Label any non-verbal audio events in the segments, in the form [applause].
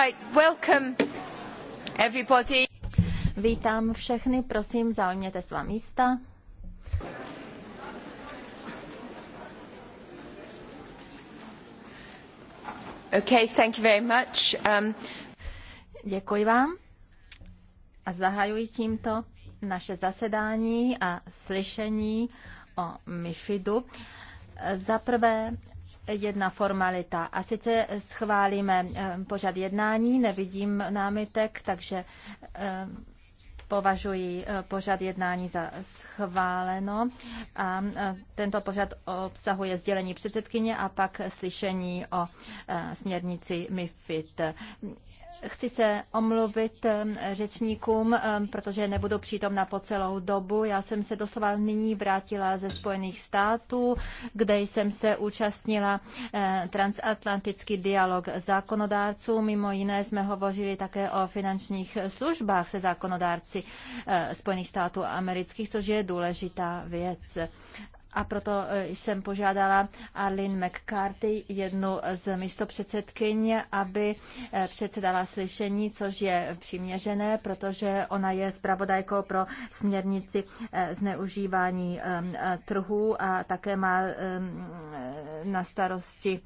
Right, welcome everybody. Vítám všechny, prosím, zaujměte svá místa. Okay, thank you very much. Um... Děkuji vám a zahajuji tímto naše zasedání a slyšení o MIFIDu. Za prvé jedna formalita. A sice schválíme eh, pořad jednání, nevidím námitek, takže eh, považuji eh, pořad jednání za schváleno. A tento pořad obsahuje sdělení předsedkyně a pak slyšení o směrnici MIFID. Chci se omluvit ehm, řečníkům, ehm, protože nebudu přítomna po celou dobu. Já jsem se doslova nyní vrátila ze Spojených států, kde jsem se účastnila eh, transatlantický dialog zákonodárců. Mimo jiné jsme hovořili také o finančních službách se zákonodárci eh, Spojených států amerických, což je důležitá věc a proto e, jsem požádala Arlene McCarthy, jednu z místopředsedkyň, aby e, předsedala slyšení, což je přiměřené, protože ona je zpravodajkou pro směrnici e, zneužívání trhu a také má na starosti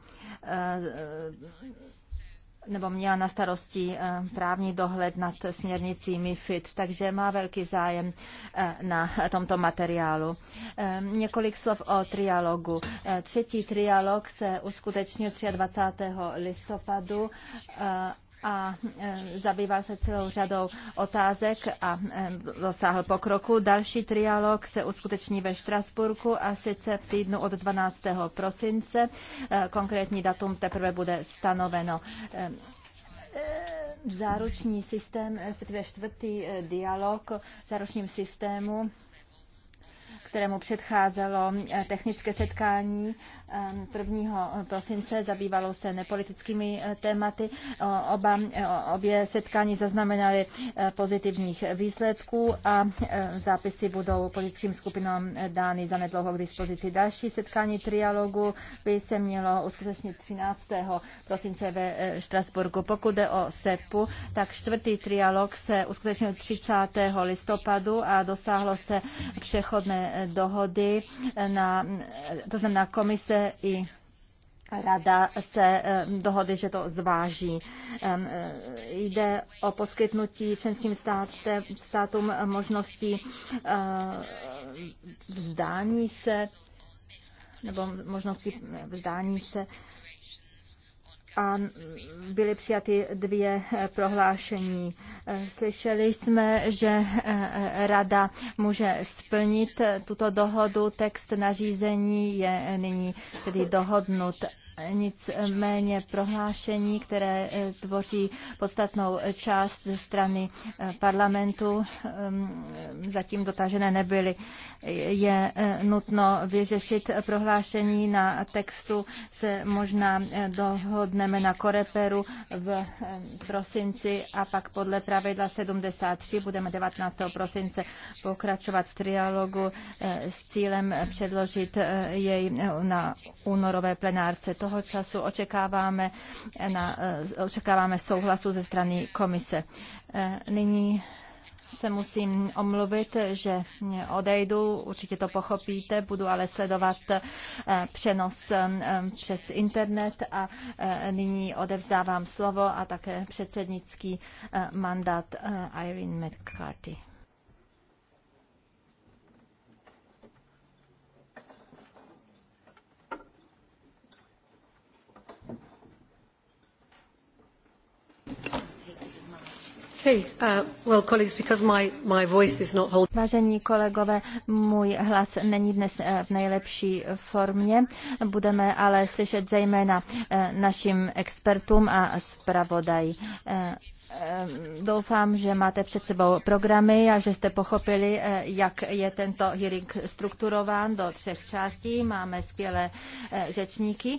nebo měla na starosti eh, právní dohled nad směrnicí MIFID, takže má velký zájem eh, na tomto materiálu. Eh, několik slov o trialogu. Třetí trialog se uskutečnil 23. listopadu a e, zabýval se celou řadou otázek a e, dosáhl pokroku. Další trialog se uskuteční ve Štrasburku a sice v týdnu od 12. prosince. E, konkrétní datum teprve bude stanoveno záruční systém, respektive čtvrtý dialog o záručním systému, kterému předcházelo technické setkání 1. Ehm, prosince, zabývalo se nepolitickými eh, tématy. Oba, eh, obě setkání zaznamenaly eh, pozitivních výsledků a zápisy budou politickým skupinám dány za nedlouho k dispozici. Další setkání trialogu by se mělo uskutečnit 13. prosince ve Štrasburgu. Pokud jde o SEPu, tak čtvrtý trialog se uskutečnil 30. listopadu a dosáhlo se přechodné dohody na, to znamená komise komise i Rada se eh, dohodly, že to zváží. Eh, jde o poskytnutí členským státům možnosti eh, vzdání se nebo možnosti vzdání se a byly přijaty dvě prohlášení. Slyšeli jsme, že rada může splnit tuto dohodu, text nařízení je nyní tedy dohodnut nicméně prohlášení, které eh, tvoří podstatnou část ze strany eh, parlamentu, ehm, zatím dotažené nebyly. Je eh, nutno vyřešit prohlášení na textu, se možná dohodneme na Koreperu v prosinci a pak podle pravidla 73 budeme 19. prosince pokračovat v trialogu s cílem předložit jej na únorové plenárce. To toho času očekáváme, na, eh, očekáváme souhlasu ze strany komise. Eh, nyní se musím omluvit, že odejdu, určitě to pochopíte, budu ale sledovat eh, přenos přes internet a nyní odevzdávám slovo a také předsednický mandát Irene McCarthy. Vážení kolegové, můj hlas není dnes eh, v nejlepší formě. Budeme ale slyšet zejména eh, našim expertům a zpravodaj. Eh, doufám, že máte před sebou programy a že jste pochopili, jak je tento hearing strukturován do třech částí. Máme skvělé řečníky,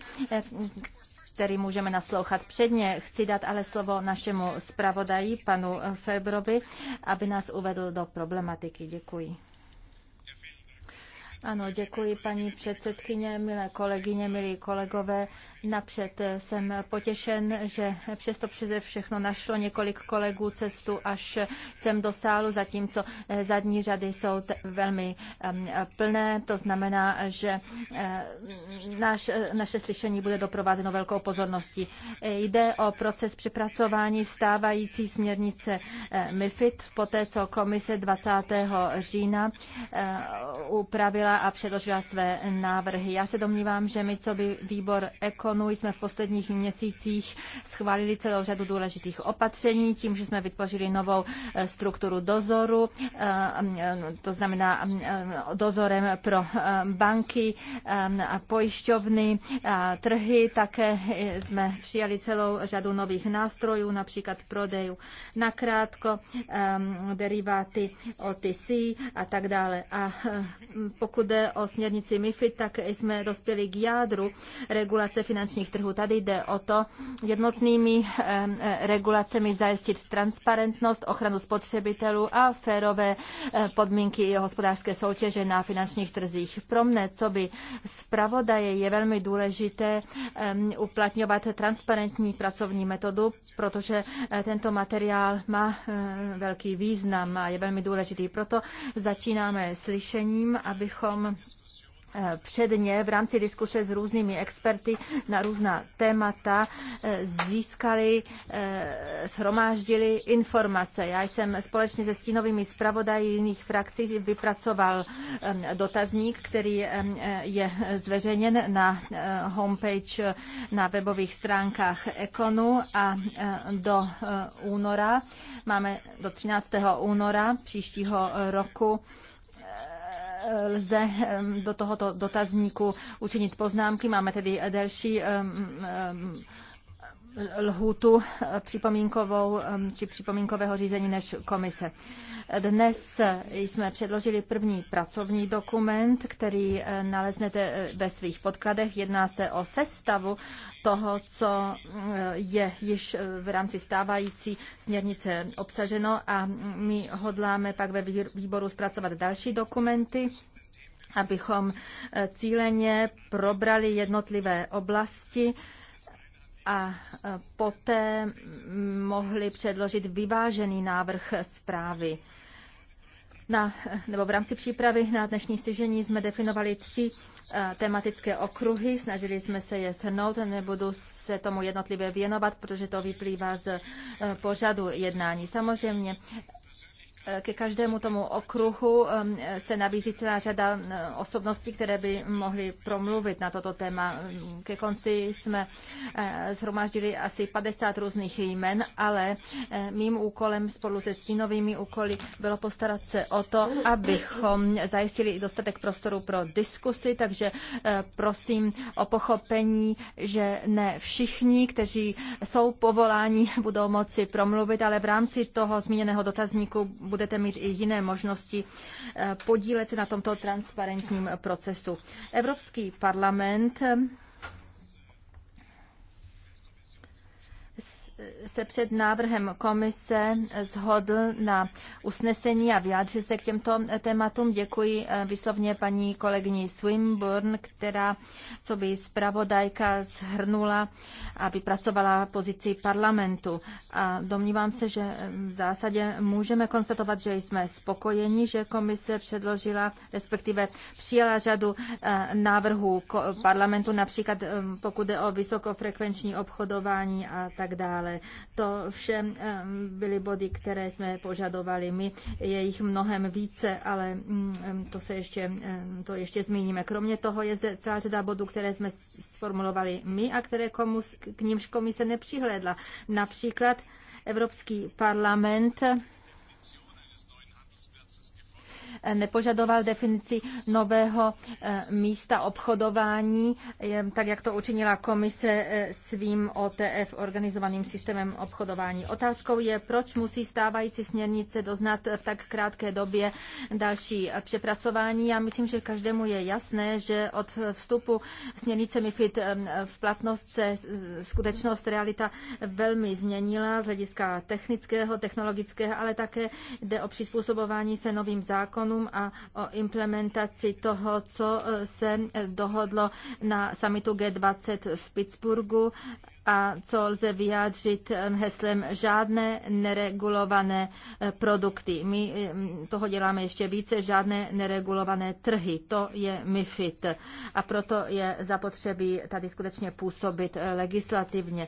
který můžeme naslouchat. Předně chci dát ale slovo našemu zpravodaji, panu Febrovi, aby nás uvedl do problematiky. Děkuji. Ano, děkuji paní předsedkyně, milé kolegyně, milí kolegové. Napřed jsem potěšen, že přesto přeze všechno našlo několik kolegů cestu až sem do sálu, zatímco eh, zadní řady jsou velmi plné. To znamená, že eh, naš, eh, naše slyšení bude doprovázeno velkou pozorností. Jde o proces přepracování stávající směrnice MIFID, poté co komise 20. října upravila a předložila své návrhy. Já se domnívám, že my, co by výbor ECO výkonu jsme v posledních měsících schválili celou řadu důležitých opatření, tím, že jsme vytvořili novou eh, strukturu dozoru, eh, to znamená eh, dozorem pro banky a pojišťovny a trhy. Také jsme přijali celou řadu nových nástrojů, například prodejů krátko deriváty OTC a tak dále. A pokud jde o směrnici MIFID, tak jsme dospěli k jádru regulace finanční finančních trhů. Tady jde o to jednotnými eh, eh, regulacemi zajistit transparentnost, ochranu spotřebitelů a férové eh, podmínky hospodářské soutěže na finančních trzích. Pro mne, co by zpravodaje, je velmi důležité ehm, uplatňovat transparentní pracovní metodu, protože tento materiál má velký význam a je velmi důležitý. Proto začínáme slyšením, abychom předně v rámci diskuse s různými experty na různá témata eh, získali, eh, shromáždili informace. Já jsem společně se stínovými zpravodaji jiných frakcí vypracoval ehm, dotazník, který ehm, je zveřejněn na eh, homepage na webových stránkách Ekonu a do února, máme do 13. února příštího roku, lze do tohoto dotazníku učinit poznámky. Máme tedy další lhůtu eh, připomínkovou či připomínkového řízení než komise. Dnes jsme předložili první pracovní dokument, který eh, naleznete eh, ve svých podkladech. Jedná se o sestavu toho, co je již v rámci stávající směrnice obsaženo a my hodláme pak ve výboru zpracovat další dokumenty abychom cíleně probrali jednotlivé oblasti, a e, poté mohli předložit vyvážený návrh zprávy. Na, nebo v rámci přípravy na dnešní stěžení jsme definovali tři e, tematické okruhy, snažili jsme se je shrnout, nebudu se tomu jednotlivě věnovat, protože to vyplývá z e, pořadu jednání. Samozřejmě ke každému tomu okruhu se nabízí celá řada osobností, které by mohly promluvit na toto téma. Ke konci jsme zhromaždili eh, asi 50 různých jmen, ale eh, mým úkolem spolu se stínovými úkoly bylo postarat se o to, abychom zajistili i dostatek prostoru pro diskusy, takže eh, prosím o pochopení, že ne všichni, kteří jsou povoláni, [laughs] budou moci promluvit, ale v rámci toho zmíněného dotazníku budete mít i jiné možnosti eh, podílet se na tomto transparentním procesu. Evropský parlament se před návrhem komise zhodl na usnesení a vyjádřil se k těmto tématům. Děkuji eh, vyslovně paní kolegyni Swinburne, která co by zpravodajka zhrnula a vypracovala pozici parlamentu. A domnívám se, že eh, v zásadě můžeme konstatovat, že jsme spokojeni, že komise předložila, respektive přijala řadu eh, návrhů parlamentu, například pokud jde o vysokofrekvenční obchodování a tak dále dále. To vše eh, byly body, které jsme požadovali my. Je jich mnohem více, ale mm, to se ještě, eh, to ještě zmíníme. Kromě toho je zde celá řada bodů, které jsme sformulovali my a které komu, k nímž komise nepřihlédla. Například Evropský parlament nepožadoval definici nového eh, místa obchodování, tak jak to učinila komise eh, svým OTF organizovaným systémem obchodování. Otázkou je, proč musí stávající směrnice doznat v tak krátké době další přepracování. Já myslím, že každému je jasné, že od vstupu směrnice MIFID eh, v platnost se skutečnost realita velmi změnila z hlediska technického, technologického, ale také jde o přizpůsobování se novým zákonům zákonům a o implementaci toho, co eh, se eh, dohodlo na samitu G20 v Pittsburghu a co lze vyjádřit heslem žádné neregulované eh, produkty. My toho děláme ještě více, žádné neregulované trhy, to je MIFID. A proto je zapotřebí tady skutečně působit eh, legislativně.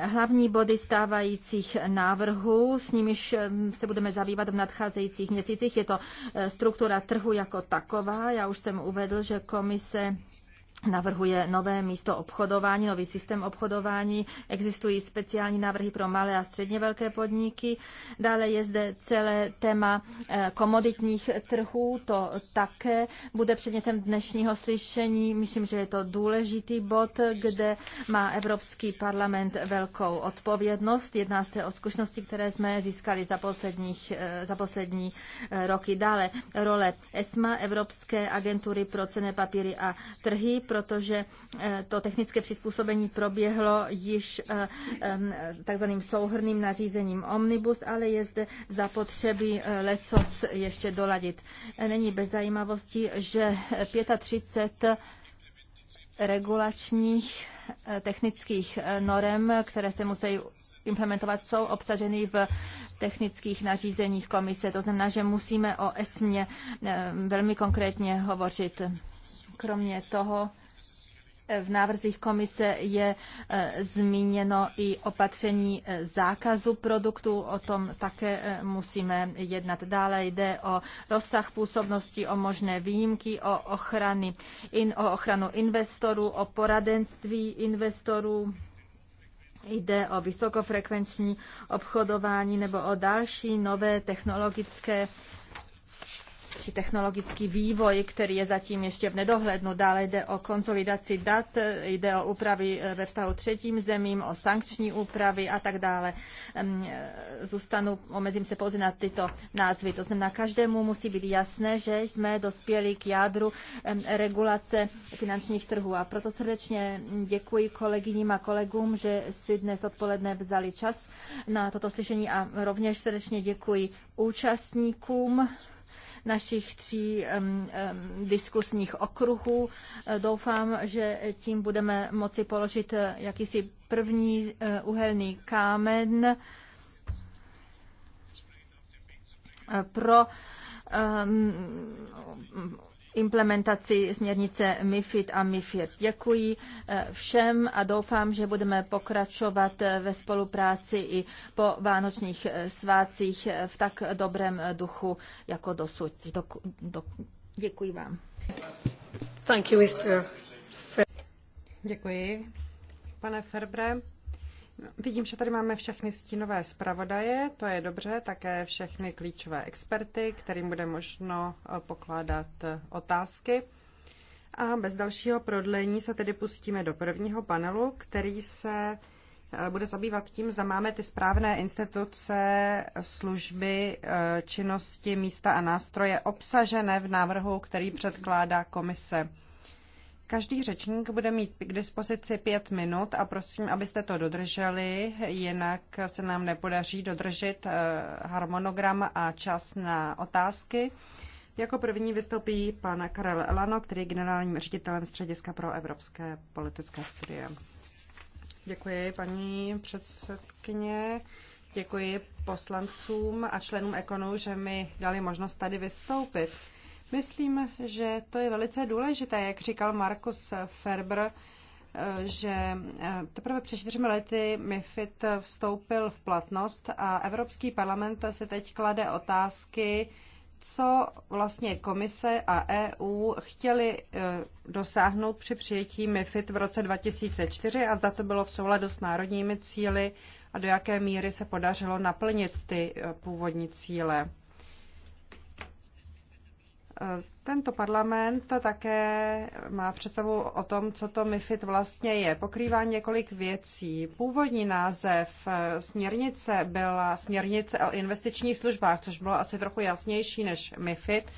Hlavní body stávajících návrhů, s nimiž se budeme zabývat v nadcházejících měsících, je to eh, struktura trhu jako taková. Já už jsem uvedl, že komise navrhuje nové místo obchodování, nový systém obchodování, existují speciální návrhy pro malé a středně velké podniky. Dále je zde celé téma eh, komoditních trhů, to také bude předmětem dnešního slyšení. Myslím, že je to důležitý bod, kde má Evropský parlament velkou odpovědnost. Jedná se o zkušenosti, které jsme získali za, posledních, eh, za poslední eh, roky. Dále role ESMA, Evropské agentury pro cené papíry a trhy, protože eh, to technické přizpůsobení proběhlo již eh, takzvaným souhrným nařízením Omnibus, ale je zde zapotřebí eh, lecos ještě doladit. Není bez zajímavosti, že 35 regulačních technických norem, které se musí implementovat, jsou obsaženy v technických nařízeních komise. To znamená, že musíme o ESMě velmi konkrétně hovořit. Kromě toho v návrzích komise je e, zmíněno i opatření e, zákazu produktu, o tom také e, musíme jednat. Dále jde o rozsah působnosti, o možné výjimky, o, ochrany, in, o ochranu investorů, o poradenství investorů. Jde o vysokofrekvenční obchodování nebo o další nové technologické či technologický vývoj, který je zatím ještě v nedohlednu. Dále jde o konsolidaci dat, jde o úpravy e, ve vztahu třetím zemím, o sankční úpravy a tak dále. E, zůstanu, omezím se pouze na tyto názvy. To znamená, každému musí být jasné, že jsme dospěli k jádru regulace finančních trhů. A proto srdečně děkuji kolegyním a kolegům, že si dnes odpoledne vzali čas na toto slyšení a rovněž srdečně děkuji účastníkům našich tří diskusních okruhů. Eh, doufám, že tím budeme moci položit eh, jakýsi první eh, uhelný kámen pro um, implementaci směrnice MIFID a MIFIR. Děkuji eh, všem a doufám, že budeme pokračovat eh, ve spolupráci i po vánočních eh, svácích v tak dobrém duchu jako dosud. Děkuji vám. Thank you, Mr. Děkuji, pane Ferbre. Vidím, že tady máme všechny stínové zpravodaje, to je dobře, také všechny klíčové experty, kterým bude možno eh, pokládat eh, otázky. A bez dalšího prodlení se tedy pustíme do prvního panelu, který se eh, bude zabývat tím, zda máme ty správné instituce, služby, činnosti, místa a nástroje obsažené v návrhu, který předkládá komise. Každý řečník bude mít k dispozici pět minut a prosím, abyste to dodrželi, jinak se nám nepodaří dodržet eh, harmonogram a čas na otázky. Jako první vystoupí pan Karel Elano, který je generálním ředitelem Střediska pro evropské politické studie. Děkuji, paní předsedkyně. Děkuji poslancům a členům Ekonu, že mi dali možnost tady vystoupit. Myslím, že to je velice důležité, jak říkal Markus Ferber, eh, že eh, teprve před čtyřmi lety MIFID vstoupil v platnost a Evropský parlament se teď klade otázky, co vlastně komise a EU chtěli eh, dosáhnout při přijetí MIFID v roce 2004 a zda to bylo v souladu s národními cíly a do jaké míry se podařilo naplnit ty původní cíle. Tento parlament také má představu o tom, co to MIFID vlastně je. Pokrývá několik věcí. Původní název směrnice byla směrnice o investičních službách, což bylo asi trochu jasnější než MIFID.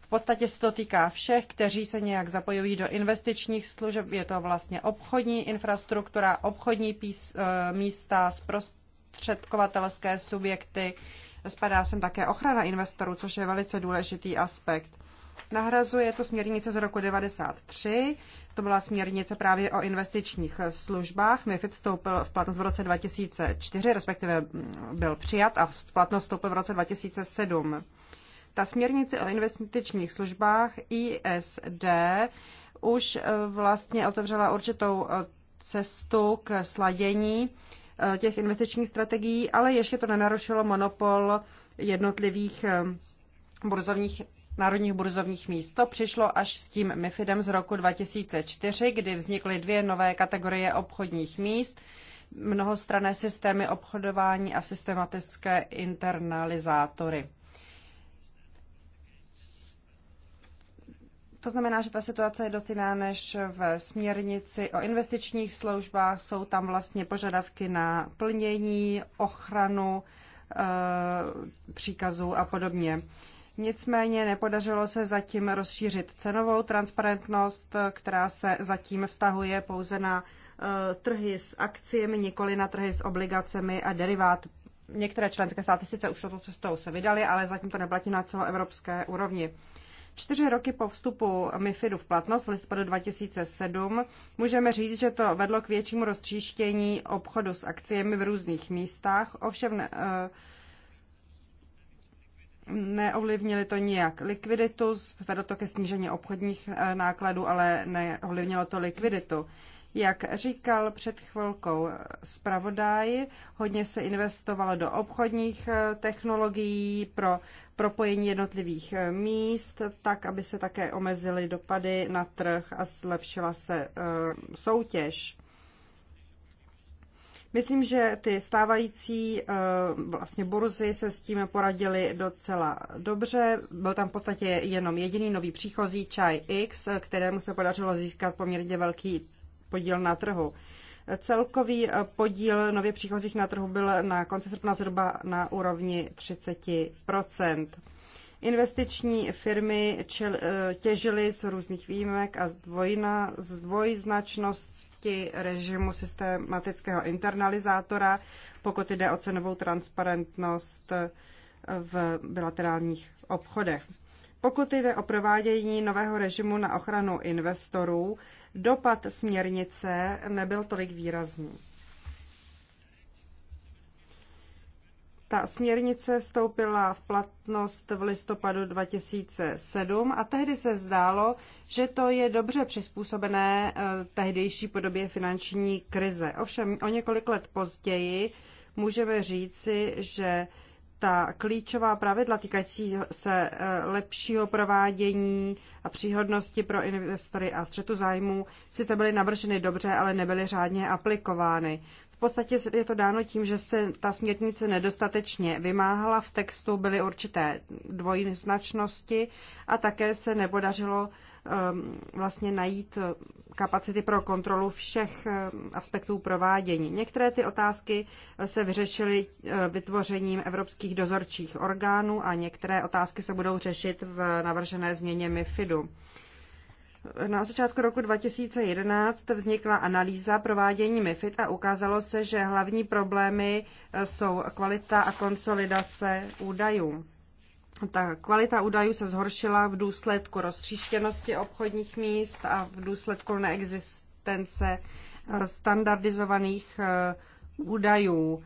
V podstatě se to týká všech, kteří se nějak zapojují do investičních služeb. Je to vlastně obchodní infrastruktura, obchodní pís, eh, místa, zprostředkovatelské subjekty. Spadá sem také ochrana investorů, což je velice důležitý aspekt. Nahrazuje to směrnice z roku 93, to byla směrnice právě o investičních službách. MIFID vstoupil v platnost v roce 2004, respektive mm, byl přijat a v platnost vstoupil v roce 2007. Ta směrnice o investičních službách ISD už eh, vlastně otevřela určitou eh, cestu k sladění eh, těch investičních strategií, ale ještě to nenarušilo monopol jednotlivých burzovních národních burzovních místo přišlo až s tím MIFIDem z roku 2004, kdy vznikly dvě nové kategorie obchodních míst, mnohostrané systémy obchodování a systematické internalizátory. To znamená, že ta situace je dost jiná než v směrnici o investičních službách. Jsou tam vlastně požadavky na plnění, ochranu, eh, příkazů a podobně. Nicméně nepodařilo se zatím rozšířit cenovou transparentnost, která se zatím vztahuje pouze na eh, trhy s akciemi, nikoli na trhy s obligacemi a deriváty. Některé členské státy sice už toto cestou se vydaly, ale zatím to neplatí na celoevropské úrovni. Čtyři roky po vstupu MIFIDu v platnost v listopadu 2007 můžeme říct, že to vedlo k většímu roztříštění obchodu s akciemi v různých místách, ovšem eh, neovlivnili to nijak likviditu, vedlo to ke snížení obchodních eh, nákladů, ale neovlivnilo to likviditu. Jak říkal před chvilkou eh, zpravodaj, hodně se investovalo do obchodních eh, technologií pro propojení jednotlivých míst, tak aby se také omezily dopady na trh a zlepšila se soutěž. Myslím, že ty stávající eh, vlastně burzy se s tím poradili docela dobře. Byl tam v podstatě jenom jediný nový příchozí Chai X, kterému se podařilo získat poměrně velký podíl na trhu. Celkový eh, podíl nově příchozích na trhu byl na konci srpna zhruba na úrovni 30 Investiční firmy eh, těžily z různých výjimek a z zdvojznačnost oblasti režimu systematického internalizátora, pokud jde o cenovou transparentnost v bilaterálních obchodech. Pokud jde o provádění nového režimu na ochranu investorů, dopad směrnice nebyl tolik výrazný. Ta směrnice vstoupila v platnost v listopadu 2007 a tehdy se zdálo, že to je dobře přizpůsobené eh, tehdejší podobě finanční krize. Ovšem o několik let později můžeme říci, že ta klíčová pravidla týkající se eh, lepšího provádění a příhodnosti pro investory a střetu zájmů sice byly navrženy dobře, ale nebyly řádně aplikovány. V podstatě je to dáno tím, že se ta směrnice nedostatečně vymáhala, v textu byly určité dvojznačnosti a také se nepodařilo ehm, vlastně najít eh, kapacity pro kontrolu všech ehm, aspektů provádění. Některé ty otázky se vyřešily eh, vytvořením evropských dozorčích orgánů a některé otázky se budou řešit v navržené změně MIFIDu. Na začátku roku 2011 vznikla analýza provádění MIFID a ukázalo se, že hlavní problémy eh, jsou kvalita a konsolidace údajů. Ta kvalita údajů se zhoršila v důsledku roztříštěnosti obchodních míst a v důsledku neexistence eh, standardizovaných eh, údajů.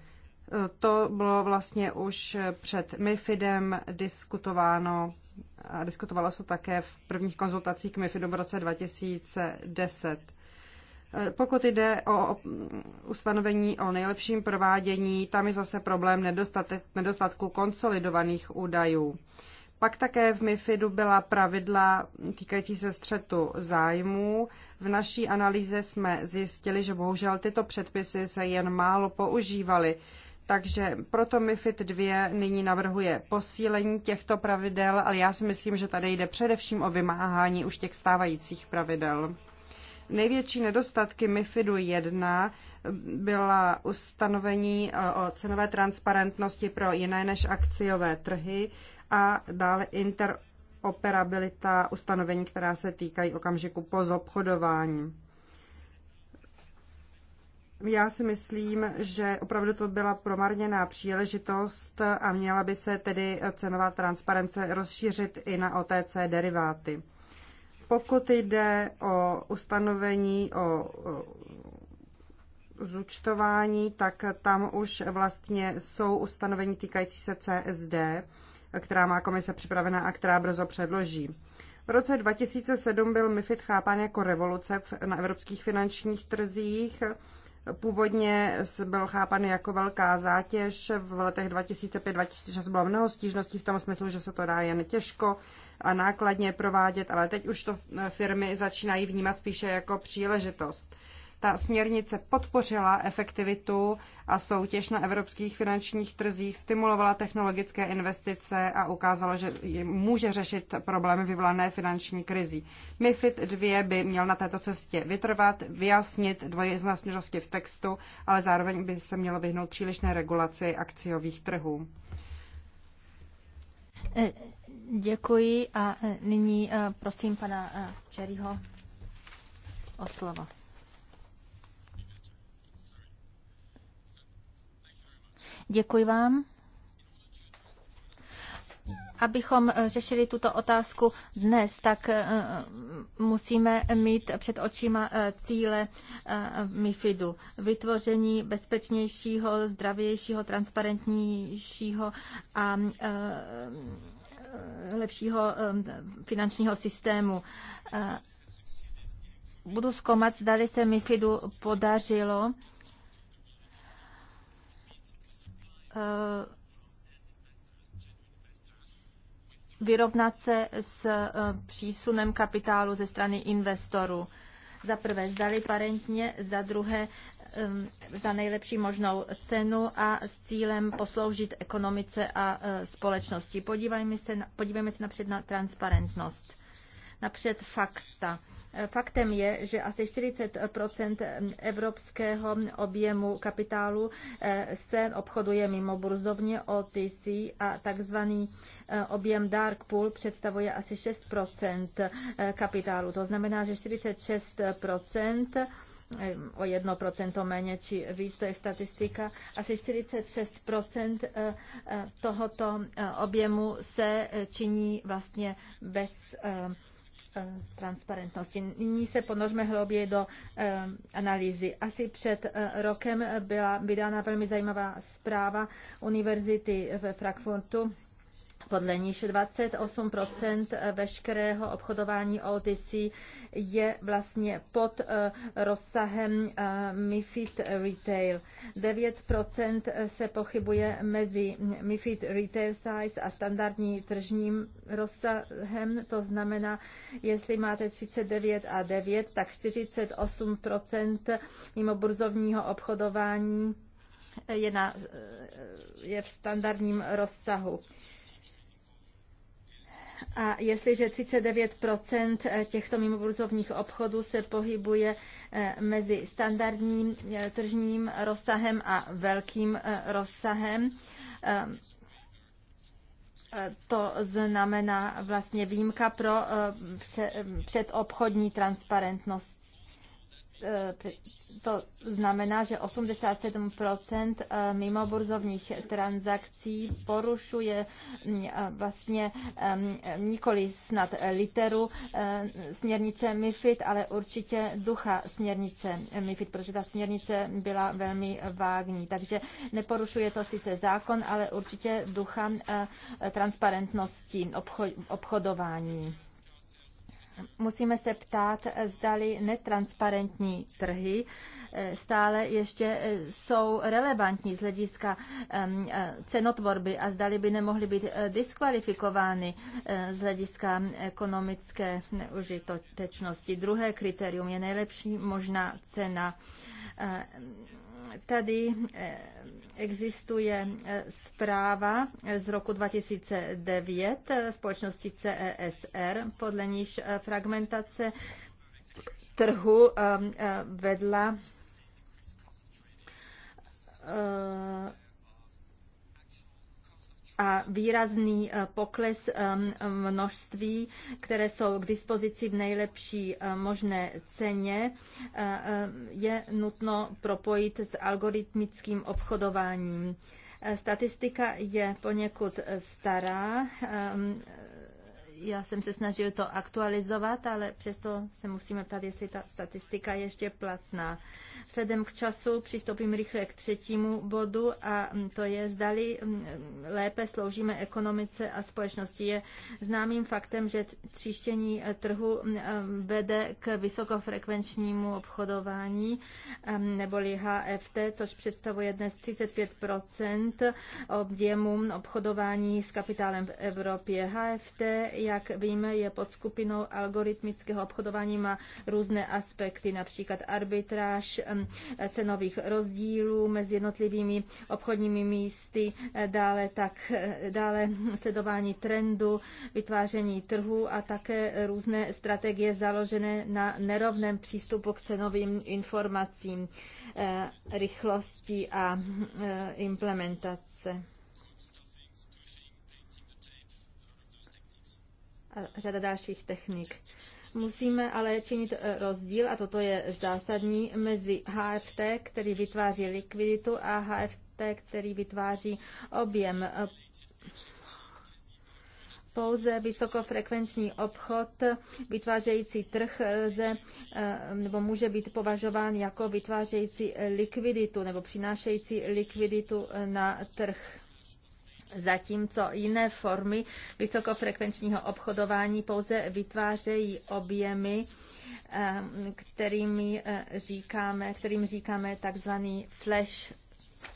To bylo vlastně už před MIFIDem diskutováno a diskutovalo se také v prvních konzultacích k MIFIDu v roce 2010. E, pokud jde o ustanovení o nejlepším provádění, tam je zase problém nedostatek, nedostatku konsolidovaných údajů. Pak také v MIFIDu byla pravidla týkající se střetu zájmů. V naší analýze jsme zjistili, že bohužel tyto předpisy se jen málo používaly. Takže proto MIFID 2 nyní navrhuje posílení těchto pravidel, ale já si myslím, že tady jde především o vymáhání už těch stávajících pravidel. Největší nedostatky MIFIDu 1 byla ustanovení eh, o cenové transparentnosti pro jiné než akciové trhy a dále interoperabilita ustanovení, která se týkají okamžiku po zobchodování já si myslím, že opravdu to byla promarněná příležitost a měla by se tedy cenová transparence rozšířit i na OTC deriváty. Pokud jde o ustanovení o zúčtování, tak tam už vlastně jsou ustanovení týkající se CSD, která má komise připravená a která brzo předloží. V roce 2007 byl MIFID chápán jako revoluce na evropských finančních trzích. Původně se byl chápan jako velká zátěž. V letech 2005-2006 bylo mnoho stížností v tom smyslu, že se to dá jen těžko a nákladně provádět, ale teď už to firmy začínají vnímat spíše jako příležitost. Ta směrnice podpořila efektivitu a soutěž na evropských finančních trzích, stimulovala technologické investice a ukázala, že může řešit problémy vyvolané finanční krizí. MIFID 2 by měl na této cestě vytrvat, vyjasnit dvojeznačnosti v textu, ale zároveň by se mělo vyhnout přílišné regulaci akciových trhů. Eh, děkuji a eh, nyní eh, prosím pana Čeryho o slovo. Děkuji vám. Abychom eh, řešili tuto otázku dnes, tak eh, musíme mít před očima eh, cíle MIFIDu. Vytvoření bezpečnějšího, zdravějšího, transparentnějšího a lepšího finančního systému. Budu zkoumat, zda se MIFIDu podařilo Eh, vyrovnat se s eh, přísunem kapitálu ze strany investorů. Za prvé zdali parentně, za druhé eh, za nejlepší možnou cenu a s cílem posloužit ekonomice a společnosti. Podívejme se, podívejme se napřed na transparentnost. Napřed fakta. Faktem je, že asi 40 evropského objemu kapitálu eh, se obchoduje mimo burzovně OTC a takzvaný eh, objem dark pool představuje asi 6 eh, kapitálu. To znamená, že 46 o jedno procento méně či víc, to je statistika, asi 46% tohoto objemu se činí vlastně bez Eh, transparentnosti. Nyní se ponožme hlouběji do eh, analýzy. Asi před eh, rokem byla vydána velmi zajímavá zpráva Univerzity ve Frankfurtu podle níž 28 veškerého obchodování OTC je vlastně pod eh, rozsahem eh, MIFID Retail. 9 se pochybuje mezi MIFID Retail Size a standardní tržním rozsahem, to znamená, jestli máte 39 a 9, tak 48 mimo burzovního obchodování je, na, je v standardním rozsahu. A jestliže 39 těchto mimoburzovních obchodů se pohybuje eh, mezi standardním eh, tržním rozsahem a velkým eh, rozsahem, to znamená vlastně výjimka pro předobchodní transparentnost Eh, to znamená, že 87 eh, mimoburzovních transakcí porušuje mm, eh, vlastně nikoli snad literu směrnice MIFID, ale určitě ducha směrnice MIFID, protože ta směrnice byla velmi vágní. Takže neporušuje to sice zákon, ale určitě ducha transparentnosti obchodování. Musíme se ptát, zdali netransparentní trhy eh, stále ještě eh, jsou relevantní z hlediska eh, cenotvorby a zdali by nemohly být diskvalifikovány z hlediska ekonomické užitečnosti. Druhé kritérium je nejlepší možná cena tady eh, existuje eh, zpráva eh, z roku 2009 společnosti CESR, podle níž fragmentace trhu vedla a výrazný eh, pokles ehm, množství, které jsou k dispozici v nejlepší eh, možné ceně, eh, je nutno propojit s algoritmickým obchodováním. Statistika je poněkud stará. Ehm, já jsem se snažil to aktualizovat, ale přesto se musíme ptát, jestli ta statistika je ještě platná. Vzhledem k času přistoupím rychle k třetímu bodu a to je, zdali mm, lépe sloužíme ekonomice a společnosti. Je známým faktem, že tříštění trhu mm, mm, vede k vysokofrekvenčnímu obchodování neboli HFT, což představuje dnes 35 objemu obchodování s kapitálem v Evropě. HFT, jak víme, je pod skupinou algoritmického obchodování, má různé aspekty, například arbitráž, cenových rozdílů mezi jednotlivými obchodními místy, eh, dále, tak, eh, dále sledování trendu, vytváření trhu a také různé strategie založené na nerovném přístupu k cenovým informacím, eh, rychlosti a implementace. A řada dalších technik. Musíme ale činit eh, rozdíl, a toto je zásadní, mezi HFT, který vytváří likviditu, a HFT, který vytváří objem. Eh, pouze vysokofrekvenční obchod vytvářející trh lze, eh, nebo může být považován jako vytvářející likviditu nebo přinášející likviditu na trh zatímco jiné formy vysokofrekvenčního obchodování pouze vytvářejí objemy, eh, kterými eh, říkáme, kterým říkáme takzvaný flash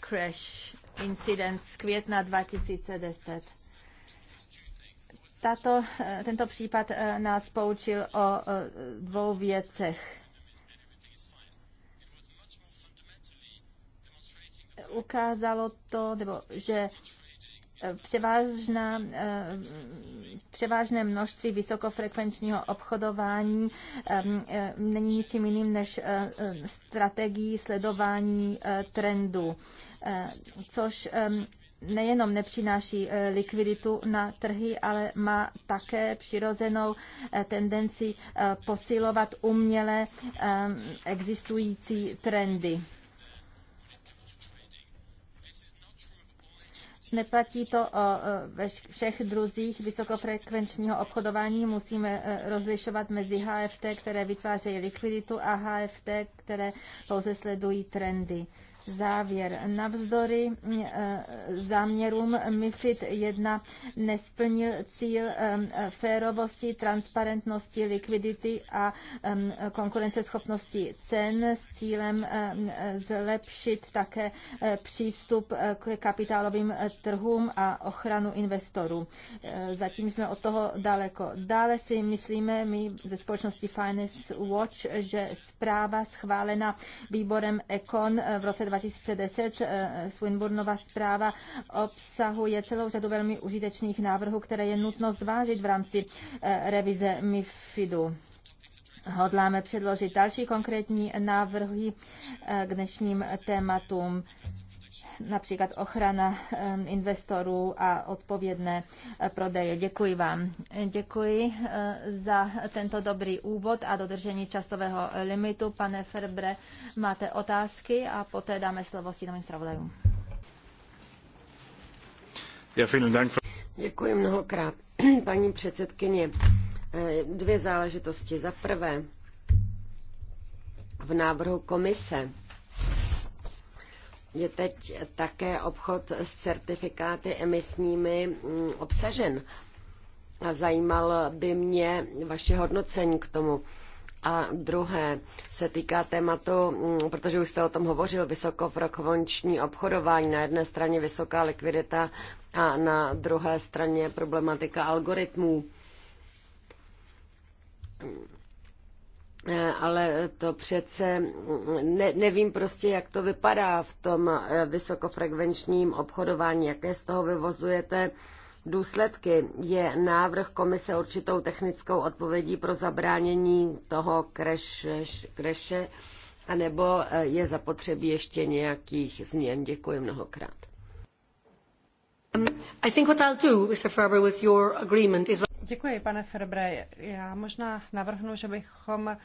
crash incident z května 2010. Tato, eh, tento případ nás poučil o dvou věcech. Ukázalo to, nebo že Převážná, eh, převážné množství vysokofrekvenčního obchodování eh, eh, není ničím jiným než strategií sledování trendu, což nejenom nepřináší likviditu na trhy, ale má také přirozenou tendenci posilovat uměle existující trendy. Neplatí to o všech druzích vysokofrekvenčního obchodování. Musíme e, rozlišovat mezi HFT, které vytvářejí likviditu a HFT, které pouze sledují trendy. Závěr. Navzdory mm, eh, záměrům MIFID 1 nesplnil cíl eh, férovosti, transparentnosti, likvidity a eh, konkurenceschopnosti cen s cílem zlepšit také přístup k kapitálovým trhům a ochranu investorů. Zatím jsme od toho daleko. Dále si myslíme my ze společnosti Finance Watch, že zpráva schválená výborem Econ v roce 2010. Eh, Swinburnova zpráva obsahuje celou řadu velmi užitečných návrhů, které je nutno zvážit v rámci eh, revize MIFIDu. Hodláme předložit další konkrétní návrhy eh, k dnešním tématům například ochrana investorů a odpovědné eh, prodeje. Děkuji vám. Děkuji eh, za tento dobrý úvod a dodržení časového limitu. Pane Ferbre, máte otázky a poté dáme slovo stínovým zpravodajům. Děkuji mnohokrát, [clears throat] paní předsedkyně. Eh, dvě záležitosti. Za prvé, v návrhu komise je teď také obchod s certifikáty emisními mm, obsažen. A zajímal by mě vaše hodnocení k tomu. A druhé se týká tématu, mm, protože už jste o tom hovořil, vysokofrekvenční obchodování. Na jedné straně vysoká likvidita a na druhé straně problematika algoritmů Eh, ale to přece mm, ne, nevím prostě, jak to vypadá v tom eh, vysokofrekvenčním obchodování, jaké z toho vyvozujete důsledky. Je návrh komise určitou technickou odpovědí pro zabránění toho kreše, anebo eh, je zapotřebí ještě nějakých změn? Děkuji mnohokrát. Um, I think what I'll do, Mr. Ferber, with your agreement is Děkuji, pane Ferbre. Já možná navrhnu, že bychom eh,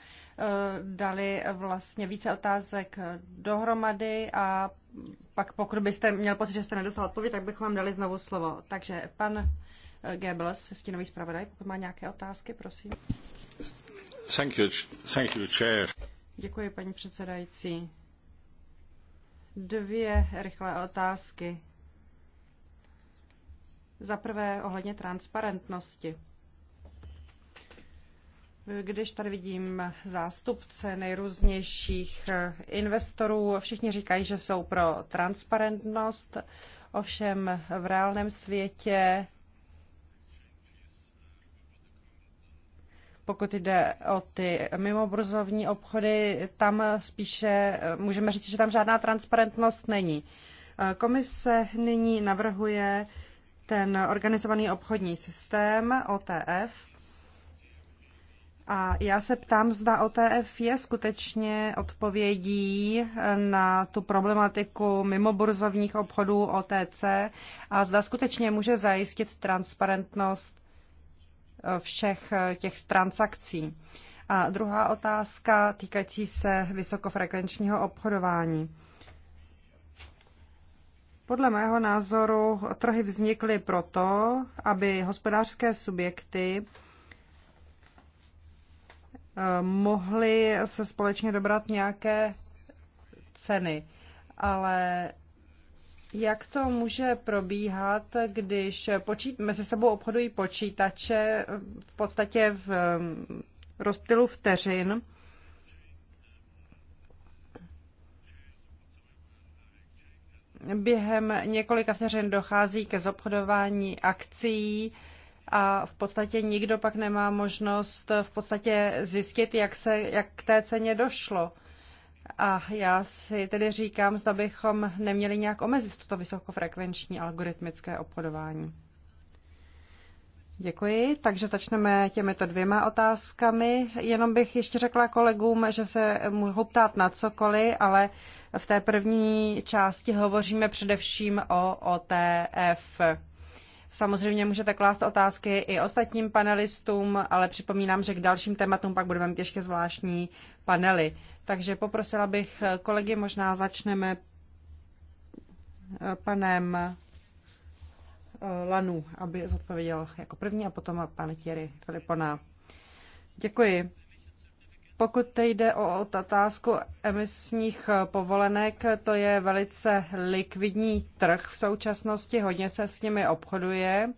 dali vlastně více otázek dohromady a pak pokud byste měl pocit, že jste nedostal odpověď, tak bychom vám dali znovu slovo. Takže pan eh, Goebbels, stínový zpravodaj, pokud má nějaké otázky, prosím. Thank you, thank you, chair. Děkuji, paní předsedající. Dvě rychlé otázky. Za prvé ohledně transparentnosti. Když tady vidím zástupce nejrůznějších eh, investorů, všichni říkají, že jsou pro transparentnost, ovšem v reálném světě, pokud jde o ty mimobrzovní obchody, tam spíše eh, můžeme říct, že tam žádná transparentnost není. Eh, komise nyní navrhuje ten organizovaný obchodní systém OTF, a já se ptám, zda OTF je skutečně odpovědí na tu problematiku mimo burzovních obchodů OTC a zda skutečně může zajistit transparentnost eh, všech eh, těch transakcí. A druhá otázka týkající se vysokofrekvenčního obchodování. Podle mého názoru trhy vznikly proto, aby hospodářské subjekty mohli se společně dobrat nějaké ceny. Ale jak to může probíhat, když počít, mezi sebou obchodují počítače v podstatě v um, rozptylu vteřin? Během několika vteřin dochází ke zobchodování akcí, a v podstatě nikdo pak nemá možnost v podstatě zjistit, jak, se, jak k té ceně došlo. A já si tedy říkám, zda bychom neměli nějak omezit toto vysokofrekvenční algoritmické obchodování. Děkuji, takže začneme těmito dvěma otázkami. Jenom bych ještě řekla kolegům, že se mohou ptát na cokoliv, ale v té první části hovoříme především o OTF. Samozřejmě můžete klást otázky i ostatním panelistům, ale připomínám, že k dalším tématům pak budeme mít ještě zvláštní panely. Takže poprosila bych kolegy, možná začneme eh, panem eh, Lanu, aby zodpověděl jako první a potom pan Thierry Filipona. Děkuji. Pokud jde o otázku emisních eh, povolenek, to je velice likvidní trh v současnosti, hodně se s nimi obchoduje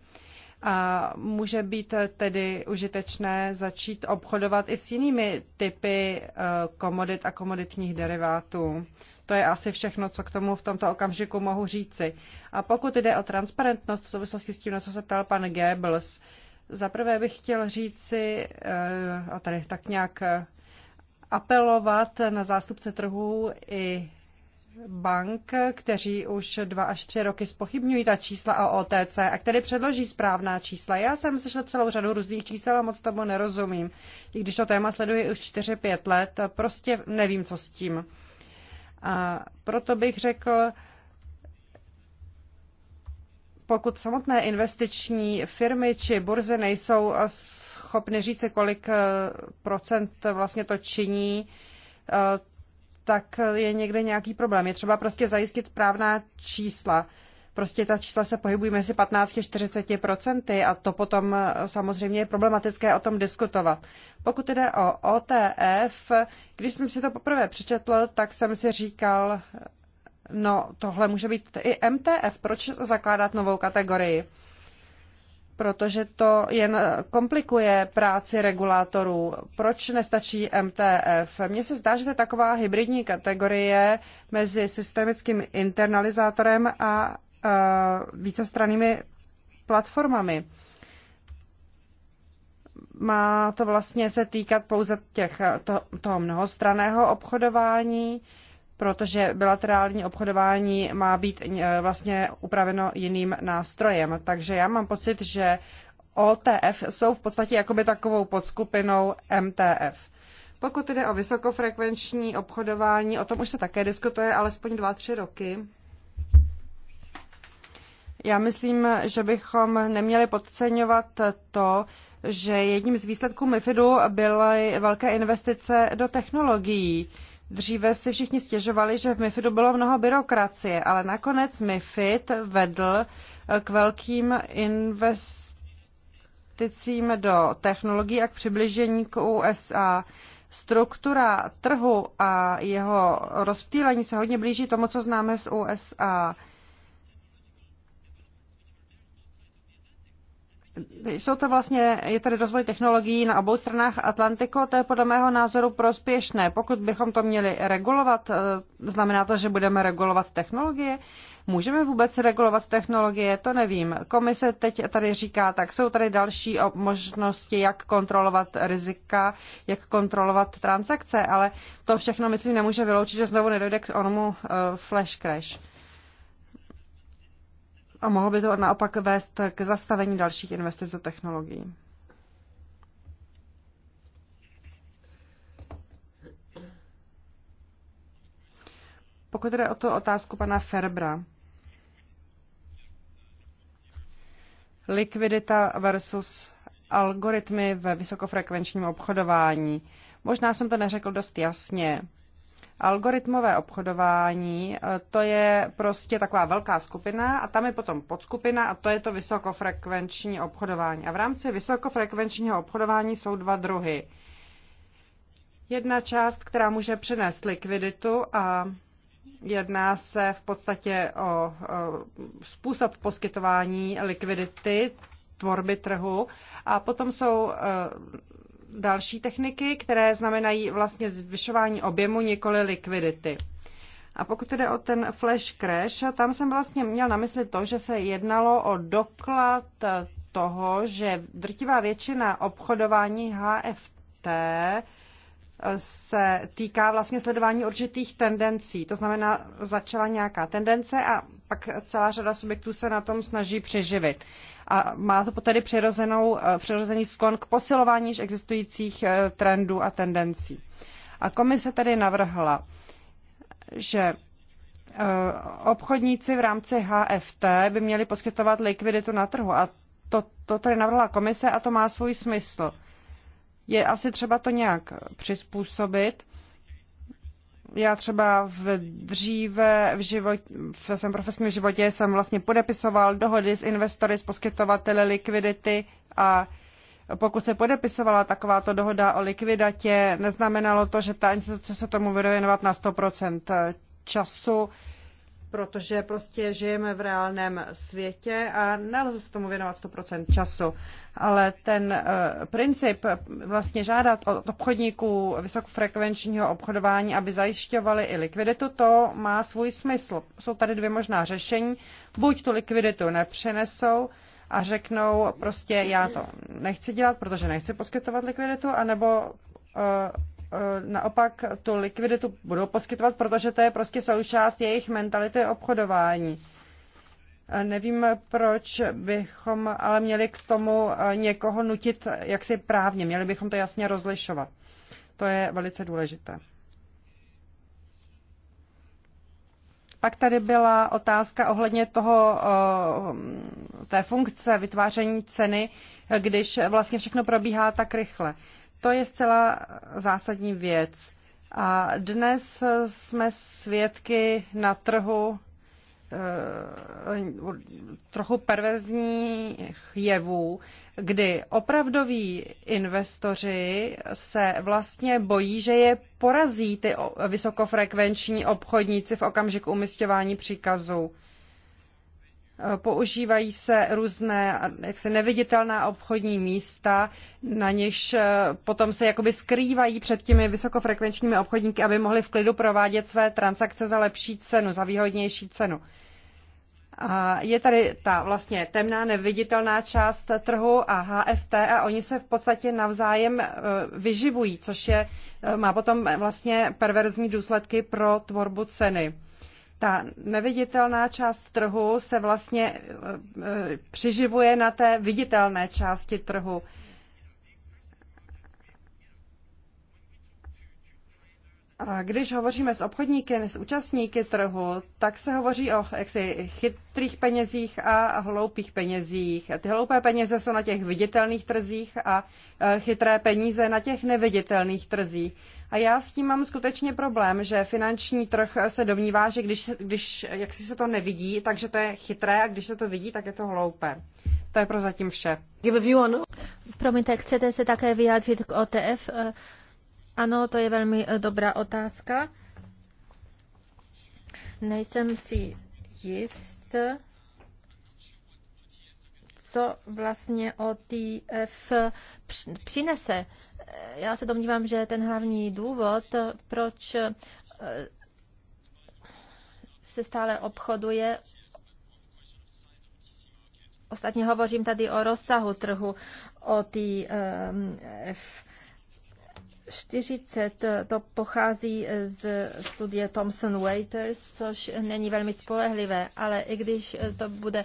a může být eh, tedy užitečné začít obchodovat i s jinými typy eh, komodit a komoditních derivátů. To je asi všechno, co k tomu v tomto okamžiku mohu říci. A pokud jde o transparentnost v souvislosti s tím, na co se ptal pan Goebbels, zaprvé bych chtěl říci, a tady tak nějak apelovat na zástupce trhů i bank, kteří už dva až tři roky spochybňují ta čísla o OTC a který předloží správná čísla. Já jsem slyšel celou řadu různých čísel a moc tomu nerozumím. I když to téma sleduji už 4-5 let, prostě nevím, co s tím. A proto bych řekl, pokud samotné investiční firmy či burzy nejsou eh, schopny říci, kolik eh, procent vlastně to činí, eh, tak je někde nějaký problém. Je třeba prostě zajistit správná čísla. Prostě ta čísla se pohybují mezi 15 a 40 procenty a to potom samozřejmě je problematické o tom diskutovat. Pokud jde o OTF, když jsem si to poprvé přečetl, tak jsem si říkal, No, tohle může být i MTF. Proč zakládat novou kategorii? Protože to jen komplikuje práci regulátorů. Proč nestačí MTF? Mně se zdá, že to je taková hybridní kategorie mezi systemickým internalizátorem a uh, vícestrannými platformami. Má to vlastně se týkat pouze těch, to, toho mnohostraného obchodování, uh, protože bilaterální obchodování má být eh, vlastně upraveno jiným nástrojem. Takže já mám pocit, že OTF jsou v podstatě jakoby takovou podskupinou MTF. Pokud jde o vysokofrekvenční obchodování, o tom už se také diskutuje alespoň 2-3 roky. Já myslím, že bychom neměli podceňovat to, že jedním z výsledků MIFIDu byly velké investice do technologií. Dříve si všichni stěžovali, že v MIFIDu bylo mnoho byrokracie, ale nakonec MIFID vedl eh, k velkým investicím do technologií a k přibližení k USA. Struktura trhu a jeho rozptýlení se hodně blíží tomu, co známe z USA. Jsou to vlastně, je tady rozvoj technologií na obou stranách Atlantiku, to je podle mého názoru prospěšné. Pokud bychom to měli regulovat, eh, znamená to, že budeme regulovat technologie? Můžeme vůbec regulovat technologie? To nevím. Komise teď tady říká, tak jsou tady další možnosti, jak kontrolovat rizika, jak kontrolovat transakce, ale to všechno, myslím, nemůže vyloučit, že znovu nedojde k onomu eh, flash crash a mohlo by to naopak vést k zastavení dalších investic do technologií. Pokud jde o tu otázku pana Ferbra, likvidita versus algoritmy ve vysokofrekvenčním obchodování. Možná jsem to neřekl dost jasně. Algoritmové obchodování, eh, to je prostě taková velká skupina a tam je potom podskupina a to je to vysokofrekvenční obchodování. A v rámci vysokofrekvenčního obchodování jsou dva druhy. Jedna část, která může přinést likviditu a jedná se v podstatě o způsob poskytování likvidity, tvorby trhu a potom jsou eh, další techniky, které znamenají vlastně zvyšování objemu, nikoli likvidity. A pokud jde o ten flash crash, tam jsem vlastně měl na mysli to, že se jednalo o doklad toho, že drtivá většina obchodování HFT eh, se týká vlastně sledování určitých tendencí. To znamená, začala nějaká tendence a pak celá řada subjektů se na tom snaží přeživit a má to tedy přirozenou, eh, přirozený sklon k posilování již existujících eh, trendů a tendencí. A komise tedy navrhla, že eh, obchodníci v rámci HFT by měli poskytovat likviditu na trhu a to, to tedy navrhla komise a to má svůj smysl. Je asi třeba to nějak přizpůsobit, já třeba v dříve v, život, v svém profesním životě jsem vlastně podepisoval dohody s investory, s poskytovateli likvidity a pokud se podepisovala takováto dohoda o likvidatě, neznamenalo to, že ta instituce se tomu bude věnovat na 100% času protože prostě žijeme v reálném světě a nelze se tomu věnovat 100% času. Ale ten eh, princip eh, vlastně žádat od obchodníků vysokofrekvenčního obchodování, aby zajišťovali i likviditu, to má svůj smysl. Jsou tady dvě možná řešení. Buď tu likviditu nepřenesou, a řeknou prostě já to nechci dělat, protože nechci poskytovat likviditu, anebo eh, Eh, naopak tu likviditu budou poskytovat, protože to je prostě součást jejich mentality obchodování. Eh, nevím, proč bychom ale měli k tomu eh, někoho nutit jak si právně. Měli bychom to jasně rozlišovat. To je velice důležité. Pak tady byla otázka ohledně toho, té funkce vytváření ceny, když vlastně všechno probíhá tak rychle. To je zcela zásadní věc. A dnes jsme svědky na trhu eh, trochu perverzních jevů, kdy opravdoví investoři se vlastně bojí, že je porazí ty vysokofrekvenční obchodníci v okamžiku umistování příkazu používají se různé jaksi neviditelná obchodní místa, na něž eh, potom se jakoby skrývají před těmi vysokofrekvenčními obchodníky, aby mohli v klidu provádět své transakce za lepší cenu, za výhodnější cenu. A je tady ta vlastně temná, neviditelná část trhu a HFT a oni se v podstatě navzájem eh, vyživují, což je, eh, má potom vlastně perverzní důsledky pro tvorbu ceny ta neviditelná část trhu se vlastně eh, eh, přiživuje na té viditelné části trhu. A když hovoříme s obchodníky, s účastníky trhu, tak se hovoří o jaksi chytrých penězích a hloupých penězích. Ty hloupé peníze jsou na těch viditelných trzích a e, chytré peníze na těch neviditelných trzích. A já s tím mám skutečně problém, že finanční trh se domnívá, že když, když jak si se to nevidí, takže to je chytré a když se to vidí, tak je to hloupé. To je pro zatím vše. Promiňte, chcete se také vyjádřit k OTF? Ano, to je velmi eh, dobrá otázka. Nejsem si jist, co vlastně OTF přinese. Eh, já se domnívám, že ten hlavní důvod, proč eh, se stále obchoduje, ostatně hovořím tady o rozsahu trhu OTF 40 to pochází z studie Thomson Waiters, což není velmi spolehlivé, ale i když to bude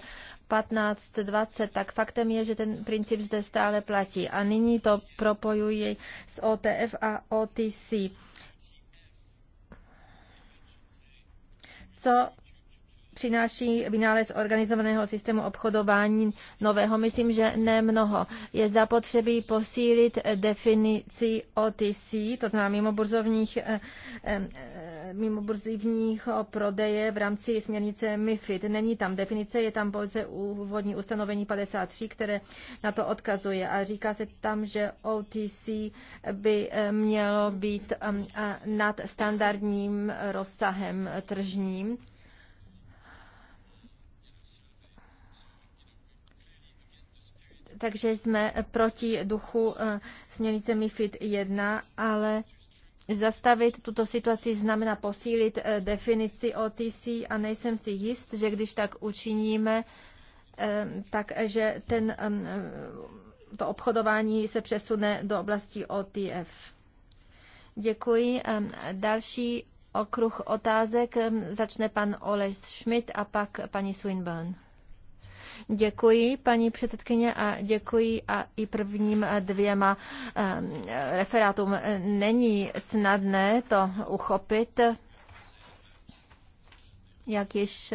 15-20, tak faktem je, že ten princip zde stále platí. A nyní to propojuji s OTF a OTC. Co přináší vynález organizovaného systému obchodování nového? Myslím, že ne mnoho. Je zapotřebí posílit definici OTC, to znamená mimoburzovních, eh, eh, mimoburzivních prodeje v rámci směrnice MIFID. Není tam definice, je tam pouze úvodní ustanovení 53, které na to odkazuje a říká se tam, že OTC by eh, mělo být nad standardním rozsahem tržním. takže jsme proti duchu eh, směrnice MIFID 1, ale Zastavit tuto situaci znamená posílit eh, definici OTC a nejsem si jist, že když tak učiníme, eh, takže ten, to obchodování se přesune do oblasti OTF. Děkuji. Další okruh otázek začne pan Oleš Schmidt a pak paní Swinburne. Děkuji, paní předsedkyně, a děkuji a i prvním dvěma referátům. Není snadné to uchopit, jak již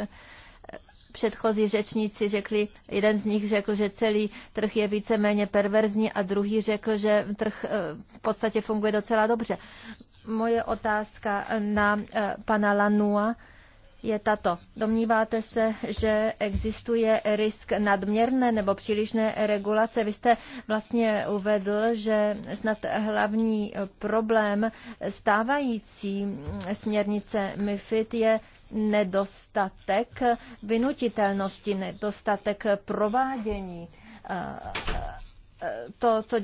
předchozí řečníci řekli, jeden z nich řekl, že celý trh je víceméně perverzní a druhý řekl, že trh eh, v podstatě funguje docela dobře. Moje otázka na eh, pana Lanua je tato. Domníváte se, že existuje risk nadměrné nebo přílišné regulace? Vy jste vlastně uvedl, že snad hlavní problém stávající směrnice MIFID je nedostatek vynutitelnosti, nedostatek provádění to, co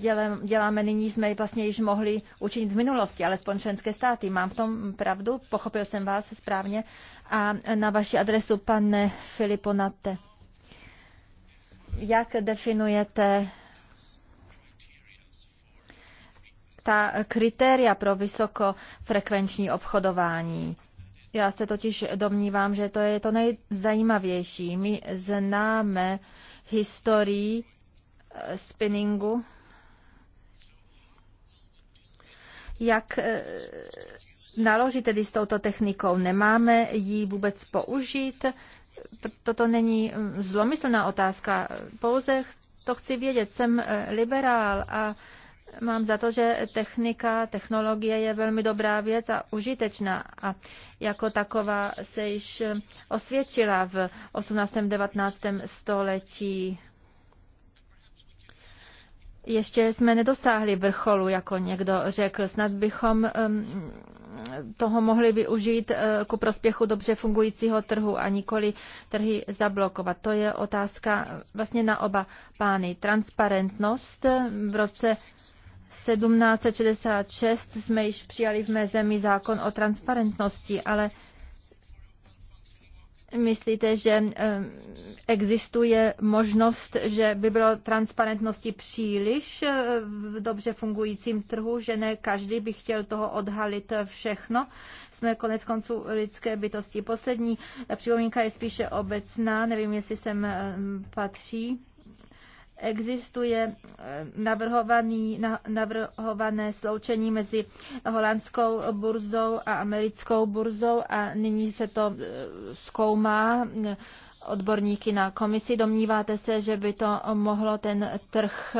děláme, nyní, jsme vlastně již mohli učinit v minulosti, alespoň členské státy. Mám v tom pravdu? Pochopil jsem vás správně. A na vaši adresu, pane Filipo Natte, jak definujete ta kritéria pro vysokofrekvenční obchodování? Já se totiž domnívám, že to je to nejzajímavější. My známe historii Eh, spinningu. Jak eh, naložit tedy s touto technikou? Nemáme ji vůbec použít? Toto není mm, zlomyslná otázka. Pouze to chci vědět. Jsem eh, liberál a Mám za to, že technika, technologie je velmi dobrá věc a užitečná a jako taková se již osvědčila v 18. 19. století ještě jsme nedosáhli vrcholu, jako někdo řekl. Snad bychom toho mohli využít eh, ku prospěchu dobře fungujícího trhu a nikoli trhy zablokovat. To je otázka eh, vlastně na oba pány. Transparentnost v roce 1766 jsme již přijali v mé zemi zákon o transparentnosti, ale Myslíte, že existuje možnost, že by bylo transparentnosti příliš eh, v dobře fungujícím trhu, že ne každý by chtěl toho odhalit eh, všechno? Jsme konec konců lidské bytosti. Poslední eh, připomínka je spíše obecná, nevím, jestli sem patří existuje eh, navrhovaný, navrhované sloučení mezi holandskou burzou a americkou burzou a nyní se to eh, zkoumá eh, odborníky na komisi. Domníváte se, že by to mohlo ten trh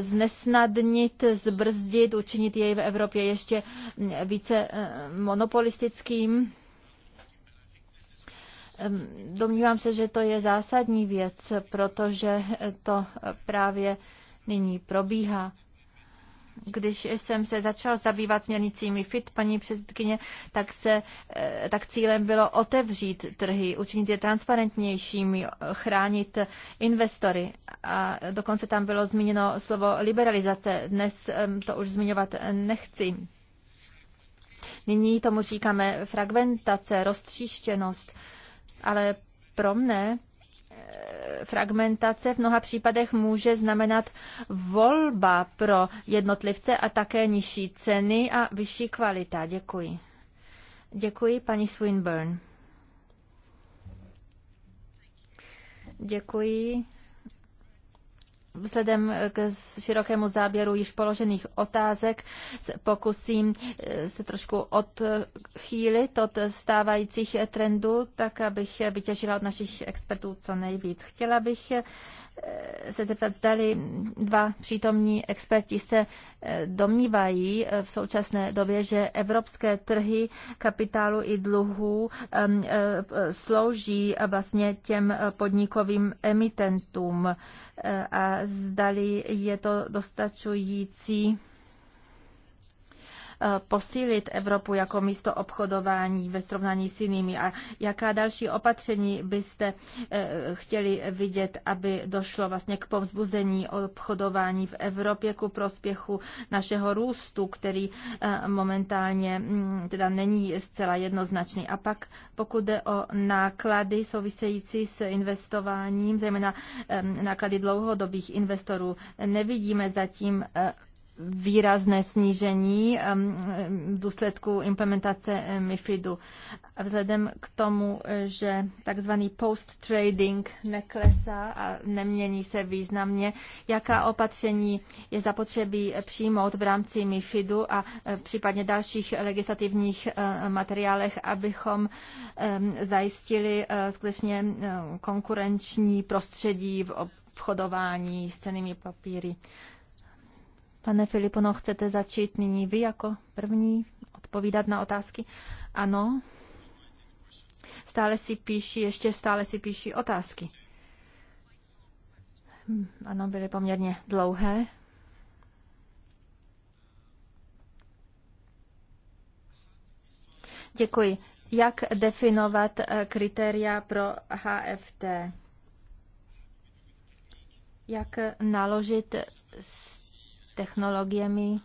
znesnadnit, zbrzdit, učinit jej v Evropě ještě mm, více monopolistickým? Domnívám se, že to je zásadní věc, protože to právě nyní probíhá. Když jsem se začal zabývat směrnicími FIT, paní předsedkyně, tak, se, eh, tak cílem bylo otevřít trhy, učinit je transparentnějšími, chránit investory. A dokonce tam bylo zmíněno slovo liberalizace. Dnes to už zmiňovat nechci. Nyní tomu říkáme fragmentace, roztříštěnost ale pro mne eh, fragmentace v mnoha případech může znamenat volba pro jednotlivce a také nižší ceny a vyšší kvalita. Děkuji. Děkuji, paní Swinburne. Děkuji Vzhledem k širokému záběru již položených otázek pokusím eh, se trošku odchýlit od stávajících trendů, tak abych vytěžila od našich expertů co nejvíc. Chtěla bych eh, Eh, se zeptat, zdali dva přítomní experti se eh, domnívají eh, v současné době, že evropské trhy kapitálu i dluhů slouží vlastně těm podnikovým emitentům a zdali je to dostačující Eh, posílit Evropu jako místo obchodování ve srovnání s jinými a jaká další opatření byste eh, chtěli vidět, aby došlo vlastně k povzbuzení obchodování v Evropě ku prospěchu našeho růstu, který eh, momentálně mm, teda není zcela jednoznačný. A pak pokud jde o náklady související s investováním, zejména náklady dlouhodobých investorů, nevidíme zatím výrazné snížení v důsledku implementace MIFIDu. Vzhledem k tomu, že takzvaný post-trading neklesá a nemění se významně, jaká opatření je zapotřebí přijmout v rámci MIFIDu a e, případně dalších legislativních e, materiálech, abychom zajistili e, skutečně konkurenční prostředí v obchodování s cenými papíry. Pane Filipono, chcete začít nyní vy jako první odpovídat na otázky? Ano. Stále si píší, ještě stále si píší otázky. Hm, ano, byly poměrně dlouhé. Děkuji. Jak definovat eh, kritéria pro HFT? Jak naložit s technologiemi.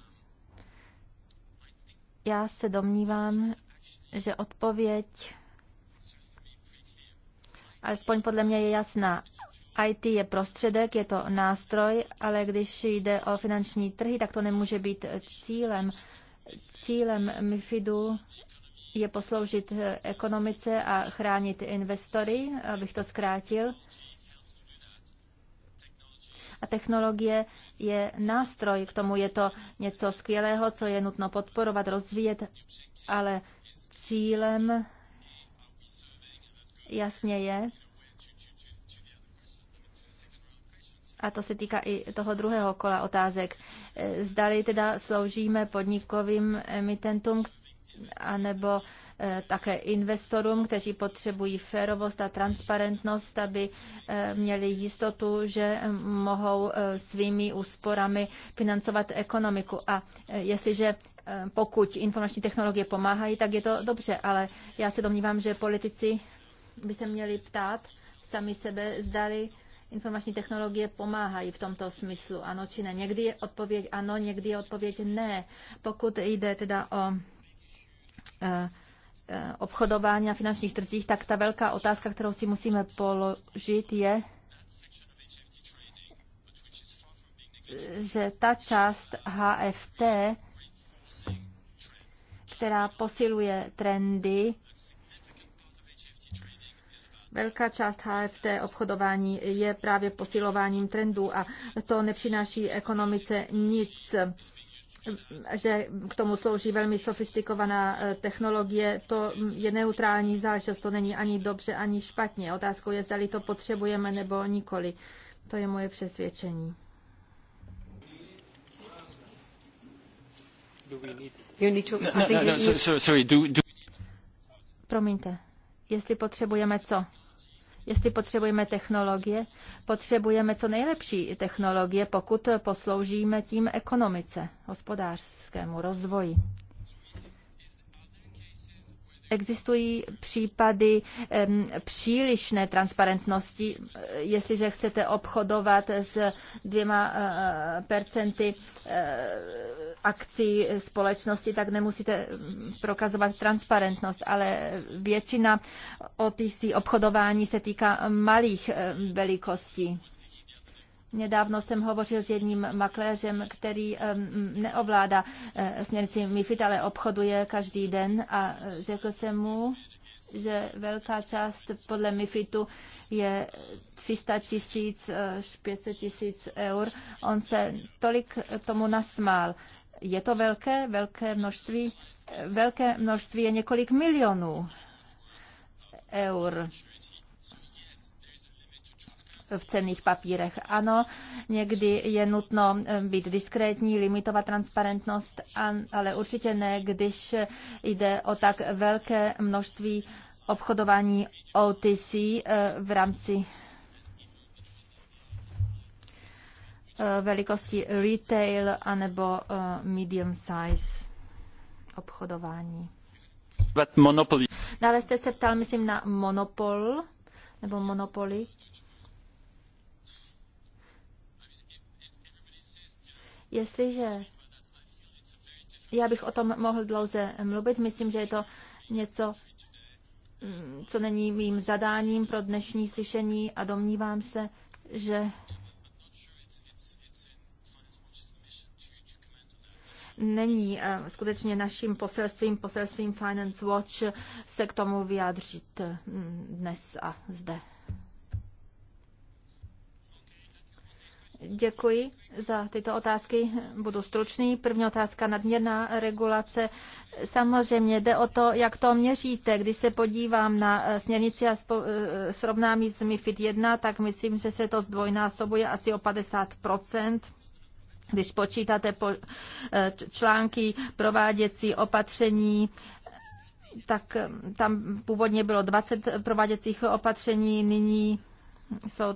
Já se domnívám, že odpověď, alespoň podle mě je jasná. IT je prostředek, je to nástroj, ale když jde o finanční trhy, tak to nemůže být cílem. Cílem MIFIDu je posloužit ekonomice a chránit investory, abych to zkrátil. A technologie je nástroj, k tomu je to něco skvělého, co je nutno podporovat, rozvíjet, ale cílem jasně je, a to se týká i toho druhého kola otázek. Eh, zdali teda sloužíme podnikovým emitentům, anebo Eh, také investorům, kteří potřebují férovost a transparentnost, aby eh, měli jistotu, že eh, mohou svými úsporami financovat ekonomiku. A jestliže pokud informační technologie pomáhají, tak je to dobře, ale já se domnívám, že politici by se měli ptát sami sebe, zdali informační technologie pomáhají v tomto smyslu, ano či ne. Někdy je odpověď ano, někdy je odpověď ne. Pokud jde teda o Eh, obchodování na finančních trzích, tak ta velká otázka, kterou si musíme položit, je, že ta část HFT, která posiluje trendy, Velká část HFT obchodování je právě posilováním trendů a to nepřináší ekonomice nic že k tomu slouží velmi sofistikovaná eh, technologie, to je neutrální záležitost, to není ani dobře, ani špatně. Otázkou je, zda to potřebujeme nebo nikoli. To je moje přesvědčení. Promiňte, jestli potřebujeme co? Jestli potřebujeme technologie, potřebujeme co nejlepší technologie, pokud posloužíme tím ekonomice, hospodářskému rozvoji existují případy přílišné transparentnosti. Jestliže chcete obchodovat s dvěma eh, percenty eh, akcí společnosti, tak nemusíte mm, prokazovat transparentnost, ale většina OTC obchodování se týká malých eh, velikostí. Nedávno jsem hovořil s jedním makléřem, který neovládá eh, směrnici MIFID, ale obchoduje každý den a řekl jsem mu, že velká část podle MIFITu je 300 tisíc, 500 eh, tisíc eur. On se tolik tomu nasmál. Je to velké, velké množství? Velké množství je několik milionů eur v cených papírech. Ano, někdy je nutno eh, být diskrétní, limitovat transparentnost, ale určitě ne, když jde o tak velké množství obchodování OTC eh, v rámci eh, velikosti retail anebo medium size obchodování. Dále jste se ptal, myslím, na monopol nebo monopoly. Jestliže já bych o tom mohl dlouze mluvit, myslím, že je to něco, mm, co není mým zadáním pro dnešní slyšení a domnívám se, že není eh, skutečně naším poselstvím, poselstvím Finance Watch se k tomu vyjádřit mm, dnes a zde. Děkuji za tyto otázky. Budu stručný. První otázka, nadměrná regulace. Samozřejmě jde o to, jak to měříte. Když se podívám na eh, směrnici a eh, srovnám ji s MIFID 1, tak myslím, že se to zdvojnásobuje asi o 50 když počítáte po eh, články prováděcí opatření, tak tam původně bylo 20 prováděcích opatření, nyní jsou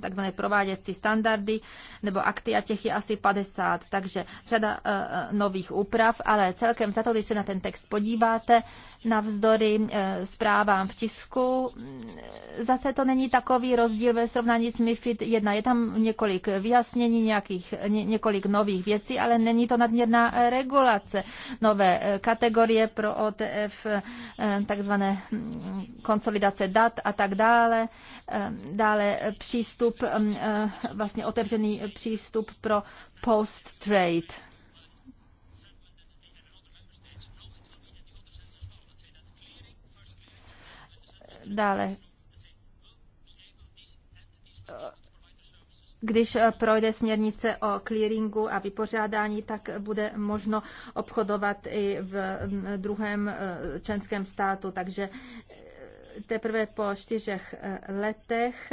takzvané prováděcí standardy nebo akty a těch je asi 50, takže řada uh, nových úprav, ale celkem za to, když se na ten text podíváte, navzdory uh, zprávám v tisku, mm, zase to není takový rozdíl ve srovnání s MIFID 1. Je tam několik vyjasnění, nějakých, ně, několik nových věcí, ale není to nadměrná regulace. Nové kategorie pro OTF, uh, takzvané mm, konsolidace dat a tak dále. Uh, dále přístup, eh, vlastně otevřený přístup pro post-trade. Dále když projde směrnice o clearingu a vypořádání, tak bude možno obchodovat i v druhém eh, členském státu. Takže teprve po čtyřech eh, letech,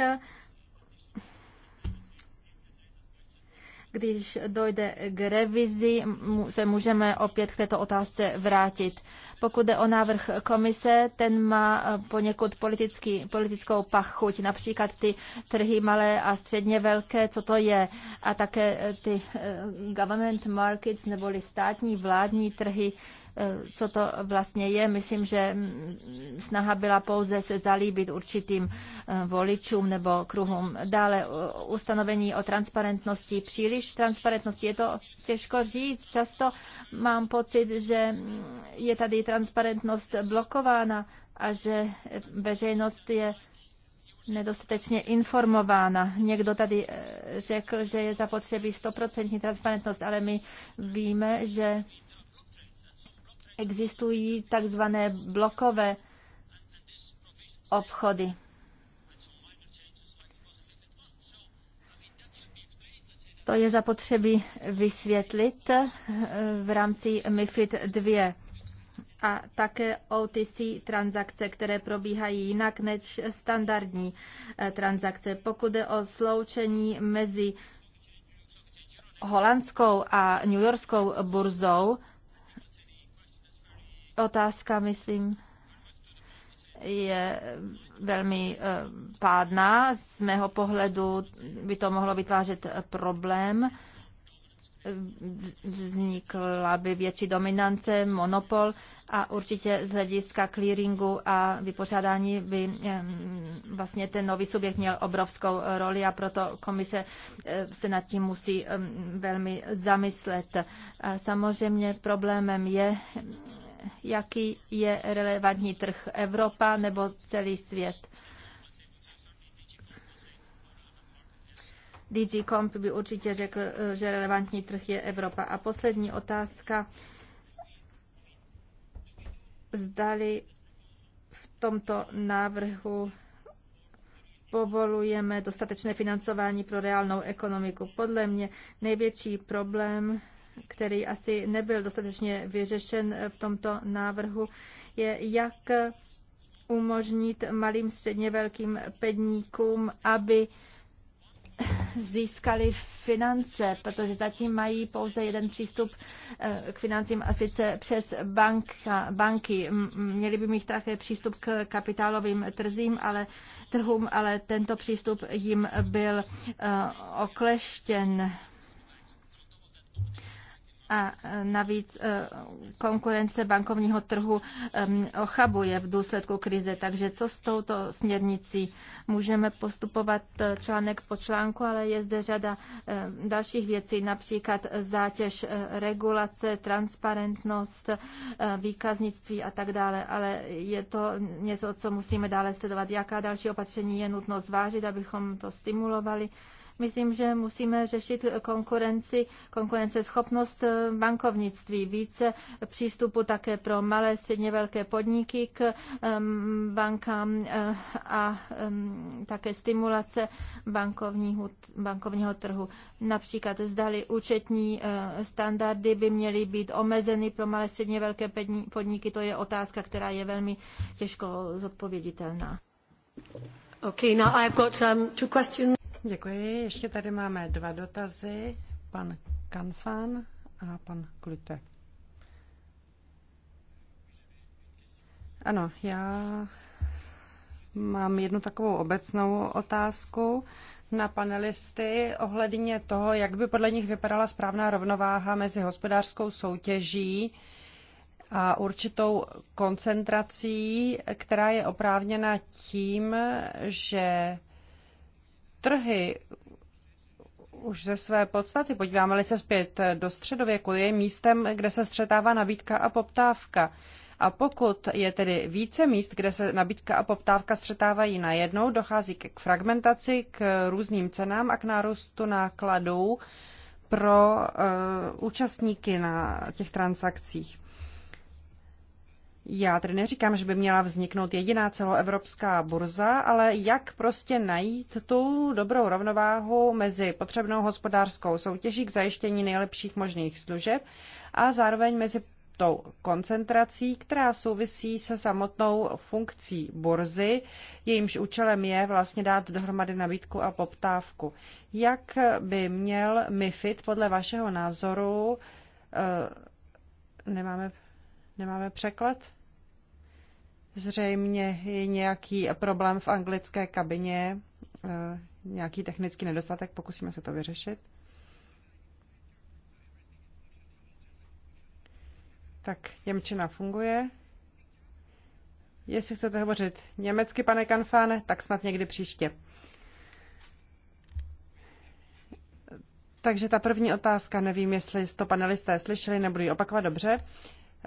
když dojde k revizi, se můžeme opět k této otázce vrátit. Pokud jde o návrh komise, ten má eh, poněkud politický, politickou pachuť, například ty trhy malé a středně velké, co to je, a také eh, ty government markets neboli státní vládní trhy, Eh, co to vlastně je. Myslím, že mm, snaha byla pouze se zalíbit určitým eh, voličům nebo kruhům. Dále ustanovení o transparentnosti, příliš transparentnosti, je to těžko říct. Často mám pocit, že mm, je tady transparentnost blokována a že eh, veřejnost je nedostatečně informována. Někdo tady řekl, že je zapotřebí stoprocentní transparentnost, ale my víme, že existují takzvané blokové obchody. To je zapotřebí vysvětlit eh, v rámci MIFID 2 a také OTC transakce, které probíhají jinak než standardní eh, transakce. Pokud je o sloučení mezi holandskou a newyorskou burzou, otázka, myslím, je velmi eh, pádná. Z mého pohledu by to mohlo vytvářet eh, problém. Vznikla by větší dominance, monopol a určitě z hlediska clearingu a vypořádání by vlastně ten nový subjekt měl obrovskou roli a proto komise eh, se nad tím musí velmi zamyslet. Samozřejmě problémem je, jaký je relevantní trh Evropa nebo celý svět. DG Comp by určitě řekl, že relevantní trh je Evropa. A poslední otázka. Zdali v tomto návrhu povolujeme dostatečné financování pro reálnou ekonomiku. Podle mě největší problém který asi nebyl dostatečně vyřešen v tomto návrhu, je, jak umožnit malým středně velkým pedníkům, aby získali finance, protože zatím mají pouze jeden přístup eh, k financím a sice přes banka, banky. Měli by mít také přístup k kapitálovým trzím, ale, trhům, ale tento přístup jim byl eh, okleštěn. A e, navíc e, konkurence bankovního trhu e, ochabuje v důsledku krize. Takže co s touto směrnicí? Můžeme postupovat článek po článku, ale je zde řada dalších věcí, například zátěž regulace, transparentnost, výkaznictví a tak dále. Ale je to něco, co musíme dále sledovat. Jaká další opatření je nutno zvážit, abychom to stimulovali? Myslím, že musíme řešit konkurenci, konkurenceschopnost eh, bankovnictví, více přístupu také pro malé, středně velké podniky k ehm, bankám eh, a ehm, také stimulace bankovního, bankovního trhu. Například zdali účetní eh, standardy by měly být omezeny pro malé, středně velké podniky. To je otázka, která je velmi těžko zodpověditelná. Okay, now I've got um, two questions. Děkuji. Ještě tady máme dva dotazy. Pan Kanfan a pan Klute. Ano, já mám jednu takovou obecnou otázku na panelisty ohledně toho, jak by podle nich vypadala správná rovnováha mezi hospodářskou soutěží a určitou koncentrací, která je oprávněna tím, že trhy už ze své podstaty, podíváme-li se zpět do středověku, je místem, kde se střetává nabídka a poptávka. A pokud je tedy více míst, kde se nabídka a poptávka střetávají najednou, dochází k fragmentaci, k různým cenám a k nárůstu nákladů pro uh, účastníky na těch transakcích. Já tedy neříkám, že by měla vzniknout jediná celoevropská burza, ale jak prostě najít tu dobrou rovnováhu mezi potřebnou hospodářskou soutěží k zajištění nejlepších možných služeb a zároveň mezi tou koncentrací, která souvisí se samotnou funkcí burzy, jejímž účelem je vlastně dát dohromady nabídku a poptávku. Jak by měl MIFID podle vašeho názoru, eh, nemáme Nemáme překlad? Zřejmě je nějaký problém v anglické kabině, eh, nějaký technický nedostatek, pokusíme se to vyřešit. Tak, Němčina funguje. Jestli chcete hovořit německy, pane Kanfáne, tak snad někdy příště. Takže ta první otázka, nevím, jestli to panelisté slyšeli, nebudu ji opakovat dobře.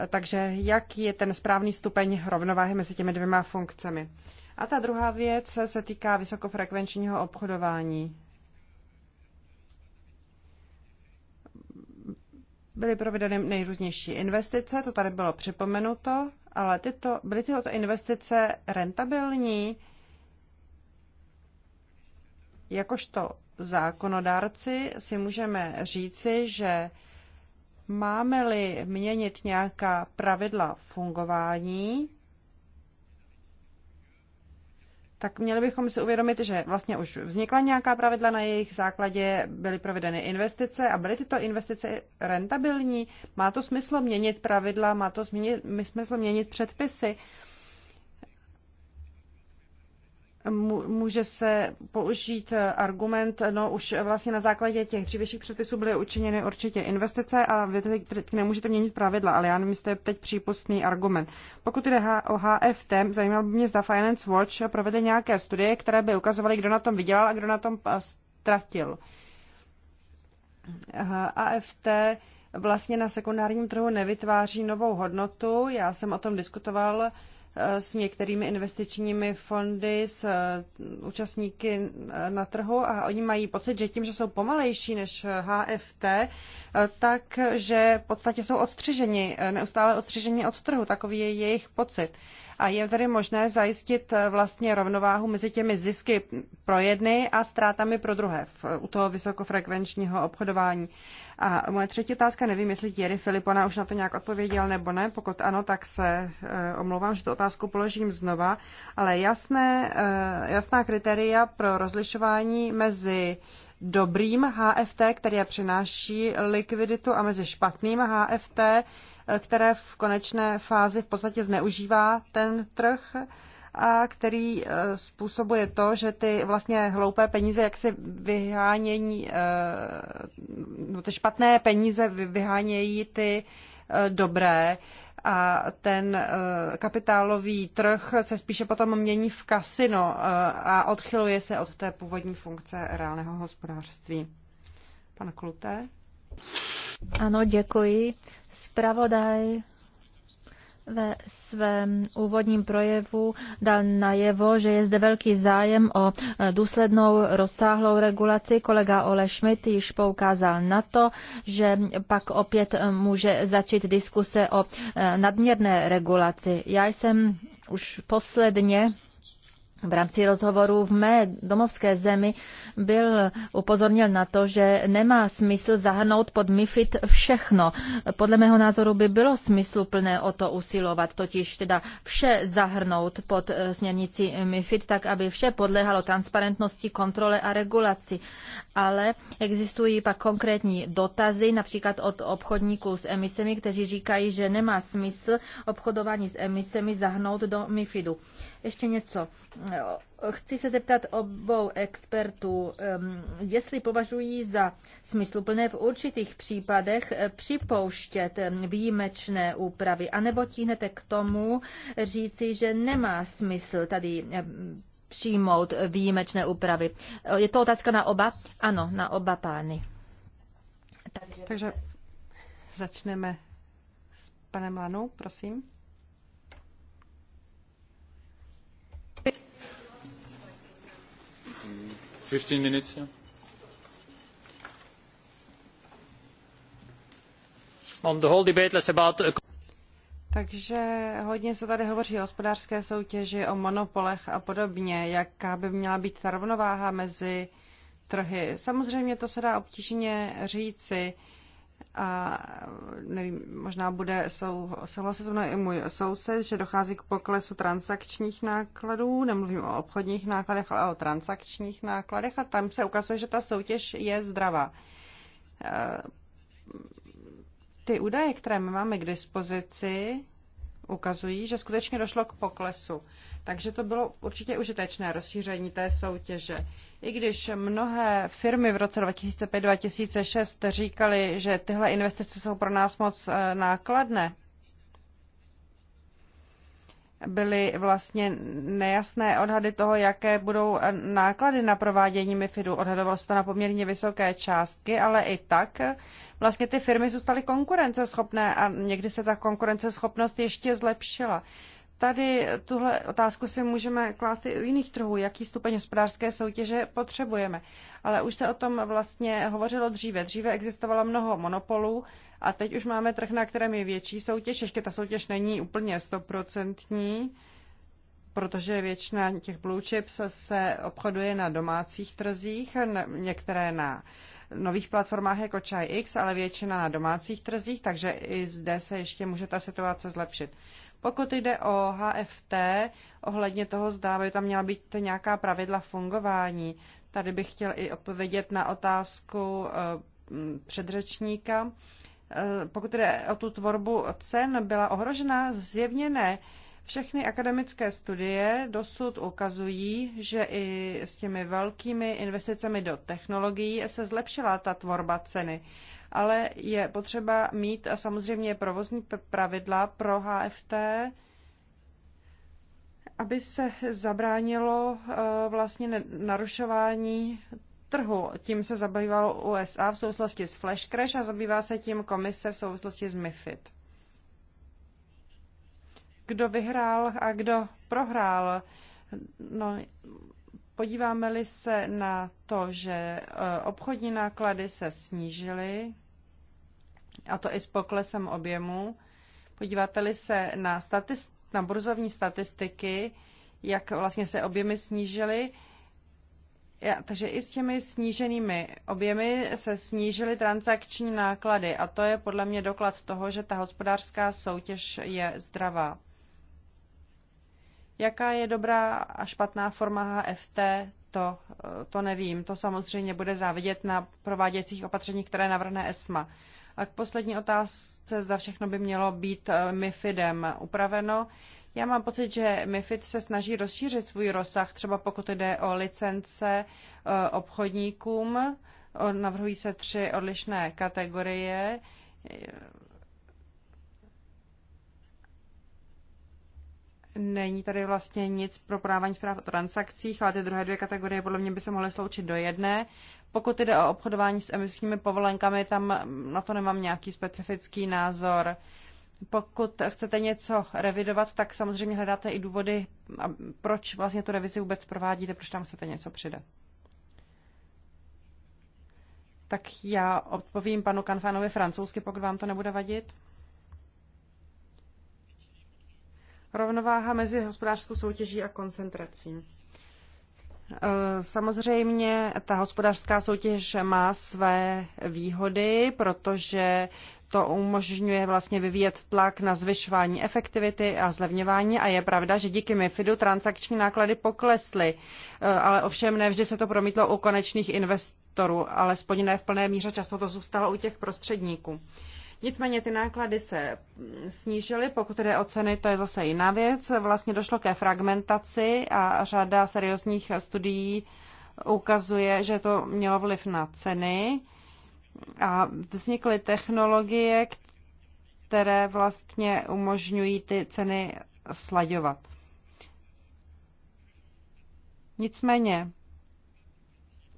Takže jak je ten správný stupeň rovnováhy mezi těmi dvěma funkcemi? A ta druhá věc se týká vysokofrekvenčního obchodování. Byly provedeny nejrůznější investice, to tady bylo připomenuto, ale tyto, byly tyto investice rentabilní? Jakožto zákonodárci si můžeme říci, že Máme-li měnit nějaká pravidla fungování, tak měli bychom si uvědomit, že vlastně už vznikla nějaká pravidla, na jejich základě byly provedeny investice a byly tyto investice rentabilní. Má to smysl měnit pravidla, má to smysl měnit předpisy. Uh, může se použít eh, argument, no už vlastně na základě těch dřívějších předpisů byly učiněny určitě investice a vy teď nemůžete měnit pravidla, ale já nevím, že je teď přípustný argument. Pokud jde o HFT, zajímalo by mě, zda Finance Watch provede nějaké studie, které by ukazovaly, kdo na tom vydělal a kdo na tom eh, ztratil. AFT vlastně na sekundárním trhu nevytváří novou hodnotu. Já jsem o tom diskutoval s některými investičními fondy, s eh, účastníky eh, na trhu a oni mají pocit, že tím, že jsou pomalejší než HFT, eh, tak že v podstatě jsou odstřiženi, neustále odstřiženi od trhu. Takový je jejich pocit. A je tedy možné zajistit vlastně rovnováhu mezi těmi zisky pro jedny a ztrátami pro druhé v, u toho vysokofrekvenčního obchodování. A moje třetí otázka, nevím, jestli Jerry Filipona už na to nějak odpověděl nebo ne. Pokud ano, tak se omlouvám, že to otázka otázku položím znova, ale jasné, eh, jasná kritéria pro rozlišování mezi dobrým HFT, které přináší likviditu, a mezi špatným HFT, eh, které v konečné fázi v podstatě zneužívá ten trh a který eh, způsobuje to, že ty vlastně hloupé peníze, jak se vyhánění, no ty špatné peníze vyhánějí ty dobré a ten eh, kapitálový trh se spíše potom mění v kasino eh, a odchyluje se od té původní funkce reálného hospodářství. Pan Kluté? Ano, děkuji. Spravodaj ve svém úvodním projevu dal najevo, že je zde velký zájem o eh, důslednou rozsáhlou regulaci. Kolega Ole Schmidt již poukázal na to, že pak opět eh, může začít diskuse o eh, nadměrné regulaci. Já jsem už posledně v rámci rozhovoru v mé domovské zemi byl upozornil na to, že nemá smysl zahrnout pod MIFID všechno. Podle mého názoru by bylo smysluplné o to usilovat, totiž teda vše zahrnout pod eh, směrnici MIFID, tak aby vše podléhalo transparentnosti, kontrole a regulaci. Ale existují pak konkrétní dotazy, například od obchodníků s emisemi, kteří říkají, že nemá smysl obchodování s emisemi zahrnout do MIFIDu. Ještě něco Chci se zeptat obou expertů, jestli považují za smysluplné v určitých případech eh, připouštět výjimečné úpravy, anebo tíhnete k tomu říci, že nemá smysl tady přijmout výjimečné úpravy. Eh, je to otázka na oba? Ano, na oba pány. Takže, Takže začneme s panem Lanou, prosím. 15 minutes. Yeah. On the whole debate, let's about... Uh, Takže hodně se tady hovoří o hospodářské soutěži, o monopolech a podobně, jaká by měla být ta rovnováha mezi trhy. Samozřejmě to se dá obtížně říci a nevím, možná bude sou, souhlasit se mnou i můj soused, že dochází k poklesu transakčních nákladů, nemluvím o obchodních nákladech, ale o transakčních nákladech a tam se ukazuje, že ta soutěž je zdravá. E, ty údaje, které my máme k dispozici, ukazují, že skutečně došlo k poklesu. Takže to bylo určitě užitečné rozšíření té soutěže. I když mnohé firmy v roce 2005-2006 říkaly, že tyhle investice jsou pro nás moc eh, nákladné, byly vlastně nejasné odhady toho, jaké budou eh, náklady na provádění MIFIDu. Odhadovalo se to na poměrně vysoké částky, ale i tak eh, vlastně ty firmy zůstaly konkurenceschopné a někdy se ta konkurenceschopnost ještě zlepšila tady tuhle otázku si můžeme klást i u jiných trhů, jaký stupeň hospodářské soutěže potřebujeme. Ale už se o tom vlastně hovořilo dříve. Dříve existovalo mnoho monopolů a teď už máme trh, na kterém je větší soutěž. Ještě ta soutěž není úplně stoprocentní, protože většina těch blue chips se obchoduje na domácích trzích, některé na nových platformách jako Chai X, ale většina na domácích trzích, takže i zde se ještě může ta situace zlepšit. Pokud jde o HFT, ohledně toho zdá, by tam měla být nějaká pravidla fungování, tady bych chtěl i odpovědět na otázku eh, předřečníka. Eh, pokud jde o tu tvorbu cen, byla ohrožena zjevně ne. Všechny akademické studie dosud ukazují, že i s těmi velkými investicemi do technologií se zlepšila ta tvorba ceny ale je potřeba mít a samozřejmě provozní pravidla pro HFT, aby se zabránilo eh, vlastně narušování trhu. Tím se zabývalo USA v souvislosti s Flash Crash a zabývá se tím komise v souvislosti s MIFID. Kdo vyhrál a kdo prohrál? No, podíváme-li se na to, že eh, obchodní náklady se snížily, a to i s poklesem objemu. Podíváte-li se na, statist, na burzovní statistiky, jak vlastně se objemy snížily, ja, takže i s těmi sníženými objemy se snížily transakční náklady a to je podle mě doklad toho, že ta hospodářská soutěž je zdravá. Jaká je dobrá a špatná forma HFT, to, to nevím. To samozřejmě bude závidět na prováděcích opatření, které navrhne ESMA. A k poslední otázce, zda všechno by mělo být eh, MIFIDem upraveno. Já mám pocit, že MIFID se snaží rozšířit svůj rozsah, třeba pokud jde o licence eh, obchodníkům. Navrhují se tři odlišné kategorie Není tady vlastně nic pro podávání zpráv o transakcích, ale ty druhé dvě kategorie podle mě by se mohly sloučit do jedné. Pokud jde o obchodování s emisními povolenkami, tam na to nemám nějaký specifický názor. Pokud chcete něco revidovat, tak samozřejmě hledáte i důvody, proč vlastně tu revizi vůbec provádíte, proč tam chcete něco přidat. Tak já odpovím panu Kanfánovi francouzsky, pokud vám to nebude vadit. Rovnováha mezi hospodářskou soutěží a koncentrací. E, samozřejmě ta hospodářská soutěž má své výhody, protože to umožňuje vlastně vyvíjet tlak na zvyšování efektivity a zlevňování a je pravda, že díky MIFIDu transakční náklady poklesly, e, ale ovšem nevždy se to promítlo u konečných investorů, alespoň ne v plné míře, často to zůstalo u těch prostředníků. Nicméně ty náklady se mm, snížily, pokud jde o ceny, to je zase jiná věc. Vlastně došlo ke fragmentaci a řada seriózních studií ukazuje, že to mělo vliv na ceny a vznikly technologie, které vlastně umožňují ty ceny slaďovat. Nicméně,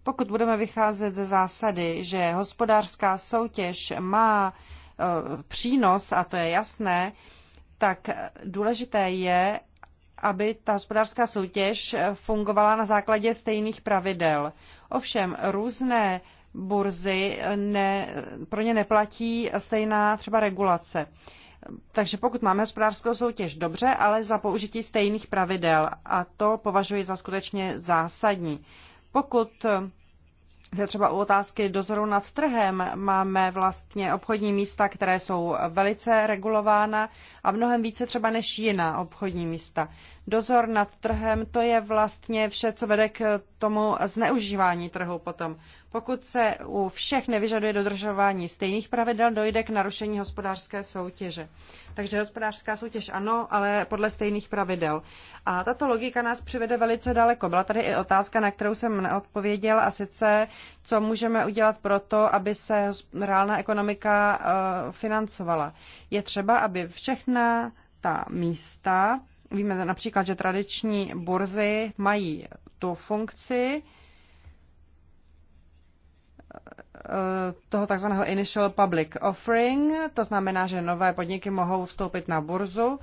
pokud budeme vycházet ze zásady, že hospodářská soutěž má Eh, přínos, a to je jasné, tak důležité je, aby ta hospodářská soutěž fungovala na základě stejných pravidel. Ovšem různé burzy ne, pro ně neplatí stejná třeba regulace. Takže pokud máme hospodářskou soutěž, dobře, ale za použití stejných pravidel. A to považuji za skutečně zásadní. Pokud Třeba u otázky dozoru nad trhem máme vlastně obchodní místa, které jsou velice regulována a mnohem více třeba než jiná obchodní místa dozor nad trhem, to je vlastně vše, co vede k tomu zneužívání trhu potom. Pokud se u všech nevyžaduje dodržování stejných pravidel, dojde k narušení hospodářské soutěže. Takže hospodářská soutěž ano, ale podle stejných pravidel. A tato logika nás přivede velice daleko. Byla tady i otázka, na kterou jsem neodpověděl, a sice, co můžeme udělat pro to, aby se reálná ekonomika eh, financovala. Je třeba, aby všechna ta místa, Víme například, že tradiční burzy mají tu funkci eh, toho takzvaného initial public offering, to znamená, že nové podniky mohou vstoupit na burzu.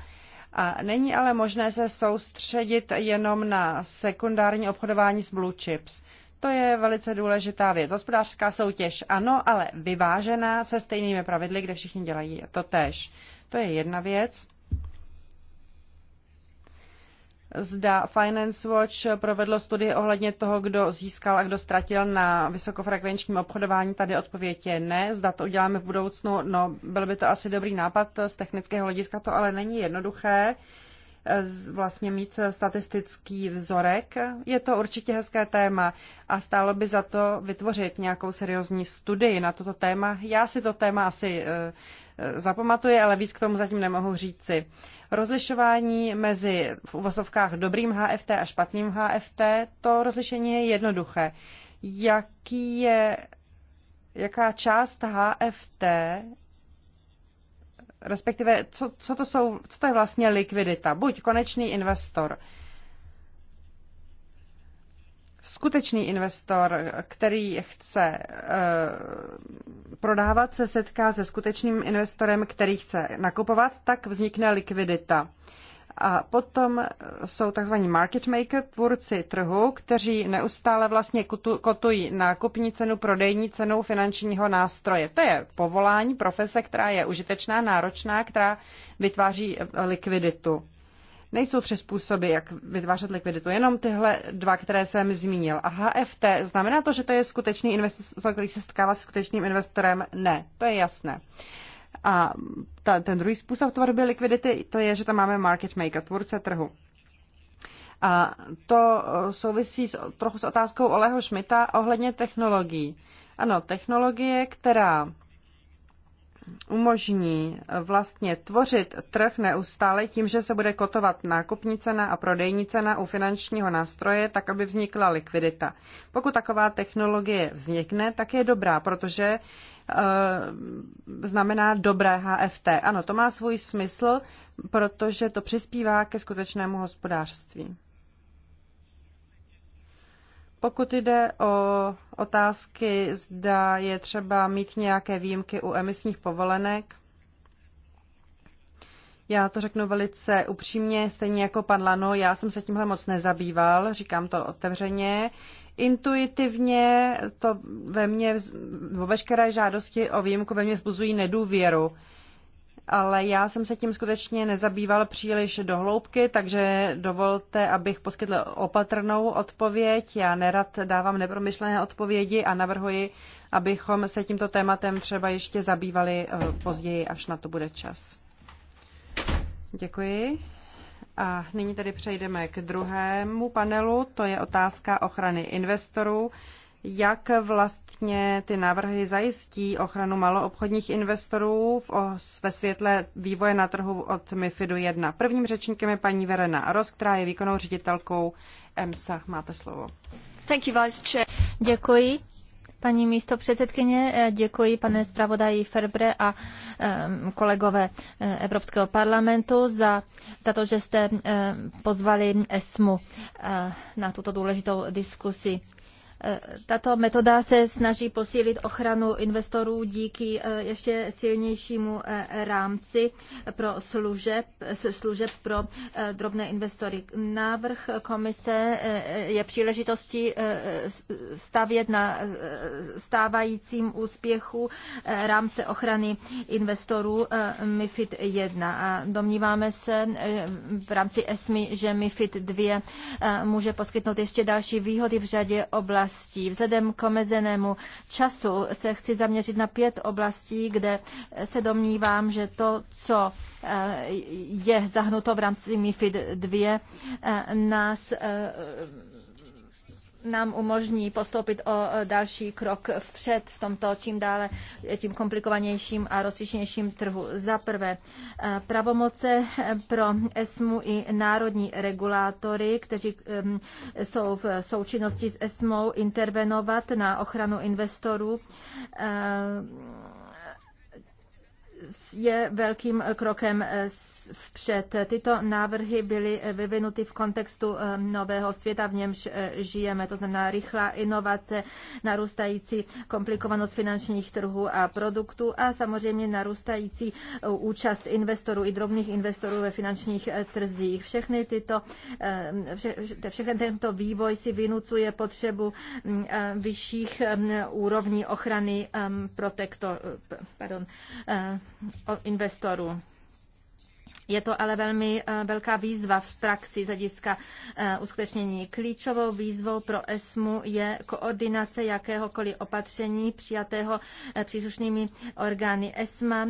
A není ale možné se soustředit jenom na sekundární obchodování s blue chips. To je velice důležitá věc. Hospodářská soutěž ano, ale vyvážená se stejnými pravidly, kde všichni dělají to tež. To je jedna věc zda Finance Watch provedlo studii ohledně toho, kdo získal a kdo ztratil na vysokofrekvenčním obchodování. Tady odpověď je ne. Zda to uděláme v budoucnu, no byl by to asi dobrý nápad z technického hlediska, to ale není jednoduché eh, vlastně mít statistický vzorek. Je to určitě hezké téma a stálo by za to vytvořit nějakou seriózní studii na toto téma. Já si to téma asi eh, eh, zapamatuji, ale víc k tomu zatím nemohu říci. Rozlišování mezi v uvozovkách dobrým HFT a špatným HFT, to rozlišení je jednoduché. Jaký je, jaká část HFT, respektive co, co, to jsou, co to je vlastně likvidita? Buď konečný investor, skutečný investor, který chce eh, prodávat, se setká se skutečným investorem, který chce nakupovat, tak vznikne likvidita. A potom eh, jsou tzv. market maker, tvůrci trhu, kteří neustále vlastně kotují nákupní cenu, prodejní cenu finančního nástroje. To je povolání, profese, která je užitečná, náročná, která vytváří eh, likviditu. Nejsou tři způsoby, jak vytvářet likviditu, jenom tyhle dva, které jsem zmínil. A HFT, znamená to, že to je skutečný investor, který se stkává s skutečným investorem? Ne, to je jasné. A ta, ten druhý způsob tvorby likvidity, to je, že tam máme market maker, tvůrce trhu. A to souvisí s, trochu s otázkou Oleho Šmita ohledně technologií. Ano, technologie, která umožní vlastně tvořit trh neustále tím, že se bude kotovat nákupní cena a prodejní cena u finančního nástroje, tak aby vznikla likvidita. Pokud taková technologie vznikne, tak je dobrá, protože eh, znamená dobré HFT. Ano, to má svůj smysl, protože to přispívá ke skutečnému hospodářství. Pokud jde o otázky, zda je třeba mít nějaké výjimky u emisních povolenek, já to řeknu velice upřímně, stejně jako pan Lano, já jsem se tímhle moc nezabýval, říkám to otevřeně. Intuitivně to ve mně, veškeré žádosti o výjimku ve mně zbuzují nedůvěru ale já jsem se tím skutečně nezabýval příliš dohloubky, takže dovolte, abych poskytl opatrnou odpověď. Já nerad dávám nepromyšlené odpovědi a navrhuji, abychom se tímto tématem třeba ještě zabývali eh, později, až na to bude čas. Děkuji. A nyní tedy přejdeme k druhému panelu, to je otázka ochrany investorů jak vlastně ty návrhy zajistí ochranu maloobchodních investorů ve světle vývoje na trhu od MIFIDu 1. Prvním řečníkem je paní Verena Aros, která je výkonnou ředitelkou EMSA. Máte slovo. Thank you, Vice Chair. Děkuji. Paní místo předsedkyně, děkuji pane zpravodaji Ferbre a kolegové eh, Evropského parlamentu za, za to, že jste pozvali ESMu eh, na tuto důležitou diskusi. Tato metoda se snaží posílit ochranu investorů díky eh, ještě silnějšímu eh, rámci pro služeb, služeb pro eh, drobné investory. Návrh komise je příležitostí stavět na stávajícím úspěchu rámce ochrany investorů MIFID 1 a domníváme se v rámci ESMI, že MIFID 2 může poskytnout ještě další výhody v řadě oblastí oblastí. Vzhledem k omezenému času se chci zaměřit na pět oblastí, kde se domnívám, že to, co eh, je zahnuto v rámci MIFID 2, eh, nás eh, nám umožní postoupit o e, další krok vpřed v tomto čím dále e, tím komplikovanějším a rozličnějším trhu. Za prvé, e, pravomoce pro ESMU i národní regulátory, kteří jsou v součinnosti s ESMou, intervenovat na ochranu investorů je velkým krokem vpřed. Tyto návrhy byly vyvinuty v kontextu eh, nového světa, v němž eh, žijeme, to znamená rychlá inovace, narůstající komplikovanost finančních trhů a produktů a samozřejmě narůstající eh, účast investorů i drobných investorů ve finančních trzích. Všechny tyto, vše, všechny tento vývoj si vynucuje potřebu mm, vyšších mm, úrovní ochrany mm, protektor, pardon, investorů. Je to ale velmi eh, velká výzva v praxi z hlediska eh, uskutečnění. Klíčovou výzvou pro ESMU je koordinace jakéhokoliv opatření přijatého eh, příslušnými orgány. ESMA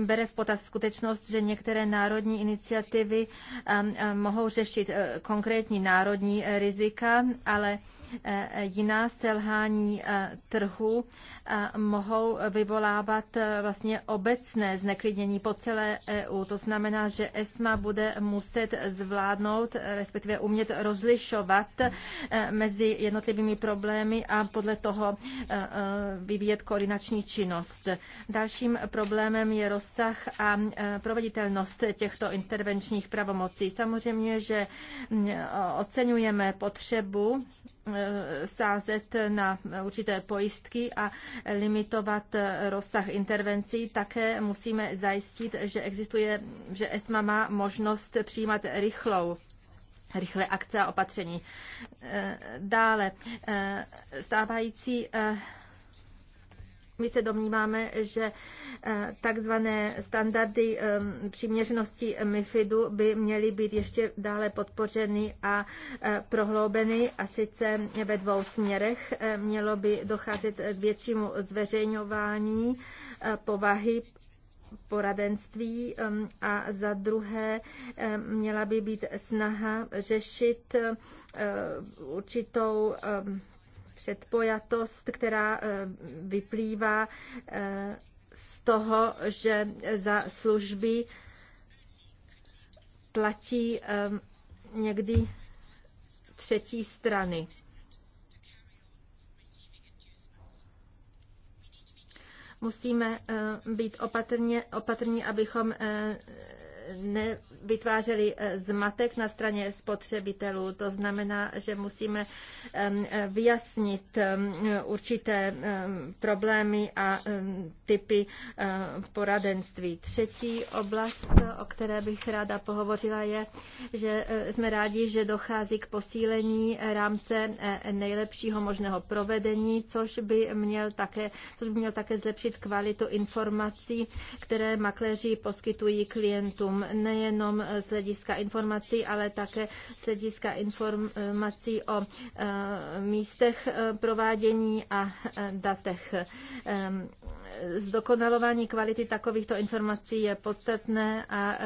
bere v potaz skutečnost, že některé národní iniciativy mohou řešit konkrétní národní rizika, ale jiná selhání trhu mohou vyvolávat vlastně obecné zneklidnění po celé EU. To znamená, že ESMA bude muset zvládnout, respektive umět rozlišovat eh, mezi jednotlivými problémy a podle toho eh, eh, vyvíjet koordinační činnost. Dalším problémem je rozsah a proveditelnost těchto intervenčních pravomocí. Samozřejmě, že oceňujeme potřebu sázet na určité pojistky a limitovat rozsah intervencí. Také musíme zajistit, že existuje, že ESMA má možnost přijímat rychlou rychlé akce a opatření. Eh, dále, eh, stávající eh, my se domníváme, že takzvané standardy přiměřenosti MIFIDu by měly být ještě dále podpořeny a prohloubeny a sice ve dvou směrech. Mělo by docházet k většímu zveřejňování povahy poradenství um, a za druhé um, měla by být snaha řešit uh, určitou um, předpojatost, která uh, vyplývá uh, z toho, že za služby platí někdy třetí strany. musíme eh, být opatrně, opatrní, abychom eh, nevytvářeli eh, zmatek na straně spotřebitelů. To znamená, že musíme vyjasnit určité problémy a typy poradenství. Třetí oblast, o které bych ráda pohovořila, je, že eh, jsme rádi, že dochází k posílení rámce eh, nejlepšího možného provedení, což by měl také, což by měl také zlepšit kvalitu informací, které makléři poskytují klientům občanům, nejenom z hlediska informací, ale také z hlediska informací o eh, místech eh, provádění a eh, datech. Ehm, zdokonalování kvality takovýchto informací je podstatné a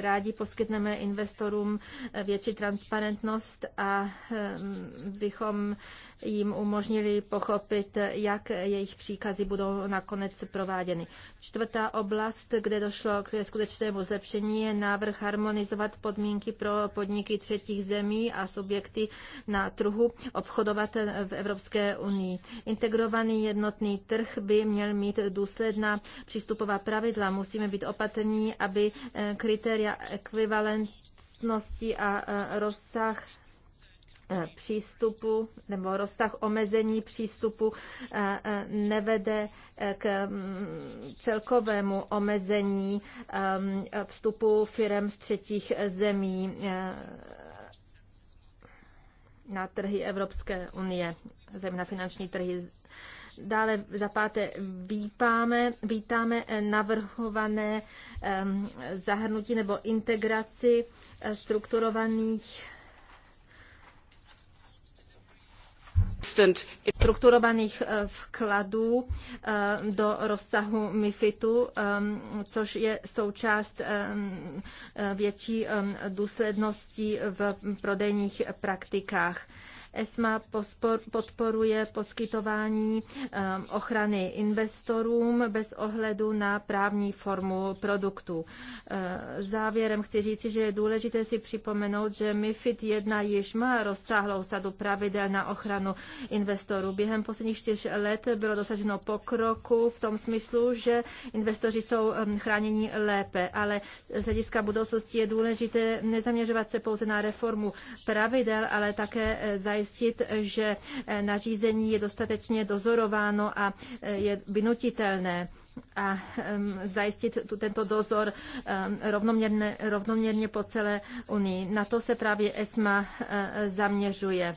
rádi poskytneme investorům větší transparentnost a ehm, bychom jim umožnili pochopit, jak jejich příkazy budou nakonec prováděny. Čtvrtá oblast, kde došlo k skutečnému zlepšení, je návrh harmonizovat podmínky pro podniky třetích zemí a subjekty na trhu obchodovat v Evropské unii. Integrovaný jednotný trh by měl mít důsledná přístupová pravidla. Musíme být opatrní, aby eh, kritéria ekvivalentnosti a eh, rozsah Eh, přístupu nebo rozsah omezení přístupu eh, eh, nevede k mm, celkovému omezení vstupu firm z třetích zemí na trhy Evropské unie, zejména finanční trhy Dále za páté vítáme, vítáme navrhované zahrnutí nebo integraci strukturovaných strukturovaných eh, vkladů eh, do rozsahu MIFITu, eh, což je součást větší důslednosti v prodejních praktikách. ESMA podporuje poskytování um, ochrany investorům bez ohledu na právní formu produktu. Uh, závěrem chci říci, že je důležité si připomenout, že MIFID 1 již má rozsáhlou sadu pravidel na ochranu investorů. Během posledních čtyř let bylo dosaženo pokroku v tom smyslu, že investoři jsou um, chráněni lépe, ale z hlediska budoucnosti je důležité nezaměřovat se pouze na reformu pravidel, ale také eh, zajistit zajistit, že eh, nařízení je dostatečně dozorováno a eh, je vynutitelné a um, zajistit tu, tento dozor um, ehm, rovnoměrně, rovnoměrně po celé Unii. Na to se právě ESMA uh, zaměřuje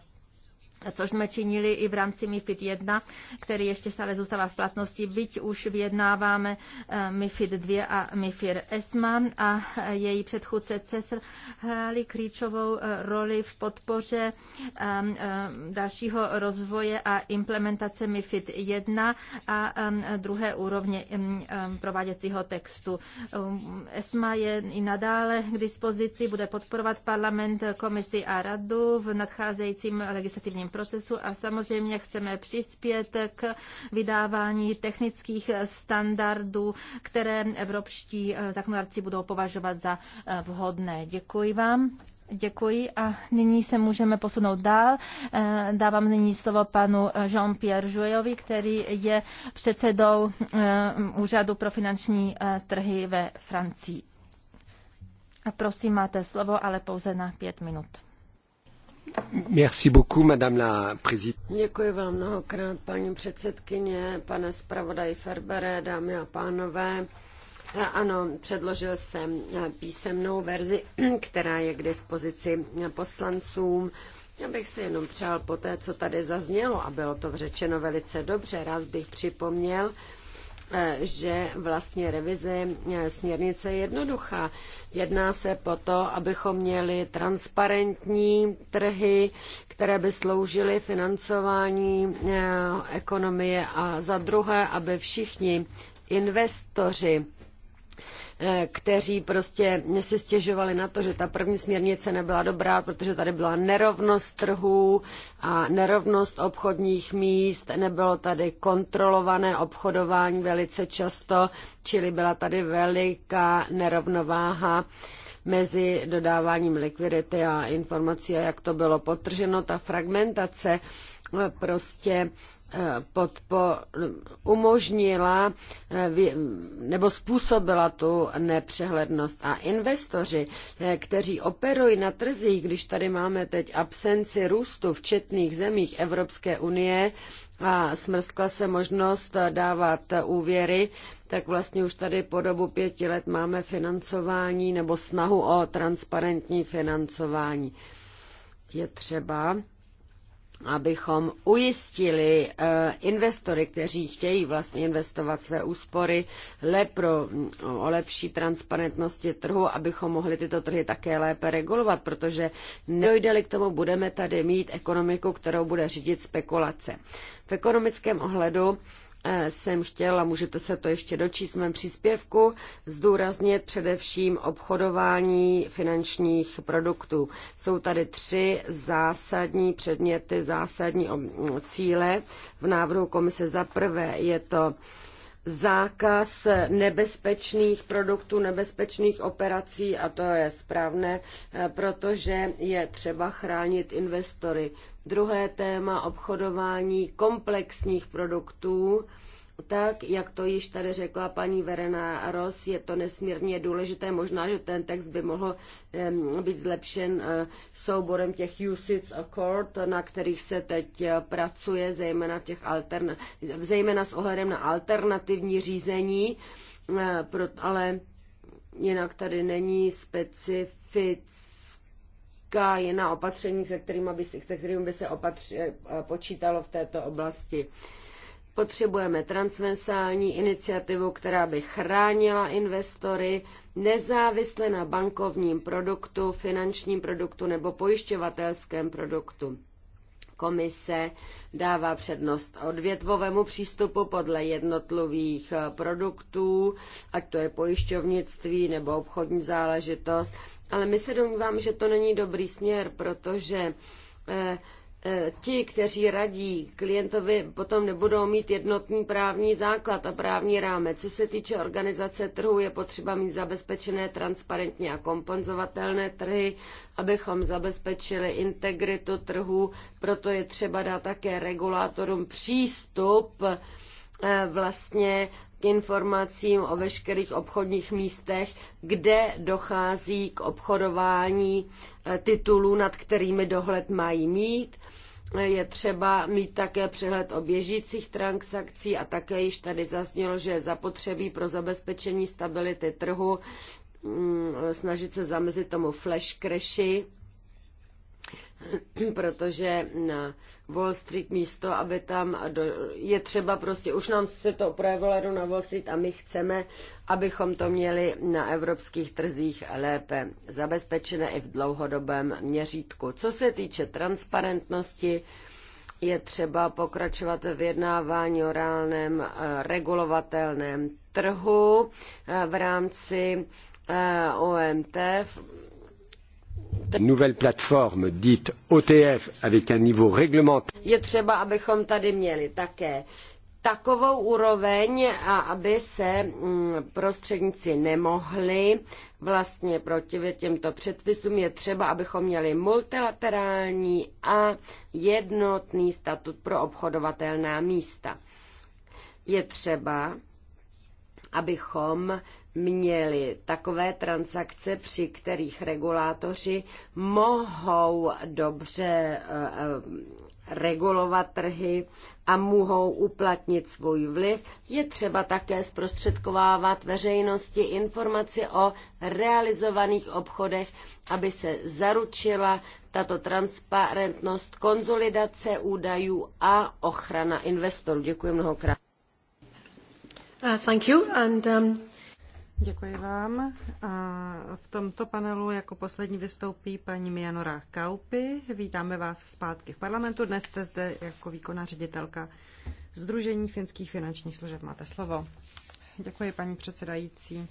což jsme činili i v rámci MIFID 1, který ještě stále zůstává v platnosti, byť už vyjednáváme eh, MIFID 2 a MIFIR ESMA a eh, její předchůdce CESR hráli klíčovou eh, roli v podpoře ehm, ehm, dalšího rozvoje a implementace MIFID 1 a ehm, druhé úrovně prováděcího textu. ESMA je i nadále k dispozici, bude podporovat parlament, komisi a radu v nadcházejícím legislativním legislativním procesu a samozřejmě chceme přispět k vydávání technických standardů, které evropští eh, zákonodárci budou považovat za eh, vhodné. Děkuji vám. Děkuji a nyní se můžeme posunout dál. Eh, dávám nyní slovo panu Jean-Pierre Jouyovi, který je předsedou Úřadu pro finanční trhy ve Francii. Prosím, máte slovo, ale pouze na pět minut. Merci beaucoup, madame la Děkuji vám mnohokrát, paní předsedkyně, pane zpravodaj Ferbere, dámy a pánové. Eh, ano, předložil jsem eh, písemnou verzi, [clears throat] která je k dispozici eh, poslancům. Já bych si jenom přál po té, co tady zaznělo, a bylo to řečeno velice dobře, rád bych připomněl, E, že vlastně revize e, směrnice je jednoduchá. Jedná se po to, abychom měli transparentní trhy, které by sloužily financování e, ekonomie a za druhé, aby všichni investoři Eh, kteří prostě si stěžovali na to, že ta první směrnice nebyla dobrá, protože tady byla nerovnost trhů a nerovnost obchodních míst, nebylo tady kontrolované obchodování velice často, čili byla tady veliká nerovnováha mezi dodáváním likvidity a informací, a jak to bylo potrženo, ta fragmentace eh, prostě podpo, umožnila eh, nebo způsobila tu nepřehlednost. A investoři, eh, kteří operují na trzích, když tady máme teď absenci růstu v četných zemích Evropské unie, a smrskla se možnost eh, dávat úvěry, tak vlastně už tady po dobu pěti let máme financování nebo snahu o transparentní financování. Je třeba abychom ujistili eh, investory, kteří chtějí vlastně investovat své úspory lepro, o lepší transparentnosti trhu, abychom mohli tyto trhy také lépe regulovat, protože nedojde-li k tomu, budeme tady mít ekonomiku, kterou bude řídit spekulace. V ekonomickém ohledu E, jsem chtěla, můžete se to ještě dočíst v mém příspěvku, zdůraznit především obchodování finančních produktů. Jsou tady tři zásadní předměty, zásadní cíle v návrhu komise. Za prvé je to zákaz nebezpečných produktů, nebezpečných operací a to je správné, e, protože je třeba chránit investory. Druhé téma obchodování komplexních produktů. Tak, jak to již tady řekla paní Verena Ros, je to nesmírně důležité. Možná, že ten text by mohl být zlepšen eh, souborem těch usage accord, na kterých se teď eh, pracuje, zejména, v těch altern, zejména s ohledem na alternativní řízení, eh, ale jinak tady není specifický jaká jiná opatření, se kterými by, se, se kterým by se opatři, eh, počítalo v této oblasti. Potřebujeme transversální iniciativu, která by chránila investory nezávisle na bankovním produktu, finančním produktu nebo pojišťovatelském produktu. Komise dává přednost odvětvovému přístupu podle jednotlivých eh, produktů, ať to je pojišťovnictví nebo obchodní záležitost, ale my se domnívám, že to není dobrý směr, protože eh, eh, ti, kteří radí klientovi, potom nebudou mít jednotný právní základ a právní rámec. Co se týče organizace trhu, je potřeba mít zabezpečené transparentně a kompenzovatelné trhy, abychom zabezpečili integritu trhu, proto je třeba dát také regulátorům přístup eh, vlastně informacím o veškerých obchodních místech, kde dochází k obchodování eh, titulů, nad kterými dohled mají mít. Eh, je třeba mít také přehled o běžících transakcí a také již tady zaznělo, že je zapotřebí pro zabezpečení stability trhu mm, eh, snažit se zamezit tomu flash crashy. [clears throat] protože na Wall Street místo, aby tam do, je třeba prostě, už nám se to projevilo jako na Wall Street a my chceme, abychom to měli na evropských trzích lépe zabezpečené i v dlouhodobém měřítku. Co se týče transparentnosti, je třeba pokračovat v jednávání o reálném eh, regulovatelném trhu eh, v rámci eh, OMT, nouvelle plateforme dite OTF avec un niveau réglementaire. Je třeba, abychom tady měli také takovou úroveň, a aby se mm, prostředníci nemohli vlastně proti těmto předpisům, je třeba, abychom měli multilaterální a jednotný statut pro obchodovatelná místa. Je třeba, abychom měli takové transakce, při kterých regulátoři mohou dobře eh, eh, regulovat trhy a mohou uplatnit svůj vliv, je třeba také zprostředkovávat veřejnosti informaci o realizovaných obchodech, aby se zaručila tato transparentnost, konzolidace údajů a ochrana investorů. Děkuji mnohokrát. Uh, um, Děkuji vám. A v tomto panelu jako poslední vystoupí paní Mianora Kaupy. Vítáme vás zpátky v parlamentu. Dnes jste zde jako výkonná ředitelka Združení finských finančních služeb. Máte slovo. Děkuji, paní předsedající.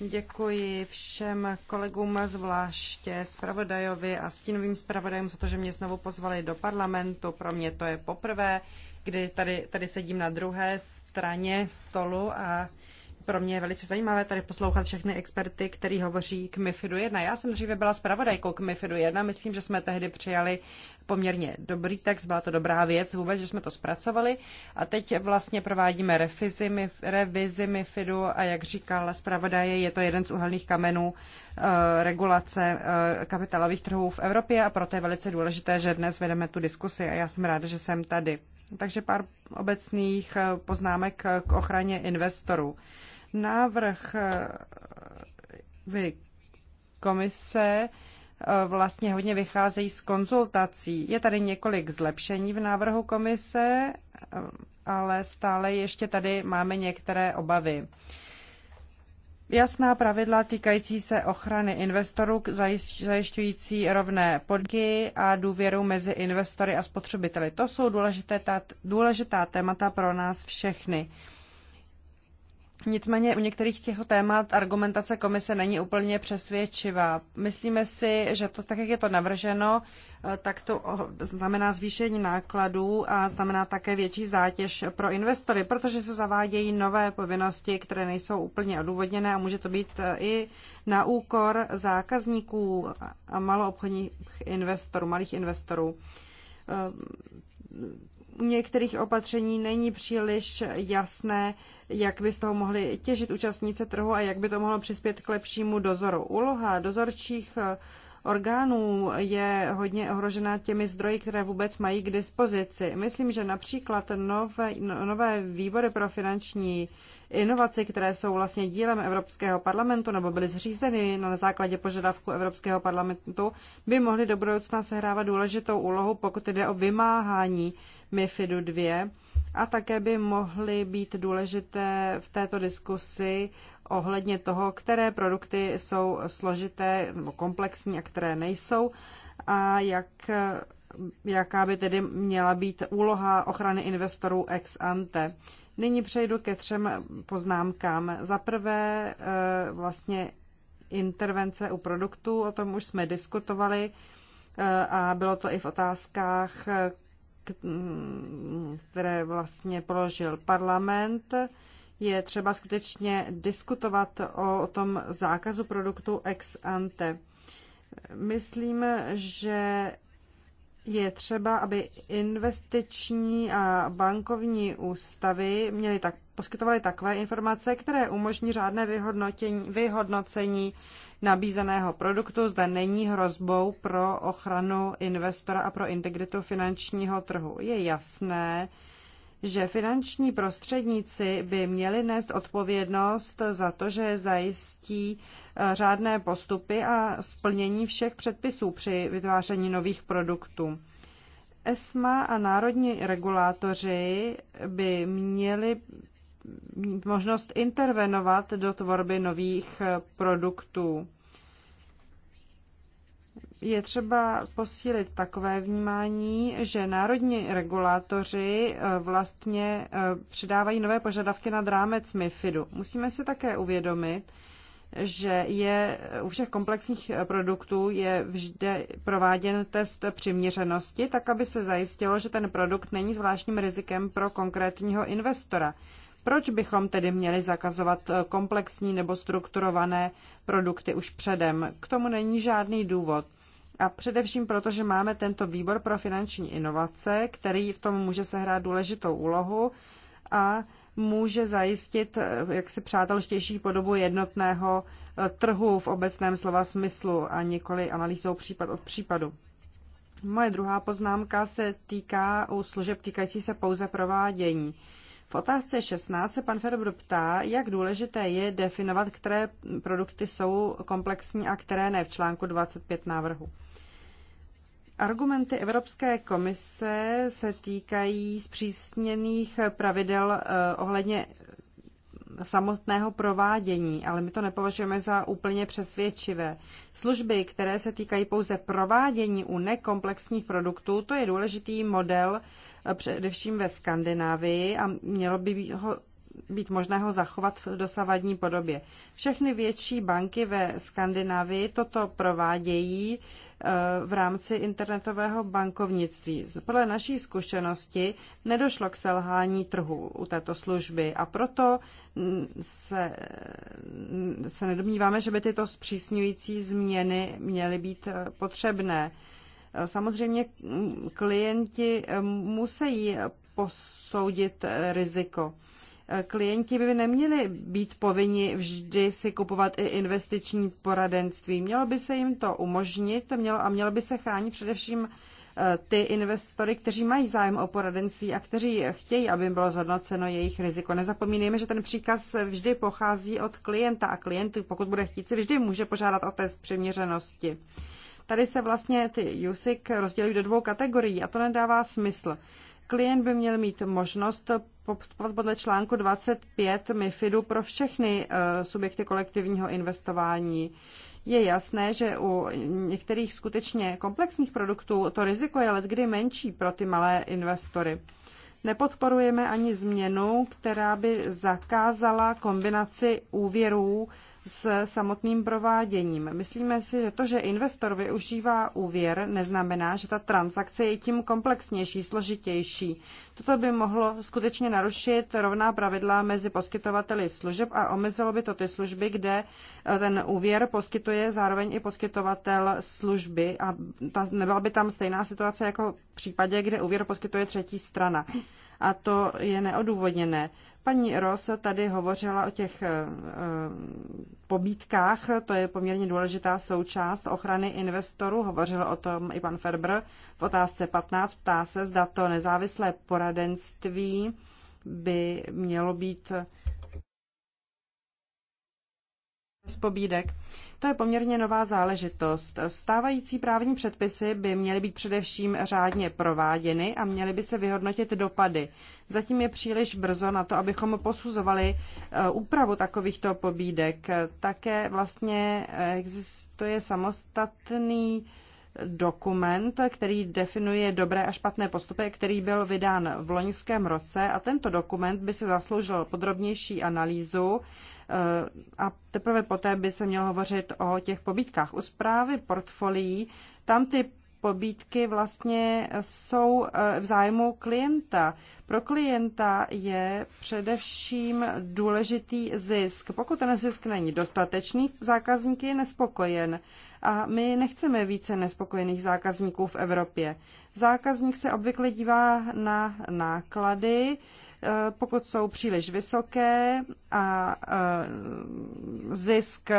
Děkuji všem kolegům, zvláště zpravodajovi a stínovým zpravodajům za to, že mě znovu pozvali do parlamentu. Pro mě to je poprvé kdy tady, tady sedím na druhé straně stolu a pro mě je velice zajímavé tady poslouchat všechny experty, kteří hovoří k MIFIDu 1. Já jsem dříve byla zpravodajkou k MIFIDu 1, myslím, že jsme tehdy přijali poměrně dobrý text, byla to dobrá věc vůbec, že jsme to zpracovali a teď vlastně provádíme revizi, mif, revizi MIFIDu a jak říkal zpravodaj, je to jeden z uhelných kamenů eh, regulace eh, kapitálových trhů v Evropě a proto je velice důležité, že dnes vedeme tu diskusi a já jsem ráda, že jsem tady. Takže pár obecných eh, poznámek eh, k ochraně investorů. Návrh eh, vy komise vlastně hodně vycházejí z konzultací. Je tady několik zlepšení v návrhu komise, ale stále ještě tady máme některé obavy jasná pravidla týkající se ochrany investorů, zajišťující rovné podky a důvěru mezi investory a spotřebiteli. To jsou důležité, důležitá témata pro nás všechny. Nicméně u některých těchto témat argumentace komise není úplně přesvědčivá. Myslíme si, že to tak, jak je to navrženo, eh, tak to znamená zvýšení nákladů a znamená také větší zátěž pro investory, protože se zavádějí nové povinnosti, které nejsou úplně odůvodněné a může to být eh, i na úkor zákazníků a maloobchodních investorů, malých investorů eh, některých opatření není příliš jasné, jak by z toho mohli těžit účastníci trhu a jak by to mohlo přispět k lepšímu dozoru. Úloha dozorčích orgánů je hodně ohrožena těmi zdroji, které vůbec mají k dispozici. Myslím, že například nové, nové výbory pro finanční inovaci, které jsou vlastně dílem Evropského parlamentu nebo byly zřízeny na základě požadavku Evropského parlamentu, by mohly do budoucna sehrávat důležitou úlohu, pokud jde o vymáhání MIFIDu 2 a také by mohly být důležité v této diskusi ohledně toho, které produkty jsou složité nebo komplexní a které nejsou a jak, jaká by tedy měla být úloha ochrany investorů ex ante. Nyní přejdu ke třem poznámkám. Za prvé e, vlastně intervence u produktů, o tom už jsme diskutovali e, a bylo to i v otázkách Mm, které vlastně položil parlament, je třeba skutečně diskutovat o tom zákazu produktu ex ante. Myslím, že je třeba, aby investiční a bankovní ústavy měly tak, poskytovaly takové informace, které umožní řádné vyhodnocení, vyhodnocení nabízeného produktu. Zde není hrozbou pro ochranu investora a pro integritu finančního trhu. Je jasné, že finanční prostředníci by měli nést odpovědnost za to, že zajistí eh, řádné postupy a splnění všech předpisů při vytváření nových produktů. ESMA a národní regulátoři by měli možnost intervenovat do tvorby nových eh, produktů je třeba posílit takové vnímání, že národní regulátoři eh, vlastně eh, přidávají nové požadavky nad rámec MIFIDu. Musíme si také uvědomit, že je u všech komplexních eh, produktů je vždy prováděn test přiměřenosti, tak aby se zajistilo, že ten produkt není zvláštním rizikem pro konkrétního investora. Proč bychom tedy měli zakazovat komplexní nebo strukturované produkty už předem? K tomu není žádný důvod. A především proto, že máme tento výbor pro finanční inovace, který v tom může sehrát důležitou úlohu a může zajistit eh, jaksi přátelštější podobu jednotného eh, trhu v obecném slova smyslu a nikoli analýzou případ od případu. Moje druhá poznámka se týká u služeb týkající se pouze provádění. V otázce 16 se pan Ferber ptá, jak důležité je definovat, které produkty jsou komplexní a které ne v článku 25 návrhu. Argumenty Evropské komise se týkají zpřísněných pravidel eh, ohledně samotného provádění, ale my to nepovažujeme za úplně přesvědčivé. Služby, které se týkají pouze provádění u nekomplexních produktů, to je důležitý model eh, především ve Skandinávii a mělo by ho být možné ho zachovat v dosavadní podobě. Všechny větší banky ve Skandinávii toto provádějí v rámci internetového bankovnictví. Podle naší zkušenosti nedošlo k selhání trhu u této služby a proto se, se nedomníváme, že by tyto zpřísňující změny měly být potřebné. Samozřejmě klienti musí posoudit riziko. Eh, klienti by neměli být povinni vždy si kupovat i investiční poradenství. Mělo by se jim to umožnit mělo, a mělo by se chránit především eh, ty investory, kteří mají zájem o poradenství a kteří chtějí, aby jim bylo zhodnoceno jejich riziko. Nezapomínejme, že ten příkaz vždy pochází od klienta a klient, pokud bude chtít, si vždy může požádat o test přiměřenosti. Tady se vlastně ty USIC rozdělují do dvou kategorií a to nedává smysl. Klient by měl mít možnost postupovat podle článku 25 MIFIDu pro všechny eh, subjekty kolektivního investování. Je jasné, že u některých skutečně komplexních produktů to riziko je leckdy menší pro ty malé investory. Nepodporujeme ani změnu, která by zakázala kombinaci úvěrů s samotným prováděním. Myslíme si, že to, že investor využívá úvěr, neznamená, že ta transakce je tím komplexnější, složitější. Toto by mohlo skutečně narušit rovná pravidla mezi poskytovateli služeb a omezilo by to ty služby, kde eh, ten úvěr poskytuje zároveň i poskytovatel služby a ta, nebyla by tam stejná situace jako v případě, kde úvěr poskytuje třetí strana a to je neodůvodněné. Paní Ros tady hovořila o těch eh, eh, pobítkách, to je poměrně důležitá součást ochrany investorů, hovořil o tom i pan Ferber v otázce 15, ptá se, zda to nezávislé poradenství by mělo být z pobídek. To je poměrně nová záležitost. Stávající právní předpisy by měly být především řádně prováděny a měly by se vyhodnotit dopady. Zatím je příliš brzo na to, abychom posuzovali eh, úpravu takovýchto pobídek. Také vlastně eh, existuje samostatný dokument, který definuje dobré a špatné postupy, který byl vydán v loňském roce a tento dokument by se zasloužil podrobnější analýzu eh, a teprve poté by se mělo hovořit o těch pobítkách. U zprávy portfolií tam ty pobídky vlastně jsou eh, v zájmu klienta. Pro klienta je především důležitý zisk. Pokud ten zisk není dostatečný, zákazník je nespokojen. A my nechceme více nespokojených zákazníků v Evropě. Zákazník se obvykle dívá na náklady, Eh, pokud jsou příliš vysoké a eh, zisk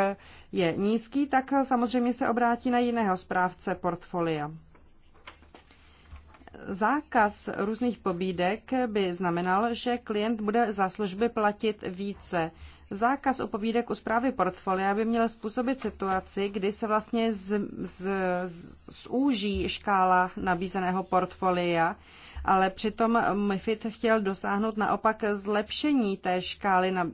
je nízký, tak samozřejmě se obrátí na jiného správce portfolia. Zákaz různých pobídek by znamenal, že klient bude za služby platit více. Zákaz upovídek u zprávy portfolia by měl způsobit situaci, kdy se vlastně z, z, z, zúží škála nabízeného portfolia, ale přitom MIFID chtěl dosáhnout naopak zlepšení té škály na,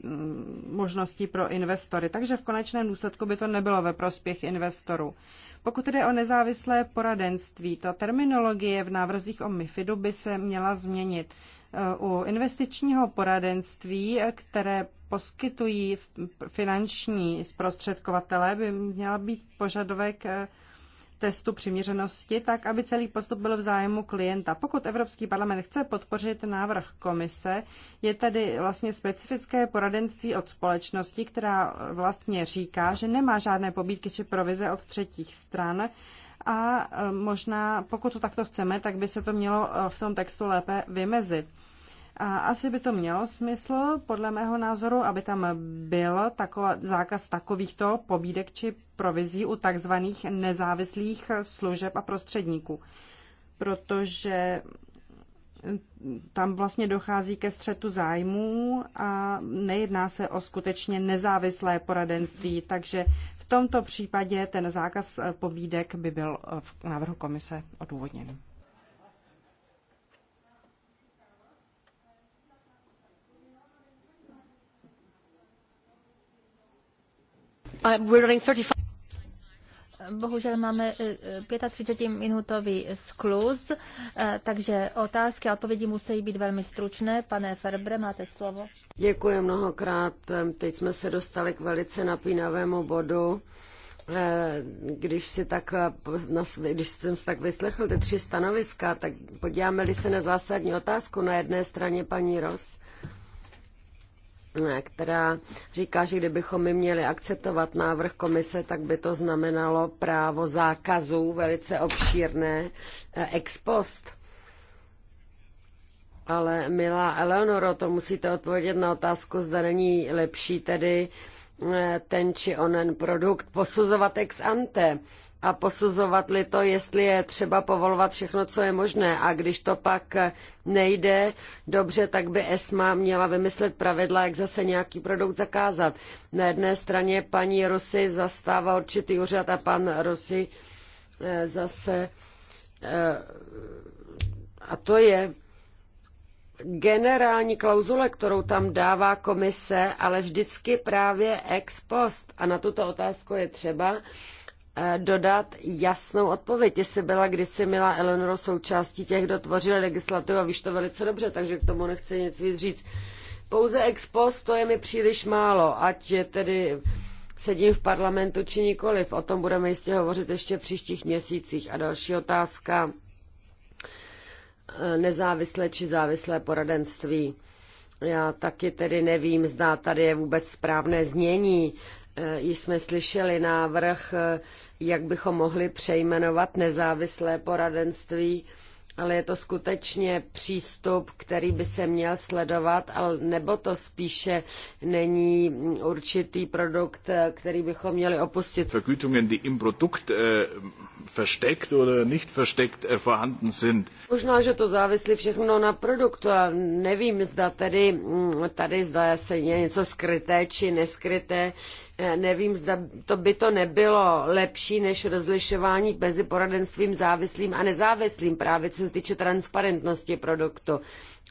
možností pro investory, takže v konečném důsledku by to nebylo ve prospěch investorů. Pokud jde o nezávislé poradenství, ta terminologie v návrzích o MIFIDu by se měla změnit u investičního poradenství, které poskytují finanční zprostředkovatele, by měla být požadovek eh, testu přiměřenosti, tak aby celý postup byl v zájmu klienta. Pokud Evropský parlament chce podpořit návrh komise, je tady vlastně specifické poradenství od společnosti, která vlastně říká, že nemá žádné pobídky či provize od třetích stran a e, možná, pokud to takto chceme, tak by se to mělo e, v tom textu lépe vymezit. A asi by to mělo smysl, podle mého názoru, aby tam byl taková, zákaz takovýchto pobídek či provizí u takzvaných nezávislých služeb a prostředníků. Protože tam vlastně dochází ke střetu zájmů a nejedná se o skutečně nezávislé poradenství, takže v tomto případě ten zákaz pobídek by byl v návrhu komise odůvodněn. Uh, I'm 35 Bohužel máme 35-minutový e, skluz, e, takže otázky a odpovědi musí být velmi stručné. Pane Ferbre, máte slovo. Děkuji mnohokrát. Teď jsme se dostali k velice napínavému bodu. E, když, si tak, když jsem si tak vyslechl ty tři stanoviska, tak podíváme-li se na zásadní otázku. Na jedné straně paní Ros, která říká, že kdybychom my měli akceptovat návrh komise, tak by to znamenalo právo zákazu velice obšírné eh, ex post. Ale milá Eleonoro, to musíte odpovědět na otázku, zda není lepší tedy eh, ten či onen produkt posuzovat ex ante a posuzovat-li to, jestli je třeba povolovat všechno, co je možné. A když to pak nejde dobře, tak by ESMA měla vymyslet pravidla, jak zase nějaký produkt zakázat. Na jedné straně paní Rusy zastává určitý úřad a pan Rusy eh, zase. Eh, a to je generální klauzule, kterou tam dává komise, ale vždycky právě ex post. A na tuto otázku je třeba Eh, dodat jasnou odpověď. Jestli byla kdysi milá Eleonora součástí těch, kdo tvořili legislativu a víš to velice dobře, takže k tomu nechci nic víc říct. Pouze ex post, to je mi příliš málo, ať je tedy sedím v parlamentu či nikoliv. O tom budeme jistě hovořit ještě v příštích měsících. A další otázka eh, nezávislé či závislé poradenství. Já taky tedy nevím, zda tady je vůbec správné znění Eh, jsme slyšeli návrh, eh, jak bychom mohli přejmenovat nezávislé poradenství, ale je to skutečně přístup, který by se měl sledovat, ale nebo to spíše není určitý produkt, eh, který bychom měli opustit. Vergütungen, die im Produkt, versteckt oder nicht versteckt äh, vorhanden sind. Možná, že to závislí všechno na produktu a nevím, zda tady, mm, tady zda se je něco skryté či neskryté. Eh, nevím, zda to by to nebylo lepší než rozlišování mezi poradenstvím závislým a nezávislým právě co se týče transparentnosti produktu.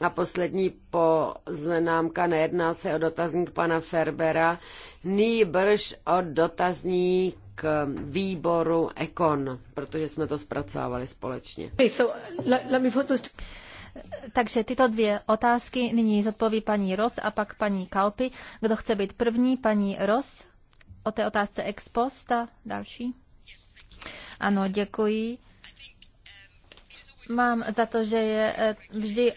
A poslední poznámka, nejedná se o dotazník pana Ferbera, nýbrž o dotazník k výboru Ekon, protože jsme to zpracovali společně. Takže tyto dvě otázky nyní zodpoví paní Ros a pak paní Kalpy. Kdo chce být první? Paní Ros o té otázce ex post a další. Ano, děkuji. Mám za to, že je eh, vždy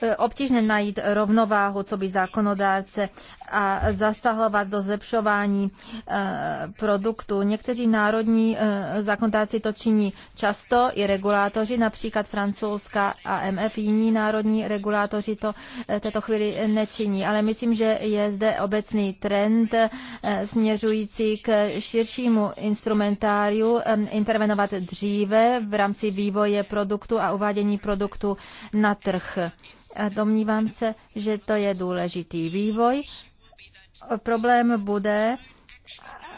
Eh, obtížné najít rovnováhu, co by zákonodárce a zasahovat do zlepšování eh, produktu. Někteří národní eh, zákonodárci to činí často, i regulátoři, například francouzská AMF, jiní národní regulátoři to této chvíli nečiní. Ale myslím, že je zde obecný trend směřující k širšímu instrumentáriu intervenovat dříve v rámci vývoje produktu a uvádění produktu na trh. A Domnívám se, že to je důležitý vývoj. Problém bude,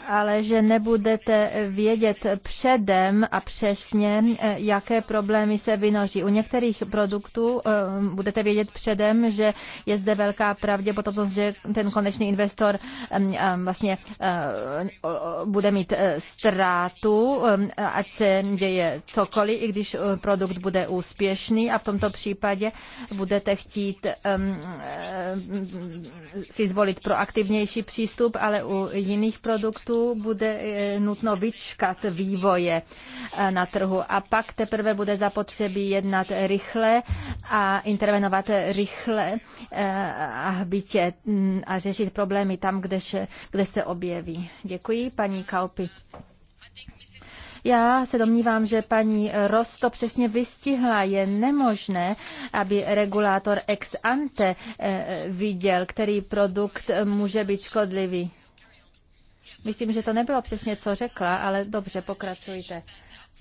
ale že nebudete vědět předem a přesně, eh, jaké problémy se vynoří. U některých produktů eh, budete vědět předem, že je zde velká pravděpodobnost, že ten konečný investor mm, eh, vlastně bude mít ztrátu, ať se děje cokoliv, i když produkt bude úspěšný a v tomto případě budete chtít si zvolit proaktivnější přístup, ale u jiných produktů měsíců bude eh, nutno vyčkat vývoje eh, na trhu a pak teprve bude zapotřebí jednat rychle a intervenovat rychle eh, a bytě a řešit problémy tam, kde se, kde se objeví. Děkuji, paní Kaupy. Já se domnívám, že paní Ross to přesně vystihla. Je nemožné, aby regulátor ex ante viděl, který produkt může být škodlivý. Myslím, že to nebylo přesně, co řekla, ale dobře, pokračujte.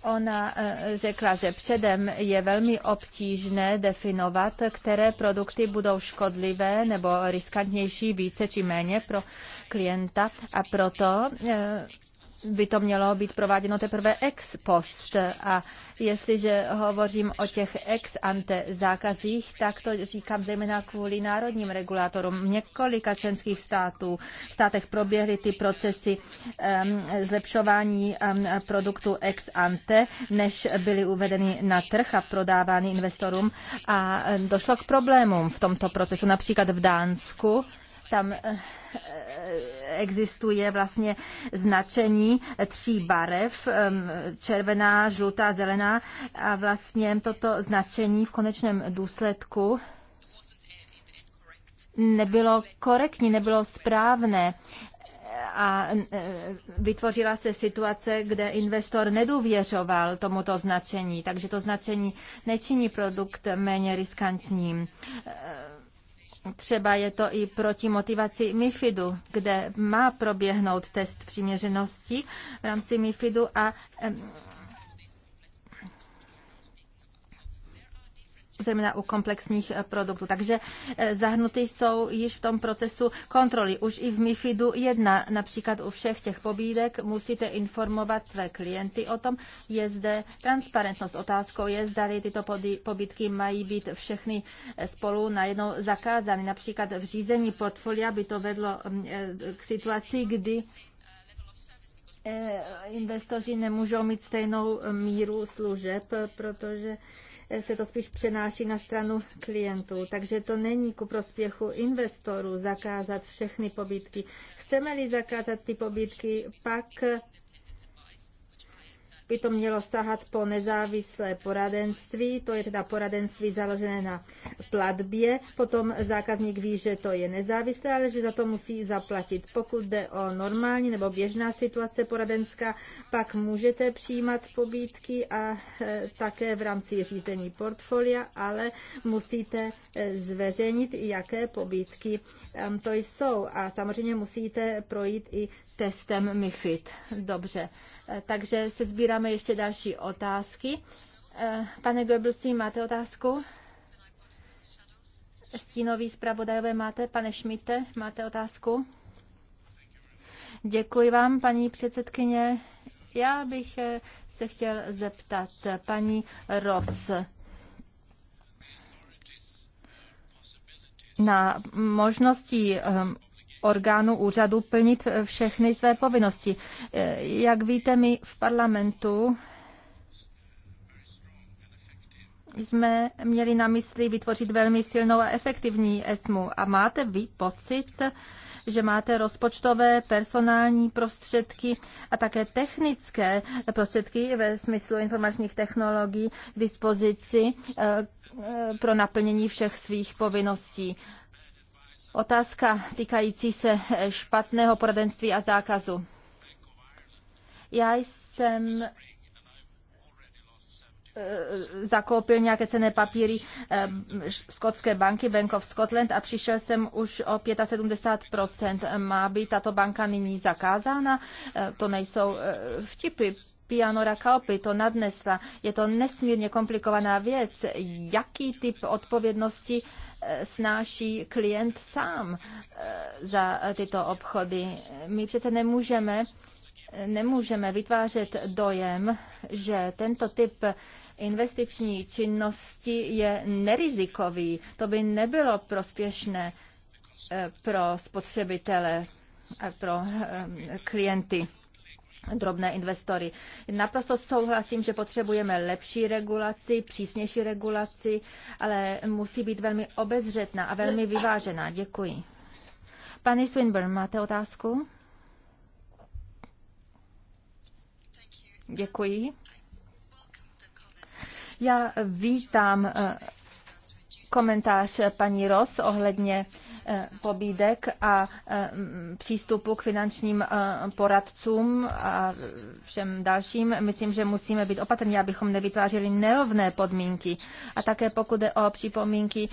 Ona eh, řekla, že předem je velmi obtížné definovat, které produkty budou škodlivé nebo riskantnější více či méně pro klienta a proto eh, by to mělo být prováděno teprve ex post. A jestliže hovořím o těch ex ante zákazích, tak to říkám zejména kvůli národním regulátorům. V několika členských států, státech proběhly ty procesy um, zlepšování um, produktu ex ante, než byly uvedeny na trh a prodávány investorům. A um, došlo k problémům v tomto procesu. Například v Dánsku tam eh, eh, existuje vlastně značení tří barev, červená, žlutá, zelená a vlastně toto značení v konečném důsledku nebylo korektní, nebylo správné a eh, vytvořila se situace, kde investor nedůvěřoval tomuto značení, takže to značení nečiní produkt méně riskantním. Třeba je to i proti motivaci MIFIDu, kde má proběhnout test přiměřenosti v rámci MIFIDu a zejména u komplexních eh, produktů. Takže eh, zahrnuty jsou již v tom procesu kontroly. Už i v MIFIDu 1, například u všech těch pobídek, musíte informovat své klienty o tom. Je zde transparentnost. Otázkou je, zda tyto pobídky mají být všechny eh, spolu najednou zakázány. Například v řízení portfolia by to vedlo mm, k situaci, kdy investoři nemůžou mít stejnou míru služeb, protože se to spíš přenáší na stranu klientů. Takže to není ku prospěchu investorů zakázat všechny pobytky. Chceme-li zakázat ty pobytky, pak by to mělo sahat po nezávislé poradenství, to je teda poradenství založené na platbě, potom zákazník ví, že to je nezávislé, ale že za to musí zaplatit. Pokud jde o normální nebo běžná situace poradenská, pak můžete přijímat pobídky a e, také v rámci řízení portfolia, ale musíte e, zveřejnit, jaké pobídky to jsou. A samozřejmě musíte projít i testem MIFID. Dobře. Eh, takže se sbíráme ještě další otázky. Eh, pane Goebbelsi, máte otázku? Stínový zpravodajové máte? Pane Šmite, máte otázku? Děkuji vám, paní předsedkyně. Já bych eh, se chtěl zeptat paní Ros na možnosti ehm, orgánů úřadu plnit všechny své povinnosti. Eh, jak víte, my v parlamentu jsme měli na mysli vytvořit velmi silnou a efektivní ESMU. A máte vy pocit, že máte rozpočtové, personální prostředky a také technické prostředky ve smyslu informačních technologií k dispozici eh, eh, pro naplnění všech svých povinností. Otázka týkající se eh, špatného poradenství a zákazu. Já jsem eh, zakoupil nějaké cené papíry eh, skotské banky Bank of Scotland a přišel jsem už o 75%. Má být tato banka nyní zakázána? To nejsou vtipy. Pianora rakaopy, to nadnesla. Je to nesmírně komplikovaná věc. Jaký typ odpovědnosti uh, snáší klient sám eh, za tyto obchody. My přece nemůžeme, nemůžeme vytvářet dojem, že tento typ investiční činnosti je nerizikový. To by nebylo prospěšné eh, pro spotřebitele a pro eh, klienty drobné investory. Naprosto souhlasím, že potřebujeme lepší regulaci, přísnější regulaci, ale musí být velmi obezřetná a velmi vyvážená. Děkuji. Pani Swinburne, máte otázku? Děkuji. Já vítám eh, komentář paní Ross ohledně Eh, pobídek a eh, přístupu k finančním eh, poradcům a všem dalším. Myslím, že musíme být opatrní, abychom nevytvářeli nerovné podmínky. A také pokud jde o připomínky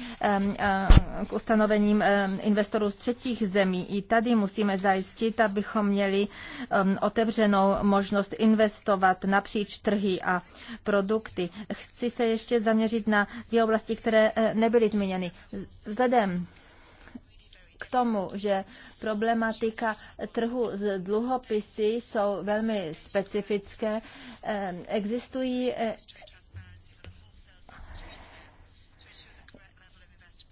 k ustanovením investorů z třetích zemí, i tady musíme zajistit, abychom měli otevřenou možnost investovat napříč trhy a produkty. Chci se ještě zaměřit na dvě oblasti, které nebyly zmíněny. Vzhledem k tomu, že problematika trhu s dluhopisy jsou velmi specifické, ehm, existují eh,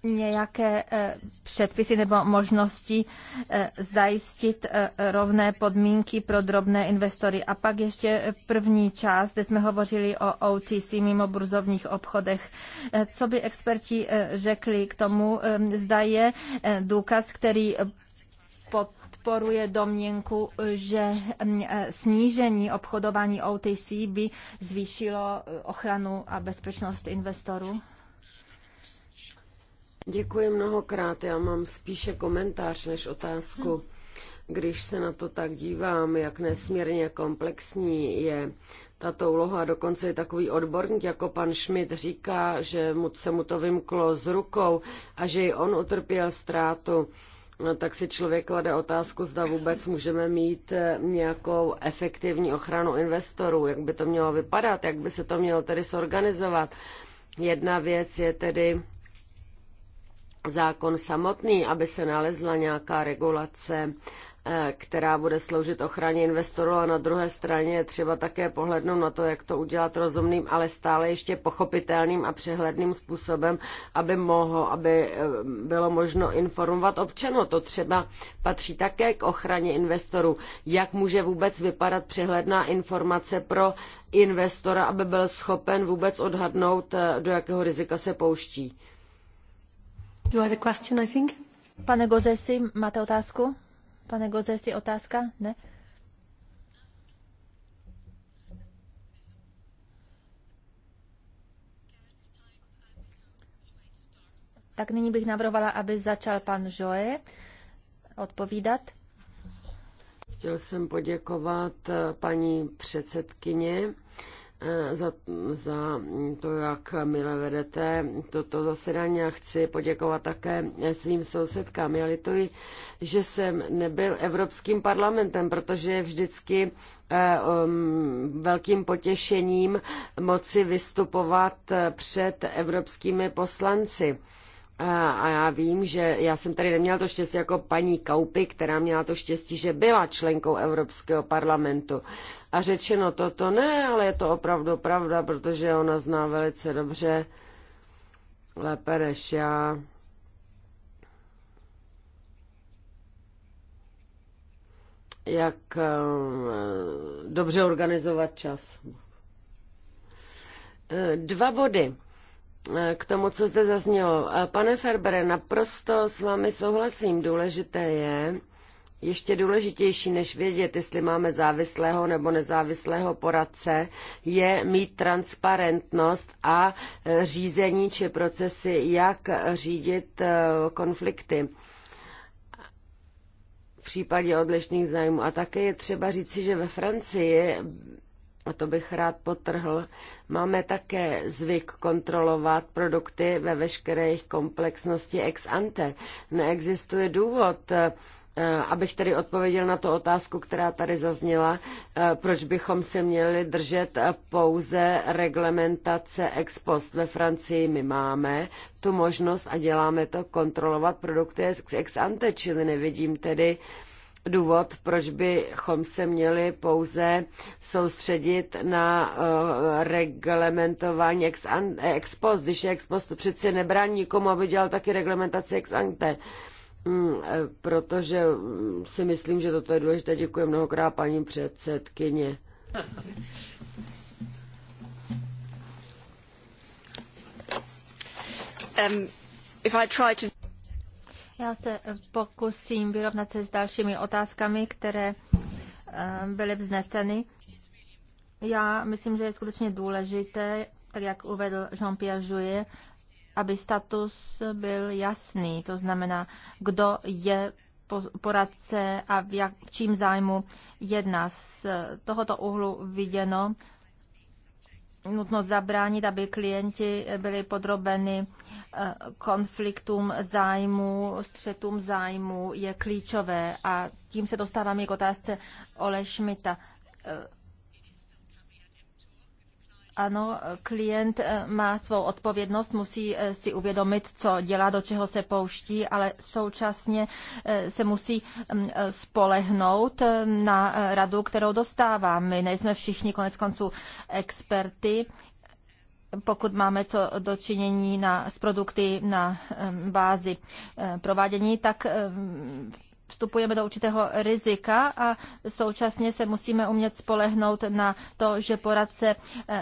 nějaké eh, předpisy nebo možnosti eh, zajistit eh, rovné podmínky pro drobné investory. A pak ještě první část, kde jsme hovořili o OTC mimo burzovních obchodech. Co by experti řekli k tomu? Zda je důkaz, který pod podporuje domněnku, že mm, snížení obchodování OTC by zvýšilo ochranu a bezpečnost investorů? Děkuji mnohokrát. Já mám spíše komentář než otázku. Když se na to tak dívám, jak nesmírně komplexní je tato úloha, dokonce je takový odborník, jako pan Schmidt říká, že mu, se mu to vymklo z rukou a že i on utrpěl ztrátu, no, tak si člověk klade otázku, zda vůbec můžeme mít eh, nějakou efektivní ochranu investorů, jak by to mělo vypadat, jak by se to mělo tedy sorganizovat. Jedna věc je tedy zákon samotný, aby se nalezla nějaká regulace, eh, která bude sloužit ochraně investorů a na druhé straně je třeba také pohlednout na to, jak to udělat rozumným, ale stále ještě pochopitelným a přehledným způsobem, aby, mohlo, aby eh, bylo možno informovat občanů. To třeba patří také k ochraně investorů. Jak může vůbec vypadat přehledná informace pro investora, aby byl schopen vůbec odhadnout, eh, do jakého rizika se pouští? You had a question, I think. Pane Gozesi, máte otázku? Pane Gozesi, otázka? Ne? Tak nyní bych navrhovala, aby začal pan Joe odpovídat. Chtěl jsem poděkovat eh, paní předsedkyně Eh, za, za to, jak mile vedete toto zasedání a chci poděkovat také eh, svým sousedkám. Já lituji, že jsem nebyl Evropským parlamentem, protože je vždycky eh, um, velkým potěšením moci vystupovat před evropskými poslanci a já vím, že já jsem tady neměla to štěstí jako paní Kaupy, která měla to štěstí, že byla členkou Evropského parlamentu. A řečeno toto ne, ale je to opravdu pravda, protože ona zná velice dobře, lépe než já. Jak eh, dobře organizovat čas. Eh, dva body k tomu, co zde zaznělo. Pane Ferbere, naprosto s vámi souhlasím. Důležité je, ještě důležitější než vědět, jestli máme závislého nebo nezávislého poradce, je mít transparentnost a e, řízení či procesy, jak řídit e, konflikty v případě odlišných zájmů. A také je třeba říci, že ve Francii a to bych rád potrhl, máme také zvyk kontrolovat produkty ve veškeré jejich komplexnosti ex ante. Neexistuje důvod, eh, abych tedy odpověděl na tu otázku, která tady zazněla, eh, proč bychom se měli držet pouze reglementace ex post. Ve Francii my máme tu možnost a děláme to kontrolovat produkty ex ante, čili nevidím tedy důvod, proč bychom se měli pouze soustředit na uh, reglementování ex, an, ex post. Když je ex post, to přeci nebrání nikomu, aby dělal taky reglementaci ex ante. Mm, eh, protože mm, si myslím, že toto je důležité. Děkuji mnohokrát paní předsedkyně. Um, if I try to... Já se pokusím vyrovnat se s dalšími otázkami, které eh, byly vzneseny. Já myslím, že je skutečně důležité, tak jak uvedl Jean-Pierre Jouy, aby status byl jasný, to znamená, kdo je poradce a v, jak, v čím zájmu jedná. Z tohoto úhlu viděno nutno zabránit, aby klienti byli podrobeni eh, konfliktům zájmu, střetům zájmu je klíčové. A tím se dostáváme k otázce Ole Schmidta eh, ano, klient eh, má svou odpovědnost, musí eh, si uvědomit, co dělá, do čeho se pouští, ale současně eh, se musí mm, spolehnout na radu, kterou dostává. My nejsme všichni konec konců experty, pokud máme co dočinění na, s produkty na bázi provádění, tak vstupujeme do určitého rizika a současně se musíme umět spolehnout na to, že poradce eh,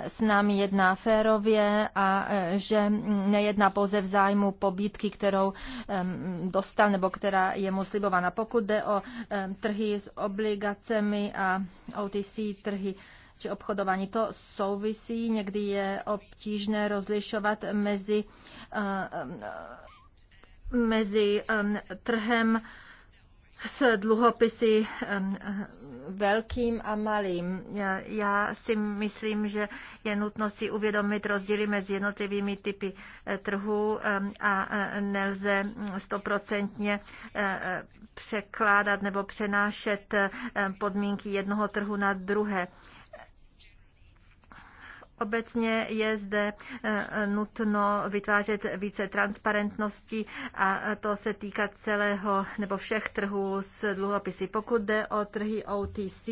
s námi jedná férově a eh, že mm, nejedná pouze v zájmu pobídky, kterou dostal nebo která je mu slibována. Pokud jde o trhy s obligacemi a OTC trhy, či obchodování. To souvisí, někdy je obtížné rozlišovat mezi, eh, mezi trhem s dluhopisy eh, velkým a malým. Já si myslím, že je nutno si uvědomit rozdíly mezi jednotlivými typy eh, trhu a eh, nelze mm, stoprocentně překládat nebo přenášet podmínky jednoho trhu na druhé. Obecně je zde eh, nutno vytvářet více transparentnosti a to se týká celého nebo všech trhů s dluhopisy. Pokud jde o trhy OTC,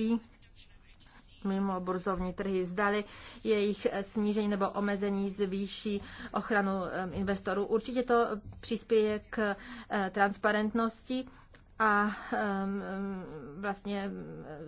mimo burzovní trhy zdali, jejich snížení nebo omezení zvýší ochranu eh, investorů. Určitě to přispěje k eh, transparentnosti a vlastně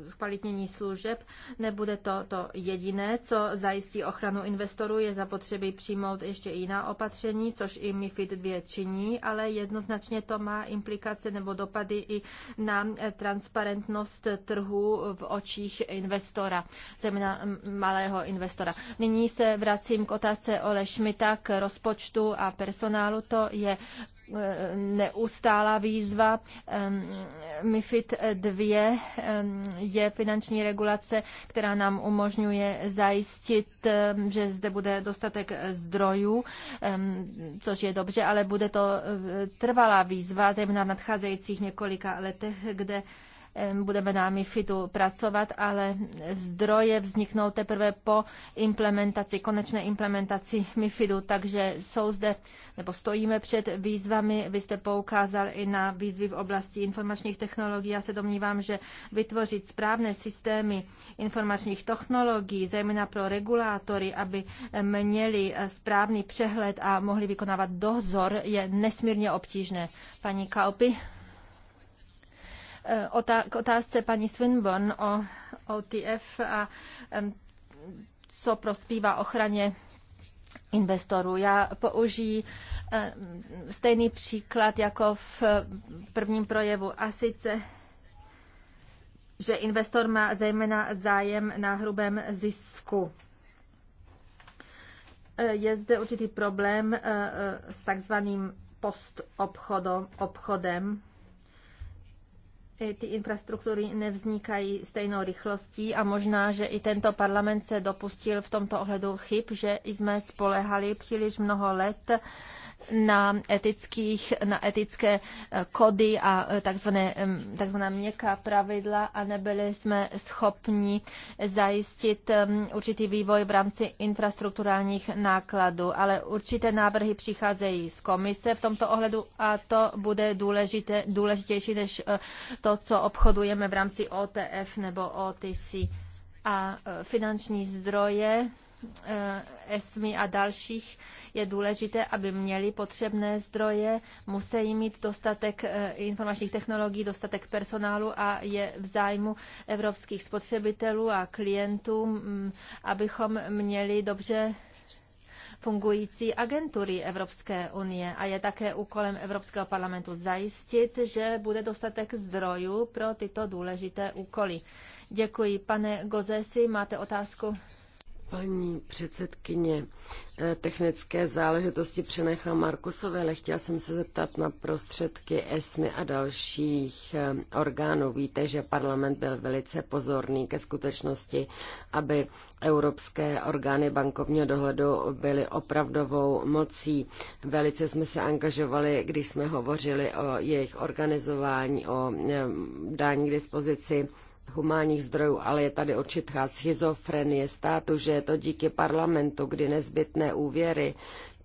zkvalitnění služeb. Nebude to to jediné, co zajistí ochranu investorů. Je zapotřebí přijmout ještě jiná opatření, což i MIFID 2 činí, ale jednoznačně to má implikace nebo dopady i na eh, transparentnost trhu v očích investora, zejména malého investora. Nyní se vracím k otázce Ole Šmita k rozpočtu a personálu. To je neustálá výzva. MIFID 2 je finanční regulace, která nám umožňuje zajistit, že zde bude dostatek zdrojů, což je dobře, ale bude to eh, trvalá výzva, zejména v nadcházejících několika letech, kde budeme na MIFIDu pracovat, ale zdroje vzniknou teprve po implementaci, konečné implementaci MIFIDu, takže jsou zde, nebo stojíme před výzvami, vy jste poukázal i na výzvy v oblasti informačních technologií. Já se domnívám, že vytvořit správné systémy informačních technologií, zejména pro regulátory, aby měli správný přehled a mohli vykonávat dozor, je nesmírně obtížné. Paní Kalpi. Eh, k otázce paní Swinburne o OTF a co prospívá ochraně investorů. Já použiji eh, stejný příklad jako v prvním projevu a sice že investor má zejména zájem na hrubém zisku. Eh, je zde určitý problém s takzvaným postobchodem, obchodem, E, ty infrastruktury nevznikají stejnou rychlostí a možná, že i tento parlament se dopustil v tomto ohledu chyb, že jsme spolehali příliš mnoho let na, etických, na etické eh, kody a eh, takzvané, takzvaná měkká pravidla a nebyli jsme schopni zajistit určitý vývoj v rámci infrastrukturálních nákladů, ale určité návrhy přicházejí z komise v tomto ohledu a to bude důležité, důležitější než eh, to, co obchodujeme v rámci OTF nebo OTC a finanční zdroje Eh, ESMI a dalších, je důležité, aby měli potřebné zdroje, musí mít dostatek eh, informačních technologií, dostatek personálu a je v zájmu evropských spotřebitelů a klientů, mm, abychom měli dobře fungující agentury Evropské unie a je také úkolem Evropského parlamentu zajistit, že bude dostatek zdrojů pro tyto důležité úkoly. Děkuji. Pane Gozesi, máte otázku? Paní předsedkyně, eh, technické záležitosti přenechám Markusové, ale chtěla jsem se zeptat na prostředky ESMY a dalších eh, orgánů. Víte, že parlament byl velice pozorný ke skutečnosti, aby evropské orgány bankovního dohledu byly opravdovou mocí. Velice jsme se angažovali, když jsme hovořili o jejich organizování, o eh, dání k dispozici humánních zdrojů, ale je tady určitá schizofrenie státu, že je to díky parlamentu, kdy nezbytné úvěry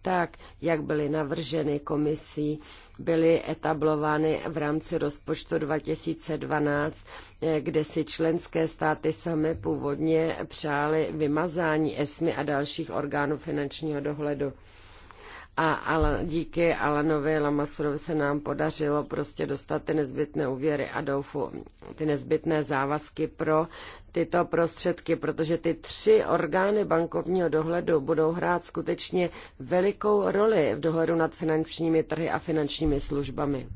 tak, jak byly navrženy komisí, byly etablovány v rámci rozpočtu 2012, eh, kde si členské státy samé původně přáli vymazání ESMI a dalších orgánů finančního dohledu a ale díky Alanovi Lamasurovi se nám podařilo prostě dostat ty nezbytné úvěry a doufu, ty nezbytné závazky pro tyto prostředky, protože ty tři orgány bankovního dohledu budou hrát skutečně velikou roli v dohledu nad finančními trhy a finančními službami.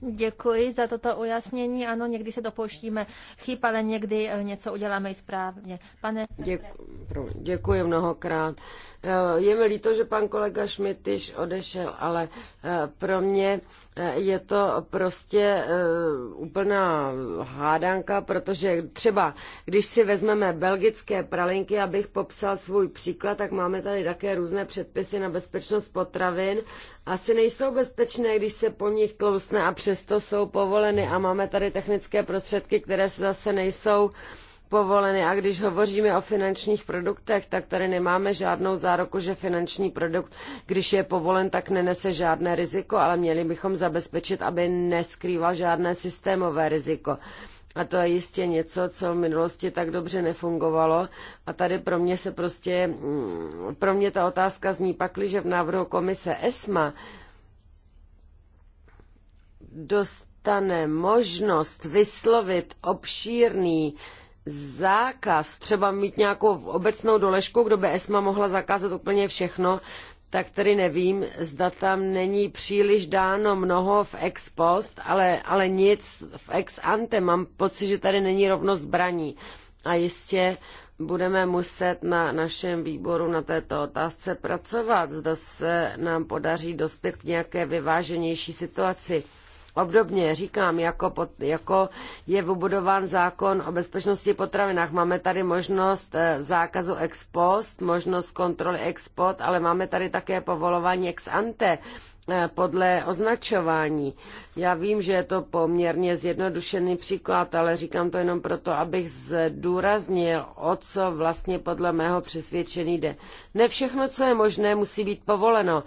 Děkuji za toto ujasnění. Ano, někdy se dopouštíme chyb, ale někdy eh, něco uděláme i správně. Pane... Děkuji, děkuji mnohokrát. Eh, je mi líto, že pan kolega Schmidt již odešel, ale eh, pro mě je to prostě úplná hádanka, protože třeba když si vezmeme belgické pralinky, abych popsal svůj příklad, tak máme tady také různé předpisy na bezpečnost potravin. Asi nejsou bezpečné, když se po nich tlousne a přesto jsou povoleny a máme tady technické prostředky, které zase nejsou povoleny. A když hovoříme o finančních produktech, tak tady nemáme žádnou záruku, že finanční produkt, když je povolen, tak nenese žádné riziko, ale měli bychom zabezpečit, aby neskrýval žádné systémové riziko. A to je jistě něco, co v minulosti tak dobře nefungovalo. A tady pro mě se prostě, mm, pro mě ta otázka zní pakli, že v návrhu komise ESMA dostane možnost vyslovit obšírný zákaz, třeba mít nějakou obecnou doležku, kdo by ESMA mohla zakázat úplně všechno, tak tedy nevím, zda tam není příliš dáno mnoho v ex post, ale, ale nic v ex ante. Mám pocit, že tady není rovnost zbraní. A jistě budeme muset na našem výboru na této otázce pracovat, zda se nám podaří dospět k nějaké vyváženější situaci. Obdobně říkám, jako, pod, jako je vybudován zákon o bezpečnosti potravinách. Máme tady možnost eh, zákazu ex post, možnost kontroly ex post, ale máme tady také povolování ex ante eh, podle označování. Já vím, že je to poměrně zjednodušený příklad, ale říkám to jenom proto, abych zdůraznil, o co vlastně podle mého přesvědčení jde. Ne všechno, co je možné, musí být povoleno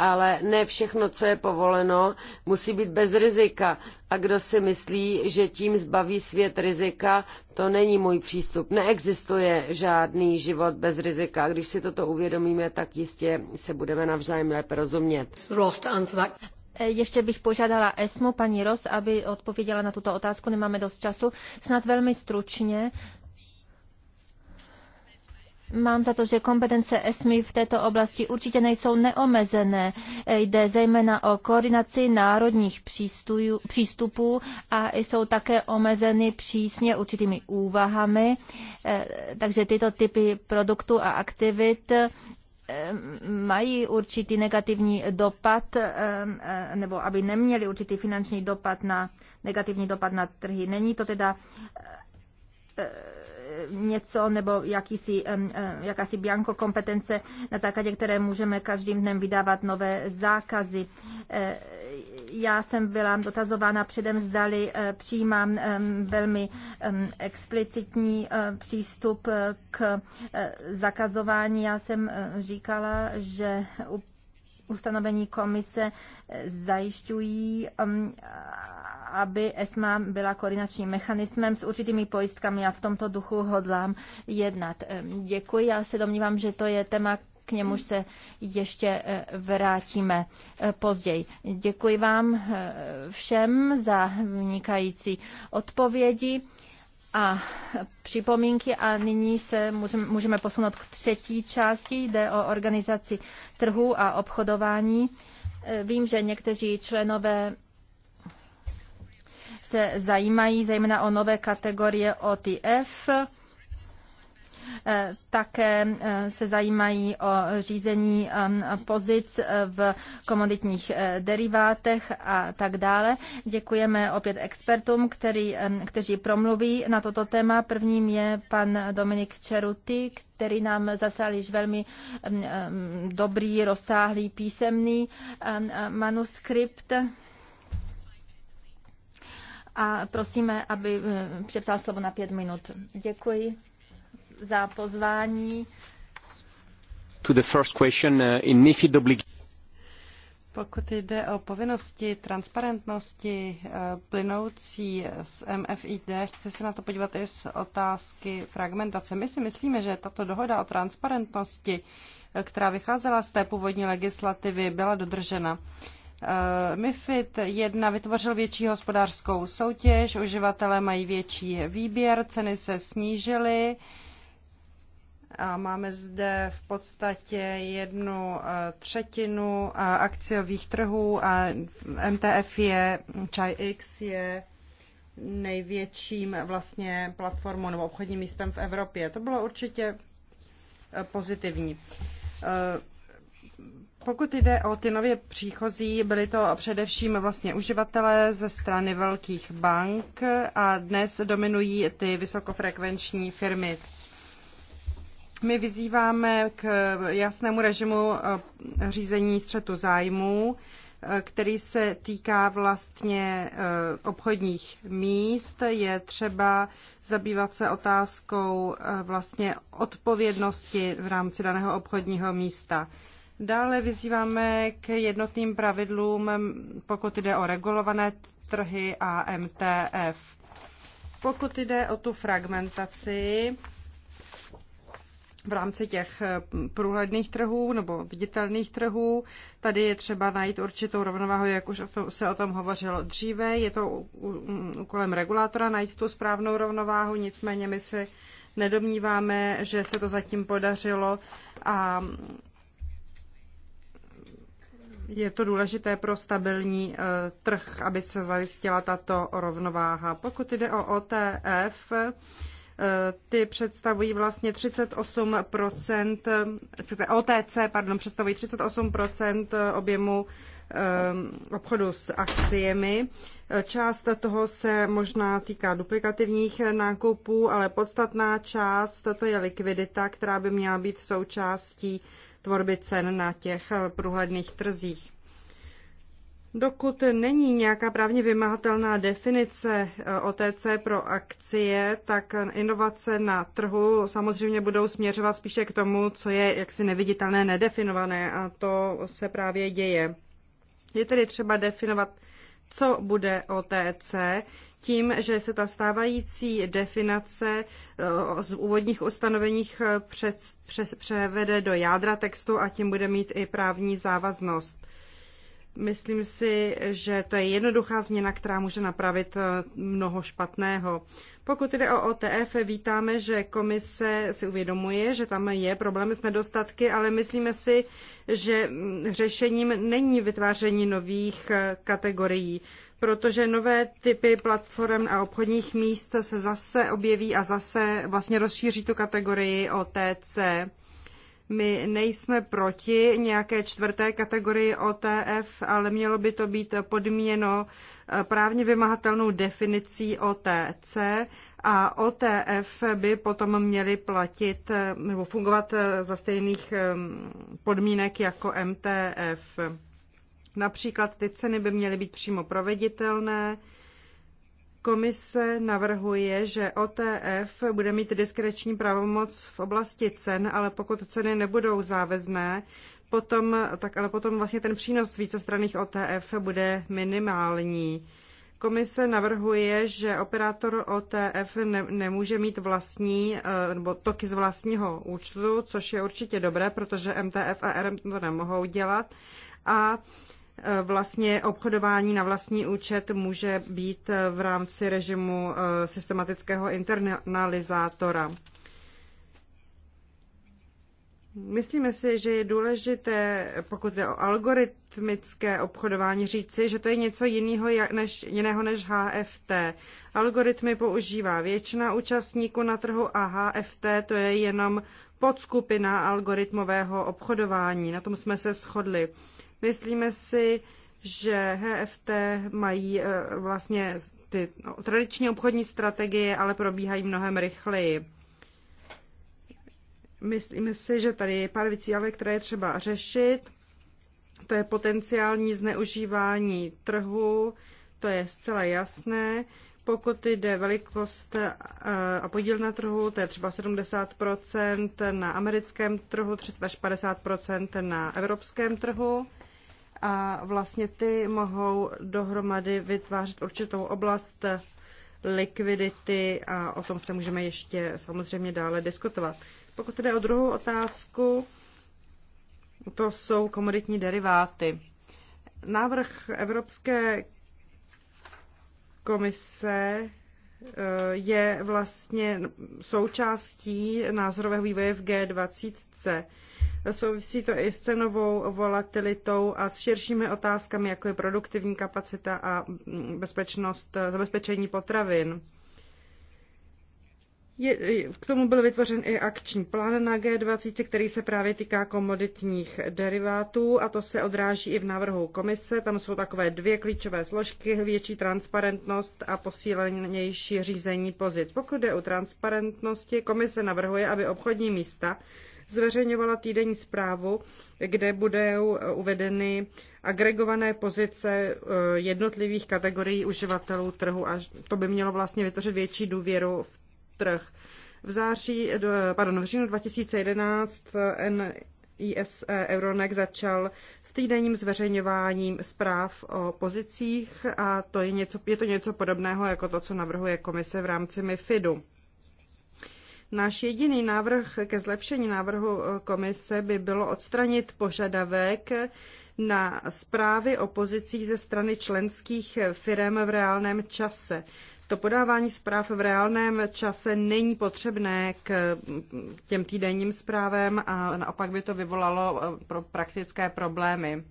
ale ne všechno, co je povoleno, musí být bez rizika. A kdo si myslí, že tím zbaví svět rizika, to není můj přístup. Neexistuje žádný život bez rizika. A když si toto uvědomíme, tak jistě se budeme navzájem lépe rozumět. E, ještě bych požádala Esmu, paní Ros, aby odpověděla na tuto otázku. Nemáme dost času. Snad velmi stručně. Mám za to, že kompetence ESMI v této oblasti určitě nejsou neomezené. Jde zejména o koordinaci národních přístupů a jsou také omezeny přísně určitými úvahami, eh, takže tyto typy produktů a aktivit eh, mají určitý negativní dopad, eh, nebo aby neměli určitý finanční dopad na negativní dopad na trhy. Není to teda něco nebo jakýsi, jakási bianko kompetence, na základě které můžeme každým dnem vydávat nové zákazy. E, já jsem byla dotazována předem, zdali e, přijímám velmi explicitní e, přístup k zakazování. Já jsem říkala, že ustanovení komise zajišťují, aby ESMA byla koordinačním mechanismem s určitými pojistkami a v tomto duchu hodlám jednat. Děkuji, já se domnívám, že to je téma, k němuž se ještě eh, vrátíme eh, později. Děkuji vám eh, všem za vynikající odpovědi a připomínky a nyní se můžeme, můžeme posunout k třetí části. Jde o organizaci trhu a obchodování. Vím, že někteří členové se zajímají zejména o nové kategorie OTF, e, také e, se zajímají o řízení um, pozic e, v komoditních derivátech a tak dále. Děkujeme opět expertům, který, um, kteří promluví na toto téma. Prvním je pan Dominik Čeruty, který nám zaslal již velmi um, dobrý, rozsáhlý písemný manuskript a prosíme, aby eh, přepsal slovo na pět minut. Děkuji za pozvání. To the first question eh, in MIFID pokud jde o povinnosti transparentnosti eh, plynoucí z MFID, chci se na to podívat i z otázky fragmentace. My si myslíme, že tato dohoda o transparentnosti, která vycházela z té původní legislativy, byla dodržena. Eh, MIFID 1 vytvořil větší hospodářskou soutěž, uživatelé mají větší výběr, ceny se snížily a máme zde v podstatě jednu eh, třetinu eh, akciových trhů a MTF je, ChaiX je největším vlastně platformou nebo obchodním místem v Evropě. To bylo určitě pozitivní pokud jde o ty nově příchozí, byly to především vlastně uživatelé ze strany velkých bank a dnes dominují ty vysokofrekvenční firmy. My vyzýváme k jasnému režimu eh, řízení střetu zájmů, eh, který se týká vlastně eh, obchodních míst. Je třeba zabývat se otázkou vlastně odpovědnosti v rámci daného obchodního místa. Dále vyzýváme k jednotným pravidlům, pokud jde o regulované trhy a MTF. Pokud jde o tu fragmentaci v rámci těch eh, průhledných trhů nebo viditelných trhů, tady je třeba najít určitou rovnováhu, jak už se o tom hovořilo dříve. Je to mm, úkolem regulátora najít tu správnou rovnováhu, nicméně my si nedomníváme, že se to zatím podařilo a mm, je to důležité pro stabilní eh, trh, aby se zajistila tato rovnováha. Pokud jde o OTF, eh, ty představují vlastně 38 OTC eh, pardon, představují 38 objemu obchodu s akciemi. Část toho se možná týká duplikativních nákupů, ale podstatná část to je likvidita, která by měla být součástí tvorby cen na těch průhledných trzích. Dokud není nějaká právně vymahatelná definice eh, OTC pro akcie, tak inovace na trhu samozřejmě budou směřovat spíše k tomu, co je jaksi neviditelné, nedefinované a to se právě děje. Je tedy třeba definovat, co bude OTC, tím, že se ta stávající definace eh, z úvodních ustanoveních eh, přes, přes, převede do jádra textu a tím bude mít i právní závaznost. Myslím si, že to je jednoduchá změna, která může napravit eh, mnoho špatného. Pokud jde o OTF, vítáme, že komise si uvědomuje, že tam je problém s nedostatky, ale myslíme si, že mm, řešením není vytváření nových kategorií protože nové typy platform a obchodních míst se zase objeví a zase vlastně rozšíří tu kategorii OTC. My nejsme proti nějaké čtvrté kategorii OTF, ale mělo by to být podmíněno eh, právně vymahatelnou definicí OTC a OTF by potom měly platit eh, nebo fungovat eh, za stejných ehm, podmínek jako MTF. Například ty ceny by měly být přímo proveditelné. Komise navrhuje, že OTF bude mít diskreční pravomoc v oblasti cen, ale pokud ceny nebudou závezné, potom, tak ale potom vlastně ten přínos vícestranných OTF bude minimální. Komise navrhuje, že operátor OTF ne, nemůže mít vlastní eh, nebo toky z vlastního účtu, což je určitě dobré, protože MTF a RM to nemohou dělat. A Eh, vlastně obchodování na vlastní účet může být eh, v rámci režimu eh, systematického internalizátora. Myslíme si, že je důležité, pokud jde o algoritmické obchodování, říci, že to je něco jiného než, jiného než HFT. Algoritmy používá většina účastníků na trhu a HFT to je jenom podskupina algoritmového obchodování. Na tom jsme se shodli. Myslíme si, že HFT mají eh, vlastně ty no, tradiční obchodní strategie, ale probíhají mnohem rychleji. Myslíme si, že tady je pár věcí, ale které je třeba řešit. To je potenciální zneužívání trhu, to je zcela jasné. Pokud jde velikost eh, a podíl na trhu, to je třeba 70% na americkém trhu, 350% na evropském trhu a vlastně ty mohou dohromady vytvářet určitou oblast likvidity a o tom se můžeme ještě samozřejmě dále diskutovat. Pokud jde o druhou otázku, to jsou komoditní deriváty. Návrh Evropské komise eh, je vlastně součástí názorového vývoje v G20. Souvisí to i s cenovou volatilitou a s širšími otázkami, jako je produktivní kapacita a mm, bezpečnost zabezpečení potravin. Je, k tomu byl vytvořen i akční plán na G20, který se právě týká komoditních derivátů a to se odráží i v návrhu komise. Tam jsou takové dvě klíčové složky, větší transparentnost a posílenější řízení pozic. Pokud jde o transparentnosti, komise navrhuje, aby obchodní místa zveřejňovala týdenní zprávu, kde budou uvedeny agregované pozice eh, jednotlivých kategorií uživatelů trhu a to by mělo vlastně vytvořit větší důvěru v trh. V září, eh, pardon, v říjnu 2011 eh, IS e Euronext začal s týdenním zveřejňováním zpráv o pozicích a to je, něco, je to něco podobného jako to, co navrhuje komise v rámci MIFIDu. Náš jediný návrh ke zlepšení návrhu eh, komise by bylo odstranit požadavek na zprávy o pozicích ze strany členských firm v reálném čase. To podávání zpráv v reálném čase není potřebné k těm týdenním zprávám a naopak by to vyvolalo eh, pro praktické problémy.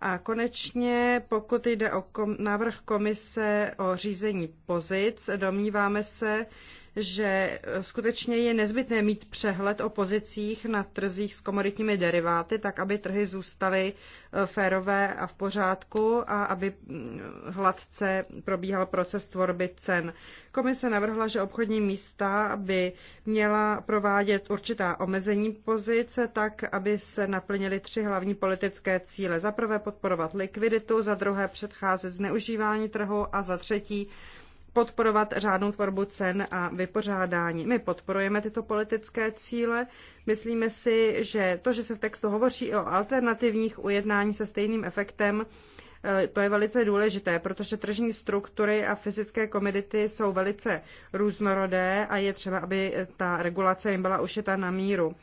A konečně, pokud jde o kom- návrh komise o řízení pozic, domníváme se, že eh, skutečně je nezbytné mít přehled o pozicích na trzích s komoditními deriváty, tak aby trhy zůstaly eh, férové a v pořádku a aby mm, hladce probíhal proces tvorby cen. Komise navrhla, že obchodní místa by měla provádět určitá omezení pozice, tak aby se naplnily tři hlavní politické cíle. Za prvé podporovat likviditu, za druhé předcházet zneužívání trhu a za třetí podporovat řádnou tvorbu cen a vypořádání. My podporujeme tyto politické cíle. Myslíme si, že to, že se v textu hovoří o alternativních ujednání se stejným efektem, eh, to je velice důležité, protože tržní struktury a fyzické komedity jsou velice různorodé a je třeba, aby ta regulace jim byla ušita na míru.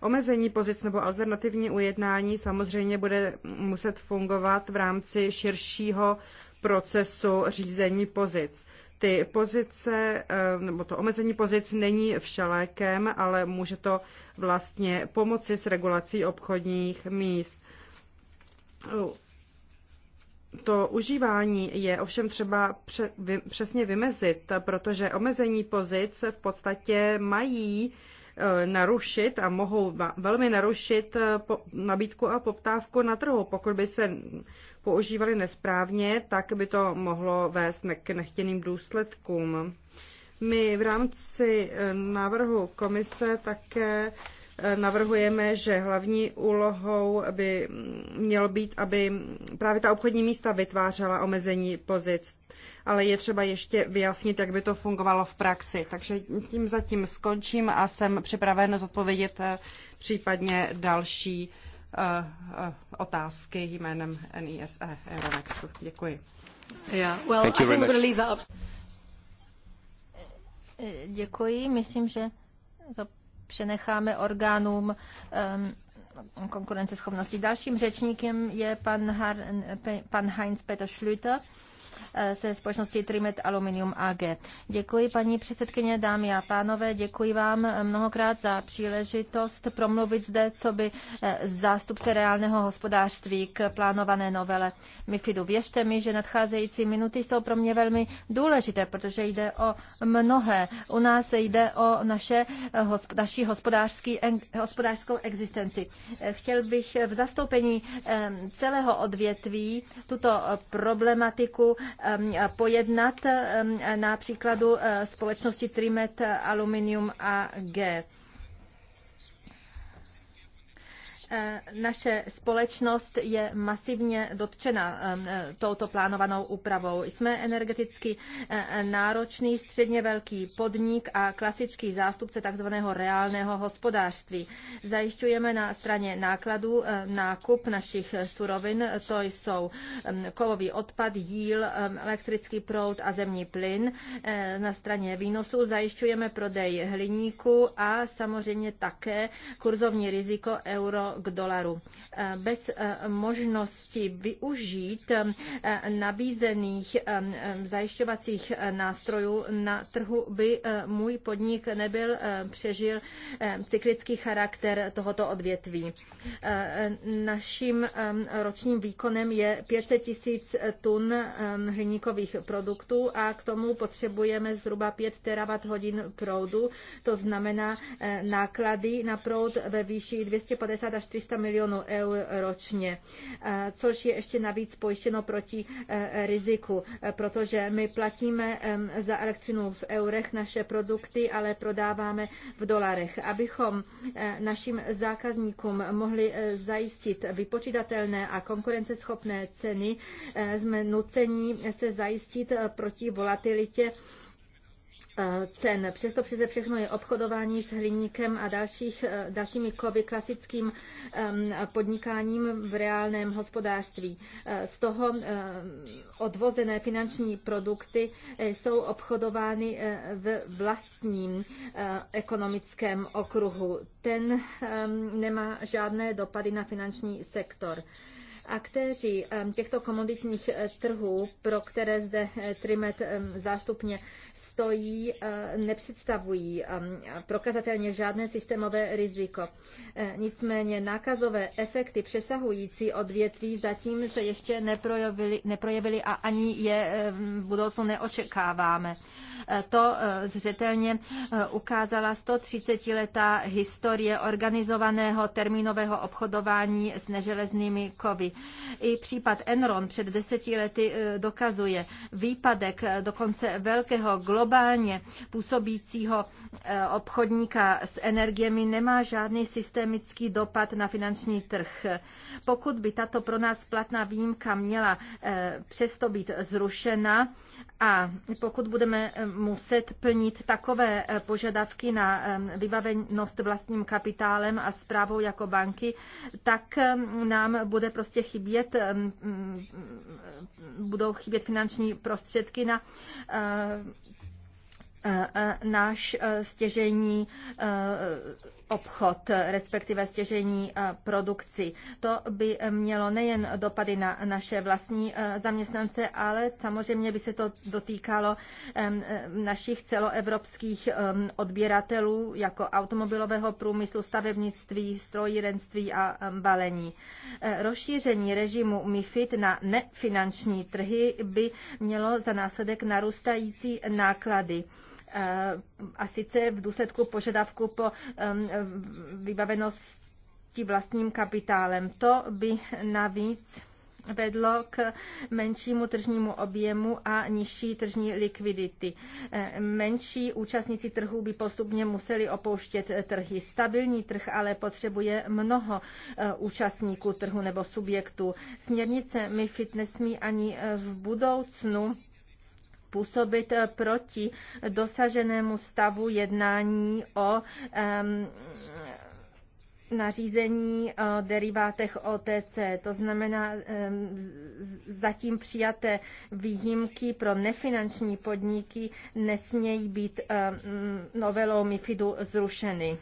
Omezení pozic nebo alternativní ujednání samozřejmě bude muset fungovat v rámci širšího procesu řízení pozic ty pozice, eh, nebo to omezení pozic není všelékem, ale může to vlastně pomoci s regulací obchodních míst. To užívání je ovšem třeba přesně vymezit, protože omezení pozic v podstatě mají eh, narušit a mohou velmi narušit eh, nabídku a poptávku na trhu. Pokud by se používali nesprávně, tak by to mohlo vést k nechtěným důsledkům. My v rámci eh, návrhu komise také eh, navrhujeme, že hlavní úlohou by mělo být, aby právě ta obchodní místa vytvářela omezení pozic, ale je třeba ještě vyjasnit, jak by to fungovalo v praxi. Takže tím zatím skončím a jsem připraven zodpovědět eh, případně další Eh, eh, otázky jménem NIS a e, Euronexu. Děkuji. Yeah, well, Thank you very much. Leave that up. Děkuji. Myslím, že to přenecháme orgánům um, konkurenceschopnosti. Dalším řečníkem je pan, Har, pan Heinz Peter Schlüter. Eh, se společností Trimet Aluminium AG. Děkuji paní předsedkyně, dámy a pánové, děkuji vám eh, mnohokrát za příležitost promluvit zde, co by eh, zástupce reálného hospodářství k plánované novele MIFIDu. Věřte mi, že nadcházející minuty jsou pro mě velmi důležité, protože jde o mnohé. U nás jde o naše, naši hospodářský, hospodářskou existenci. Chtěl bych v zastoupení celého odvětví tuto problematiku Um, pojednat um, na příkladu uh, společnosti Trimet Aluminium AG. Eh, naše společnost je masivně dotčena eh, eh, touto plánovanou úpravou. Jsme energeticky náročný, středně velký podnik a klasický zástupce tzv. reálného hospodářství. Zajišťujeme na straně nákladů nákup našich surovin, to jsou mm, kovový odpad, jíl, elektrický proud a zemní plyn. Na straně výnosů zajišťujeme prodej hliníku a samozřejmě také kurzovní riziko euro k dolaru. Eh, bez eh, možnosti využít eh, nabízených zajišťovacích nástrojů na trhu by můj podnik nebyl přežil cyklický charakter tohoto odvětví. Naším ročním výkonem je 500 tisíc tun hliníkových produktů a k tomu potřebujeme zhruba 5 terawatt hodin proudu, to znamená náklady na proud ve výši 250 až až 300 milionů eur ročně, eh, což je ještě navíc pojištěno proti eh, riziku, eh, protože my platíme za elektřinu v eurech naše produkty, ale prodáváme v dolarech. Abychom našim zákazníkům mohli zajistit vypočítatelné a konkurenceschopné ceny, jsme nuceni se zajistit proti volatilitě Eh, cen. Přesto přeze všechno je obchodování s hliníkem a dalších, eh, dalšími kovy klasickým podnikáním v reálném hospodářství. Eh, z toho odvozené finanční produkty jsou obchodovány v vlastním ekonomickém okruhu. Ten nemá žádné dopady na finanční sektor. Aktéři těchto komoditních eh, trhů, pro které zde eh, Trimet zástupně stojí, eh, nepředstavují prokazatelně žádné systémové riziko. Nicméně nákazové efekty přesahující odvětví zatím se ještě neprojevily, neprojevily a ani je v budoucnu neočekáváme. To zřetelně ukázala 130-letá historie organizovaného termínového obchodování s neželeznými kovy. I případ Enron před deseti lety e, dokazuje výpadek e, dokonce velkého globálně působícího e, obchodníka s energiemi nemá žádný systémický dopad na finanční trh. Pokud by tato pro nás platná výjimka měla přesto být zrušena a pokud budeme muset plnit takové požadavky na vybavenost vlastním kapitálem a zprávou jako banky, tak nám bude prostě ještě chybět, mm, budou chybět finanční prostředky na eh, eh, eh, náš stěžení obchod, respektive stěžení eh, produkci. To by mělo nejen dopady na naše vlastní eh, zaměstnance, ale samozřejmě by se to dotýkalo eh, našich celoevropských odběratelů jako automobilového průmyslu, stavebnictví, strojírenství a balení. Rozšíření režimu MIFID na nefinanční trhy by mělo za následek narůstající náklady. Eh, a sice v důsledku požadavku po vybavenosti vlastním kapitálem. To by navíc vedlo k menšímu tržnímu objemu a nižší tržní likvidity. Eh, menší účastníci trhu by postupně museli opouštět eh, trhy. Stabilní trh ale potřebuje mnoho účastníků trhu nebo subjektů. Směrnice MIFID nesmí ani v budoucnu působit eh, proti dosaženému stavu jednání o um, nařízení o derivátech OTC. To znamená zatím přijaté výjimky pro nefinanční podniky nesmějí být novelou MIFIDu zrušeny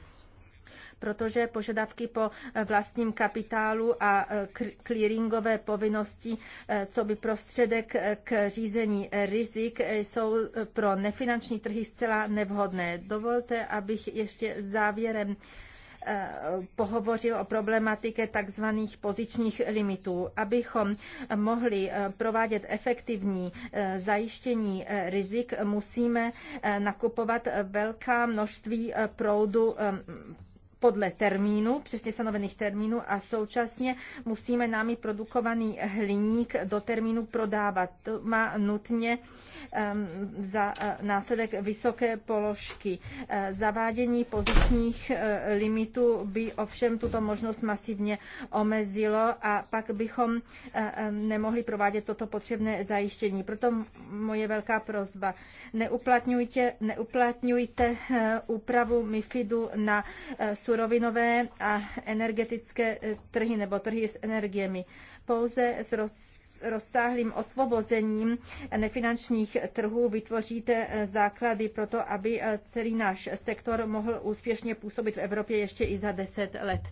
protože požadavky po eh, vlastním kapitálu a eh, clearingové povinnosti, eh, co by prostředek k řízení rizik, jsou pro nefinanční trhy zcela nevhodné. Dovolte, abych ještě závěrem pohovořil o problematice tzv. pozičních limitů. Abychom mohli provádět efektivní zajištění rizik, musíme nakupovat velká množství proudu podle termínu, přesně stanovených termínů a současně musíme námi produkovaný hliník do termínu prodávat. To má nutně ehm, za e, následek vysoké položky. E, zavádění pozičních e, limitů by ovšem tuto možnost masivně omezilo a pak bychom nemohli provádět toto potřebné zajištění. Proto moje velká prozba. Neuplatňujte, neuplatňujte úpravu MIFIDu na surovinové a energetické e, trhy nebo trhy s energiemi. Pouze s roz, rozsáhlým osvobozením nefinančních trhů vytvoříte e, základy pro to, aby e, celý náš sektor mohl úspěšně působit v Evropě ještě i za deset let.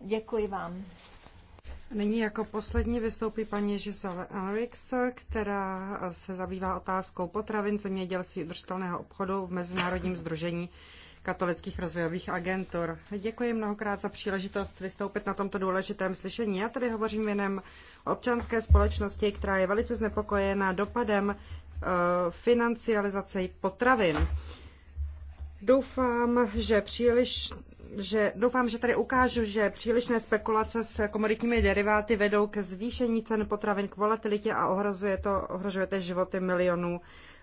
Děkuji vám. Nyní jako poslední vystoupí paní Giselle Enrix, která se zabývá otázkou potravin, zemědělství, udržitelného obchodu v Mezinárodním združení katolických rozvojových agentur. Děkuji mnohokrát za příležitost vystoupit na tomto důležitém slyšení. Já tady hovořím jenom o občanské společnosti, která je velice znepokojená dopadem eh, financializace potravin. Doufám, že příliš že doufám, že tady ukážu, že přílišné spekulace s komoditními deriváty vedou ke zvýšení cen potravin k volatilitě a ohrožuje to, ohrožuje životy milionů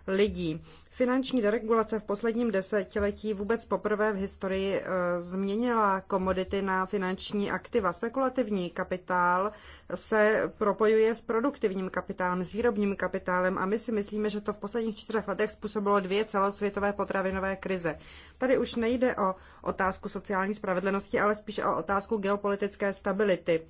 lidí. Finanční deregulace v posledním desetiletí vůbec poprvé v historii eh, změnila komodity na finanční aktiva. Spekulativní kapitál se propojuje s produktivním kapitálem, s výrobním kapitálem a my si myslíme, že to v posledních čtyřech letech způsobilo dvě celosvětové potravinové krize. Tady už nejde o otázku sociální spravedlnosti, ale spíše o otázku geopolitické stability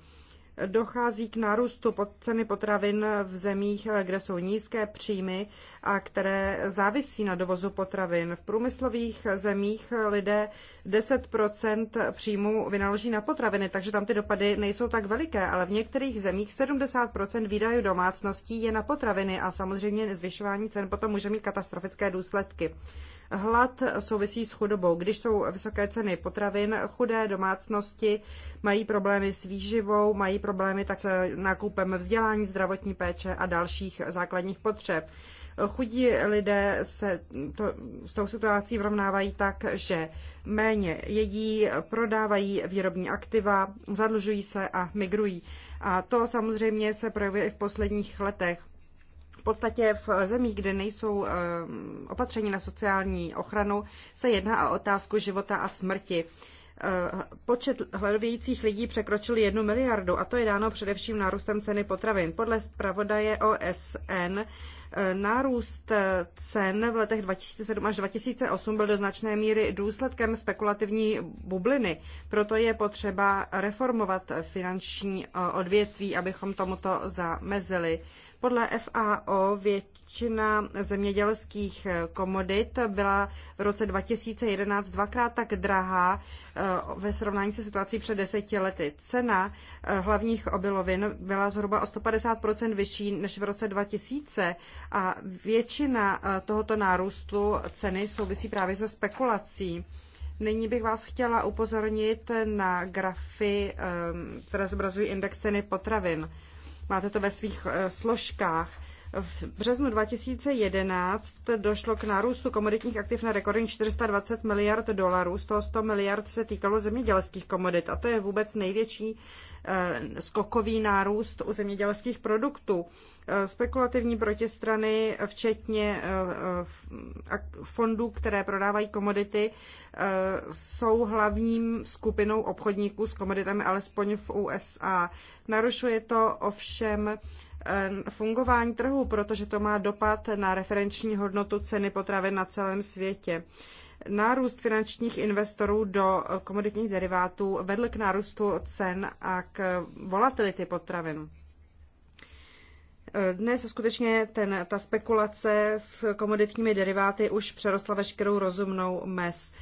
dochází k nárůstu ceny potravin v zemích, eh, kde jsou nízké příjmy a které závisí na dovozu potravin. V průmyslových zemích lidé 10 příjmu vynaloží na potraviny, takže tam ty dopady nejsou tak veliké, ale v některých zemích 70 výdajů domácností je na potraviny a samozřejmě zvyšování cen potom může mít katastrofické důsledky. Hlad souvisí s chudobou. Když jsou vysoké ceny potravin, chudé domácnosti mají problémy s výživou, mají problémy tak s nákupem vzdělání, zdravotní péče a dalších základních potřeb. Chudí lidé se to, s tou situací vrovnávají tak, že méně jedí, prodávají výrobní aktiva, zadlužují se a migrují. A to samozřejmě se projevuje i v posledních letech podstatě v zemích, kde nejsou eh, opatření na sociální ochranu, se jedná o otázku života a smrti. Eh, počet hledovějících lidí překročil jednu miliardu a to je dáno především nárůstem ceny potravin. Podle zpravodaje OSN eh, nárůst cen v letech 2007 až 2008 byl do značné míry důsledkem spekulativní bubliny. Proto je potřeba reformovat finanční odvětví, abychom tomuto zamezili. Podle FAO většina zemědělských eh, komodit byla v roce 2011 dvakrát tak drahá eh, ve srovnání se situací před deseti lety. Cena eh, hlavních obilovin byla zhruba o 150 vyšší než v roce 2000 a většina tohoto nárůstu ceny souvisí právě se spekulací. Nyní bych vás chtěla upozornit na grafy, které zobrazují index ceny potravin. Máte to ve svých eh, složkách. V březnu 2011 došlo k nárůstu komoditních aktiv na rekordních 420 miliard dolarů, z toho 100 miliard se týkalo zemědělských komodit a to je vůbec největší Eh, skokový nárůst u zemědělských produktů. Eh, spekulativní protistrany, včetně eh, fondů, které prodávají komodity, jsou hlavním skupinou obchodníků s komoditami, alespoň v USA. Narušuje to ovšem fungování trhu, protože to má dopad na referenční hodnotu ceny potravin na celém světě. Nárůst finančních investorů do komoditních derivátů vedl k nárůstu cen a k volatility potravin. Dnes skutečně ten, ta spekulace s komoditními deriváty už přerostla veškerou rozumnou mez.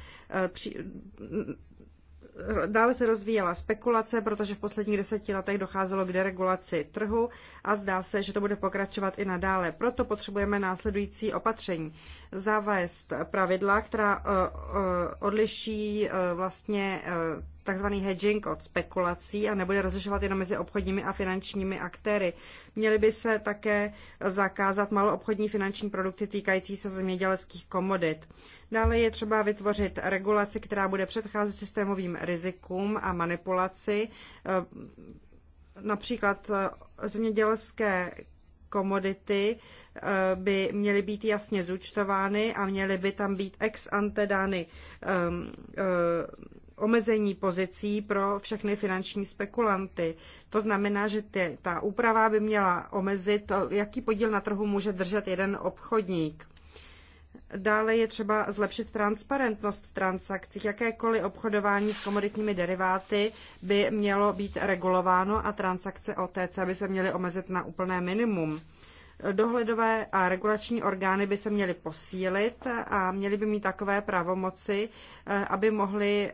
Dále se rozvíjela spekulace, protože v posledních deseti letech docházelo k deregulaci trhu a zdá se, že to bude pokračovat i nadále. Proto potřebujeme následující opatření. Zavést pravidla, která eh, eh, odliší eh, vlastně takzvaný hedging od spekulací a nebude rozlišovat jenom mezi obchodními a finančními aktéry. Měly by se také zakázat maloobchodní finanční produkty týkající se zemědělských komodit. Dále je třeba vytvořit regulaci, která bude předcházet systémovým rizikům a manipulaci, eh, například eh, zemědělské komodity eh, by měly být jasně zúčtovány a měly by tam být ex ante dány ehm, omezení pozicí pro všechny finanční spekulanty. To znamená, že ty, ta úprava by měla omezit, jaký podíl na trhu může držet jeden obchodník. Dále je třeba zlepšit transparentnost v transakcích. Jakékoliv obchodování s komoditními deriváty by mělo být regulováno a transakce OTC by se měly omezit na úplné minimum. Dohledové a regulační orgány by se měly posílit a měly by mít takové pravomoci, eh, aby mohly eh,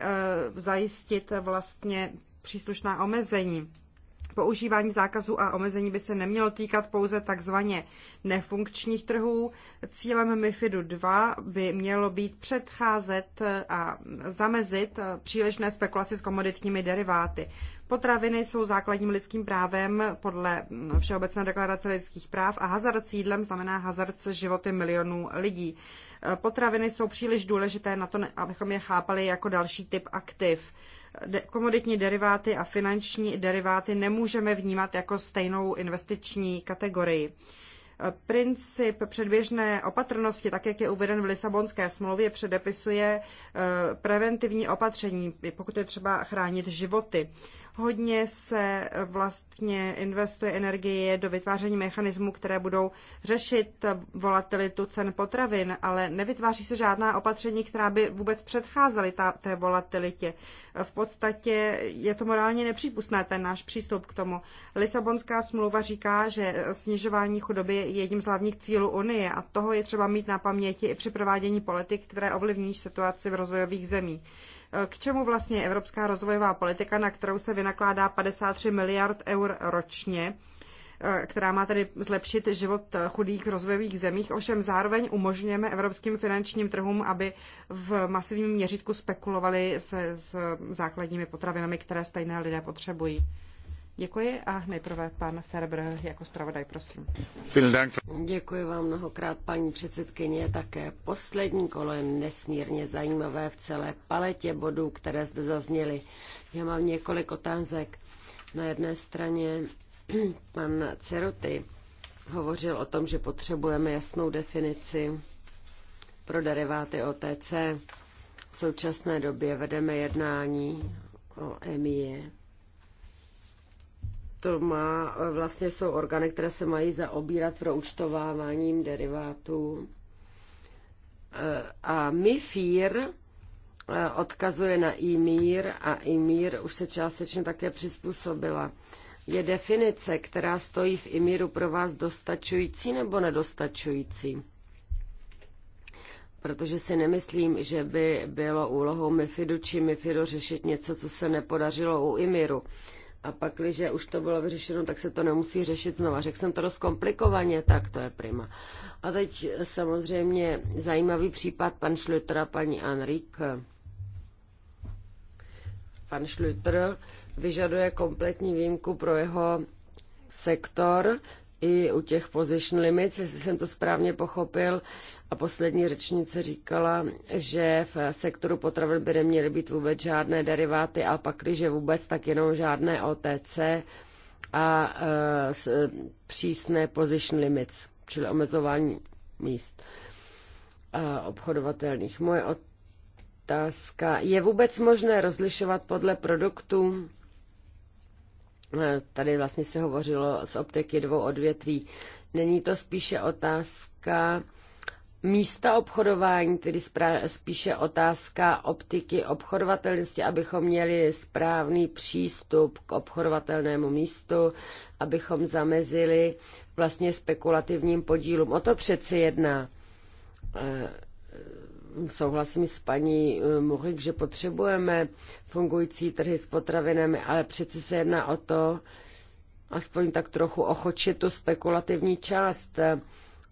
zajistit vlastně příslušná omezení. Používání zákazů a omezení by se nemělo týkat pouze takzvaně nefunkčních trhů. Cílem MIFIDu 2 by mělo být předcházet a zamezit přílišné spekulaci s komoditními deriváty. Potraviny jsou základním lidským právem podle Všeobecné deklarace lidských práv a hazard s jídlem znamená hazard se životy milionů lidí. Potraviny jsou příliš důležité na to, abychom je chápali jako další typ aktiv komoditní deriváty a finanční deriváty nemůžeme vnímat jako stejnou investiční kategorii. E, princip předběžné opatrnosti, tak jak je uveden v Lisabonské smlouvě, předepisuje e, preventivní opatření, pokud je třeba chránit životy. Hodně se e, vlastně investuje energie do vytváření mechanismů, které budou řešit volatilitu cen potravin, ale nevytváří se žádná opatření, která by vůbec předcházely té volatilitě. V podstatě je to morálně nepřípustné, ten náš přístup k tomu. Lisabonská smlouva říká, že snižování chudoby je jedním z hlavních cílů Unie a toho je třeba mít na paměti i při provádění politik, které ovlivní situaci v rozvojových zemích k čemu vlastně je evropská rozvojová politika, na kterou se vynakládá 53 miliard eur ročně Eh, která má tedy zlepšit život chudých rozvojových zemích, ovšem zároveň umožňujeme evropským finančním trhům, aby v masivním měřitku spekulovali se s základními potravinami, které stejné lidé potřebují. Děkuji a nejprve pan Ferber jako zpravodaj, prosím. Děkuji vám mnohokrát, paní předsedkyně. Také poslední kolo je nesmírně zajímavé v celé paletě bodů, které zde zazněly. Já mám několik otázek. Na jedné straně [clears throat] Pan Cerutti hovořil o tom, že potřebujeme jasnou definici pro deriváty OTC. V současné době vedeme jednání o EMIE. To má, vlastně jsou orgány, které se mají zaobírat pro učtováváním derivátů. A MIFIR eh, odkazuje na IMIR a IMIR už se částečně také přizpůsobila. Je definice, která stojí v imíru pro vás dostačující nebo nedostačující? Protože si nemyslím, že by bylo úlohou MIFIDu či Mifido řešit něco, co se nepodařilo u Imíru. A pak, když už to bylo vyřešeno, tak se to nemusí řešit znova. Řekl jsem to dost komplikovaně, tak to je prima. A teď samozřejmě zajímavý případ pan Šlutra, paní Anrik. Pan Schlüter vyžaduje kompletní výjimku pro jeho sektor i u těch position limits, jestli jsem to správně pochopil. A poslední řečnice říkala, že v sektoru potravin by neměly být vůbec žádné deriváty a pak, když je vůbec, tak jenom žádné OTC a uh, přísné position limits, čili omezování míst e, obchodovatelných. Moje od otázka. Je vůbec možné rozlišovat podle produktů? Eh, tady vlastně se hovořilo z optiky dvou odvětví. Není to spíše otázka místa obchodování, tedy spíše otázka optiky obchodovatelnosti, abychom měli správný přístup k obchodovatelnému místu, abychom zamezili vlastně spekulativním podílům. O to přece jedná eh, souhlasím s paní eh, Murik, že potřebujeme fungující trhy s potravinami, ale přeci se jedná o to, aspoň tak trochu ochočit tu spekulativní část.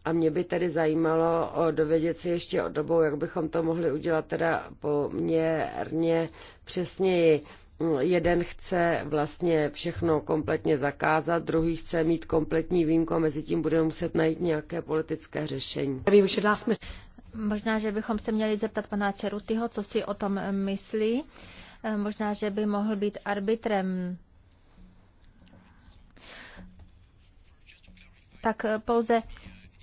A mě by tedy zajímalo o dovědět si ještě o dobou, jak bychom to mohli udělat teda poměrně přesněji. Jeden chce vlastně všechno kompletně zakázat, druhý chce mít kompletní výjimku a mezi tím budeme muset najít nějaké politické řešení. Možná, že bychom se měli zeptat pana Čerutyho, co si o tom myslí. Eh, možná, že by mohl být arbitrem. Tak eh, pouze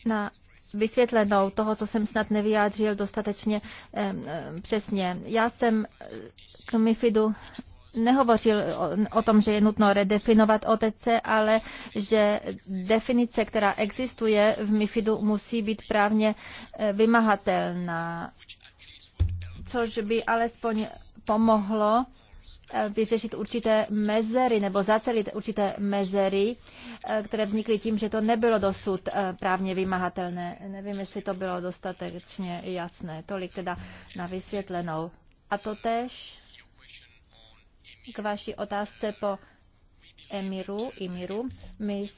na vysvětlenou toho, co jsem snad nevyjádřil dostatečně eh, přesně. Já jsem k MIFIDu nehovořil o, o tom, že je nutno redefinovat OTC, ale že definice, která existuje v MIFIDu, musí být právně e, vymahatelná, což by alespoň pomohlo e, vyřešit určité mezery nebo zacelit určité mezery, e, které vznikly tím, že to nebylo dosud právně vymahatelné. Nevím, jestli to bylo dostatečně jasné. Tolik teda na vysvětlenou. A to tež k vaší otázce po Emiru, Emiru, My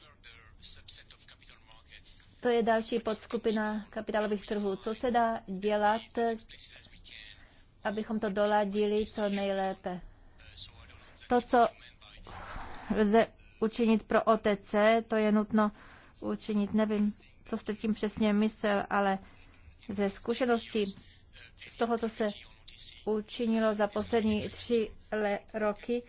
to je další podskupina kapitálových trhů. Co se dá dělat, abychom to doladili co nejlépe? To, co lze učinit pro OTC, to je nutno učinit. Nevím, co jste tím přesně myslel, ale ze zkušeností z toho, co se učinilo za poslední tři roky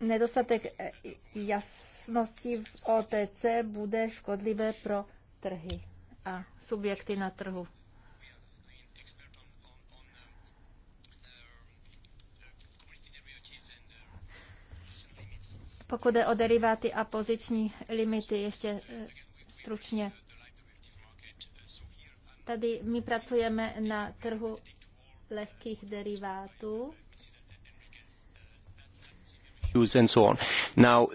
nedostatek eh, jasnosti v OTC bude škodlivé pro trhy a subjekty na trhu. Pokud je o deriváty a poziční limity, ještě eh, stručně. Tady my pracujeme na trhu lehkých derivátů. No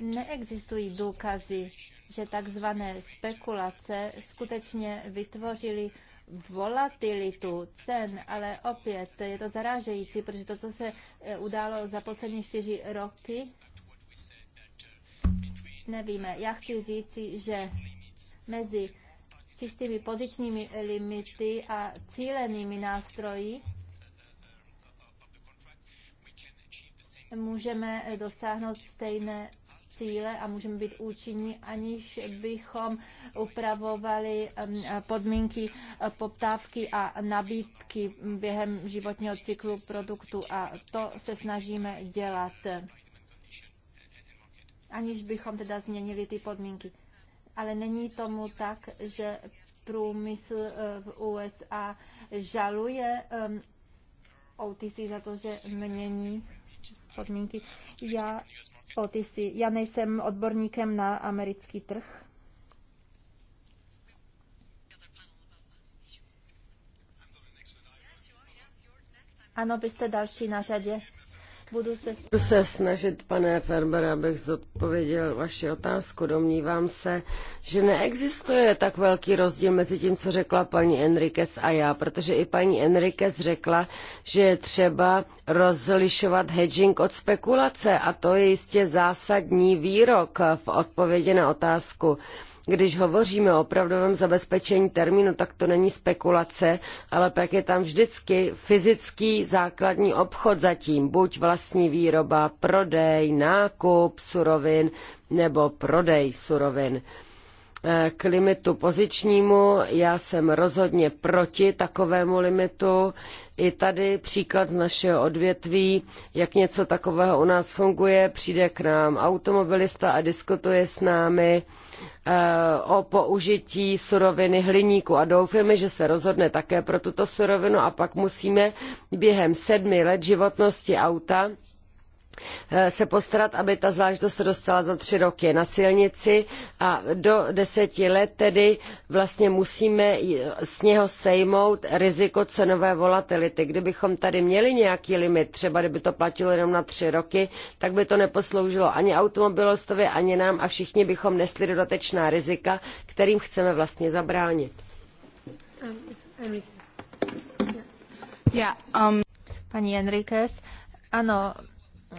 Neexistují důkazy, že takzvané spekulace skutečně vytvořily volatilitu cen, ale opět je to zarážející, protože to, co se e, událo za poslední čtyři roky, nevíme. Já chci říci, že mezi čistými pozičními limity a cílenými nástroji můžeme eh, dosáhnout stejné cíle a můžeme být účinní, aniž bychom upravovali eh, podmínky eh, poptávky a nabídky během životního cyklu produktu a to se snažíme dělat, aniž bychom teda změnili ty podmínky. Ale není tomu tak, že průmysl v USA žaluje OTC za to, že mění podmínky. Já, jsi, já nejsem odborníkem na americký trh. Ano, byste další na řadě. Budu se... Budu se snažit, pane Ferber, abych zodpověděl vaši otázku. Domnívám se, že neexistuje tak velký rozdíl mezi tím, co řekla paní Enriquez a já, protože i paní Enriquez řekla, že je třeba rozlišovat hedging od spekulace a to je jistě zásadní výrok v odpovědi na otázku. Když hovoříme o opravdovém zabezpečení termínu, tak to není spekulace, ale pak je tam vždycky fyzický základní obchod zatím, buď vlastní výroba, prodej, nákup surovin nebo prodej surovin. Eh, k limitu pozičnímu. Já jsem rozhodně proti takovému limitu. I tady příklad z našeho odvětví, jak něco takového u nás funguje. Přijde k nám automobilista a diskutuje s námi eh, o použití suroviny hliníku a doufáme, že se rozhodne také pro tuto surovinu a pak musíme během sedmi let životnosti auta Eh, se postarat, aby ta záležitost se dostala za tři roky na silnici a do deseti let tedy vlastně musíme z něho sejmout riziko cenové volatility. Kdybychom tady měli nějaký limit, třeba kdyby to platilo jenom na tři roky, tak by to neposloužilo ani automobilistově, ani nám a všichni bychom nesli dodatečná rizika, kterým chceme vlastně zabránit. Um, yeah, um... Paní Enriquez, ano,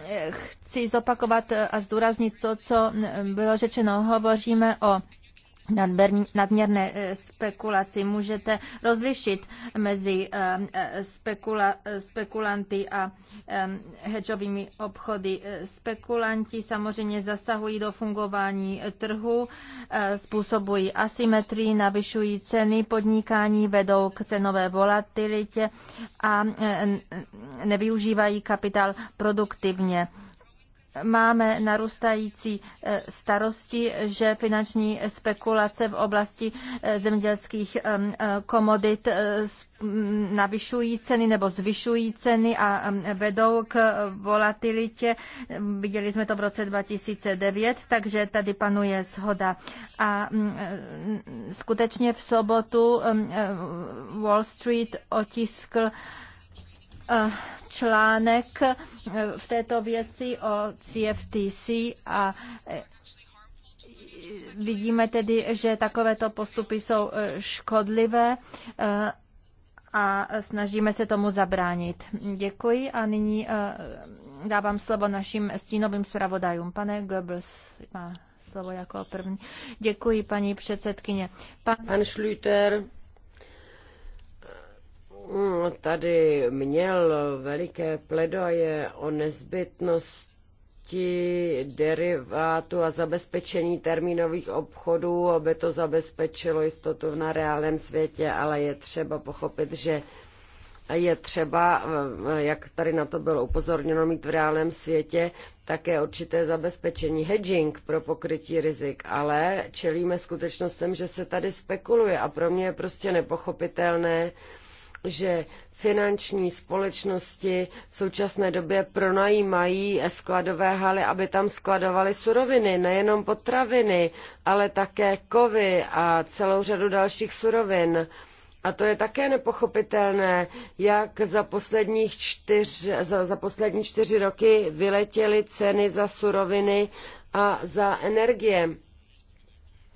Eh, chci zopakovat eh, a zdůraznit to, co eh, bylo řečeno. Hovoříme o nadměrné eh, spekulaci. Můžete rozlišit mezi eh, eh, spekula, spekulanty a hedžovými obchody. Spekulanti samozřejmě zasahují do fungování trhu, způsobují asymetrii, navyšují ceny podnikání, vedou k cenové volatilitě a nevyužívají kapitál produktivně máme narůstající e, starosti, že finanční spekulace v oblasti e, zemědělských e, komodit navyšují ceny nebo zvyšují ceny a vedou k volatilitě. Viděli jsme to v roce 2009, takže tady panuje shoda. A skutečně v sobotu Wall Street otiskl Eh, článek eh, v této věci o CFTC a eh, vidíme tedy, že takovéto postupy jsou škodlivé a snažíme se tomu zabránit. Děkuji a nyní dávám slovo našim stínovým zpravodajům. Pane Goebbels má slovo jako první. Děkuji, paní předsedkyně. Pan, Pan Schlüter Mm, tady měl veliké pledoje o nezbytnosti derivátu a zabezpečení termínových obchodů, aby to zabezpečilo jistotu na reálném světě, ale je třeba pochopit, že je třeba, eh, jak tady na to bylo upozorněno, mít v reálném světě také určité zabezpečení hedging pro pokrytí rizik, ale čelíme skutečnostem, že se tady spekuluje a pro mě je prostě nepochopitelné, že finanční společnosti v současné době pronajímají skladové haly, aby tam skladovaly suroviny, nejenom potraviny, ale také kovy a celou řadu dalších surovin. A to je také nepochopitelné, jak za, posledních čtyř, za, za poslední čtyři roky vyletěly ceny za suroviny a za energie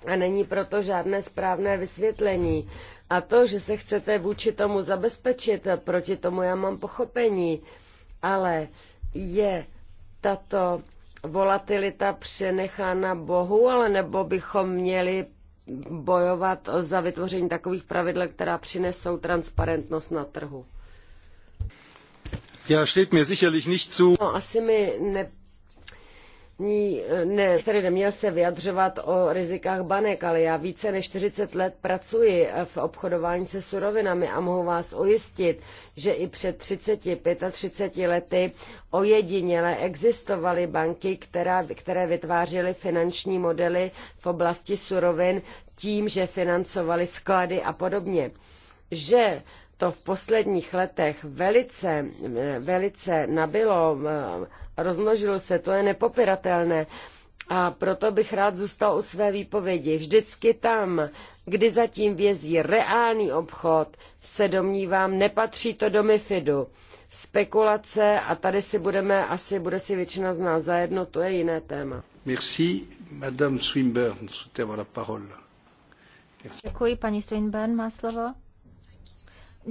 a není proto žádné správné vysvětlení. A to, že se chcete vůči tomu zabezpečit, proti tomu já mám pochopení, ale je tato volatilita přenechána Bohu, ale nebo bychom měli bojovat za vytvoření takových pravidel, která přinesou transparentnost na trhu. Ja, steht mir sicherlich nicht zu. No, asi mi ne, ne, který neměl se vyjadřovat o rizikách banek, ale já více než 40 let pracuji v obchodování se surovinami a mohu vás ujistit, že i před 30, 35 lety ojediněle existovaly banky, která, které vytvářely finanční modely v oblasti surovin tím, že financovaly sklady a podobně. Že to v posledních letech velice, velice nabilo, rozmnožilo se, to je nepopiratelné. A proto bych rád zůstal u své výpovědi. Vždycky tam, kdy zatím vězí reálný obchod, se domnívám, nepatří to do MIFIDu. Spekulace, a tady si budeme, asi bude si většina z nás zajedno, to je jiné téma. Merci, Madame Swinburne, la parole. Merci. Děkuji, paní Swinburne má slovo.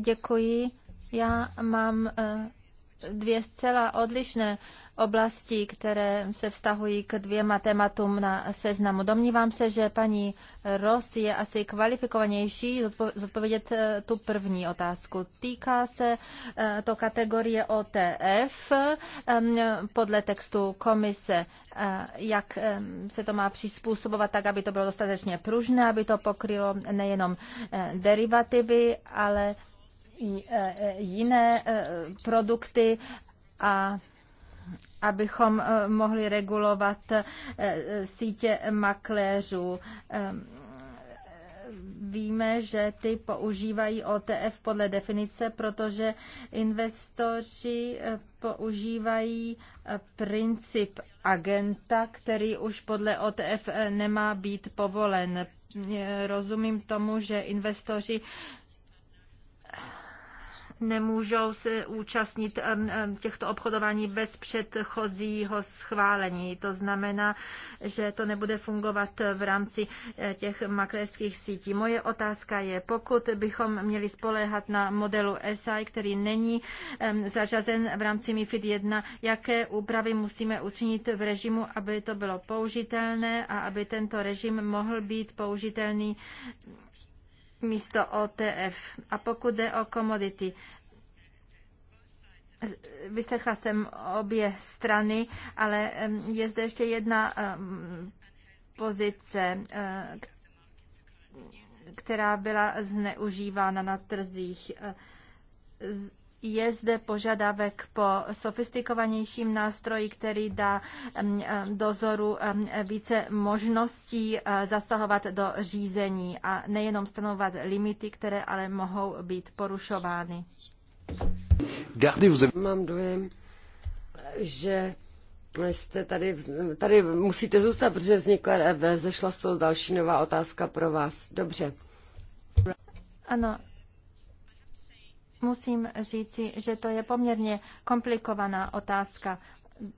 Děkuji. Já mám eh, dvě zcela odlišné oblasti, které se vztahují k dvěma tématům na seznamu. Domnívám se, že paní Ross je asi kvalifikovanější zodpovědět eh, tu první otázku. Týká se eh, to kategorie OTF ehm, podle textu komise, jak ehm, se to má přizpůsobovat tak, aby to bylo dostatečně pružné, aby to pokrylo nejenom derivativy, ale i e, e, jiné e, produkty a abychom mohli regulovat sítě makléřů. Víme, že ty používají OTF podle definice, protože investoři používají princip agenta, který už podle OTF nemá být povolen. Rozumím tomu, že investoři nemůžou se účastnit těchto obchodování bez předchozího schválení. To znamená, že to nebude fungovat v rámci eh, těch makléřských sítí. Moje otázka je, pokud bychom měli spoléhat na modelu SI, který není zařazen v rámci MIFID 1, jaké úpravy musíme učinit v režimu, aby to bylo použitelné a aby tento režim mohl být použitelný místo OTF. A pokud jde o komodity, vyslechla jsem obě strany, ale je zde ještě jedna pozice, eh, která byla zneužívána na trzích eh, je zde požadavek po sofistikovanějším nástroji, který dá dozoru více možností eh, zasahovat do řízení a nejenom stanovat limity, které ale mohou být porušovány. Mám dojem, že jste tady, tady musíte zůstat, protože vznikla, eh, vzešla z toho další nová otázka pro vás. Dobře. Ano, musím říci, že to je poměrně komplikovaná otázka.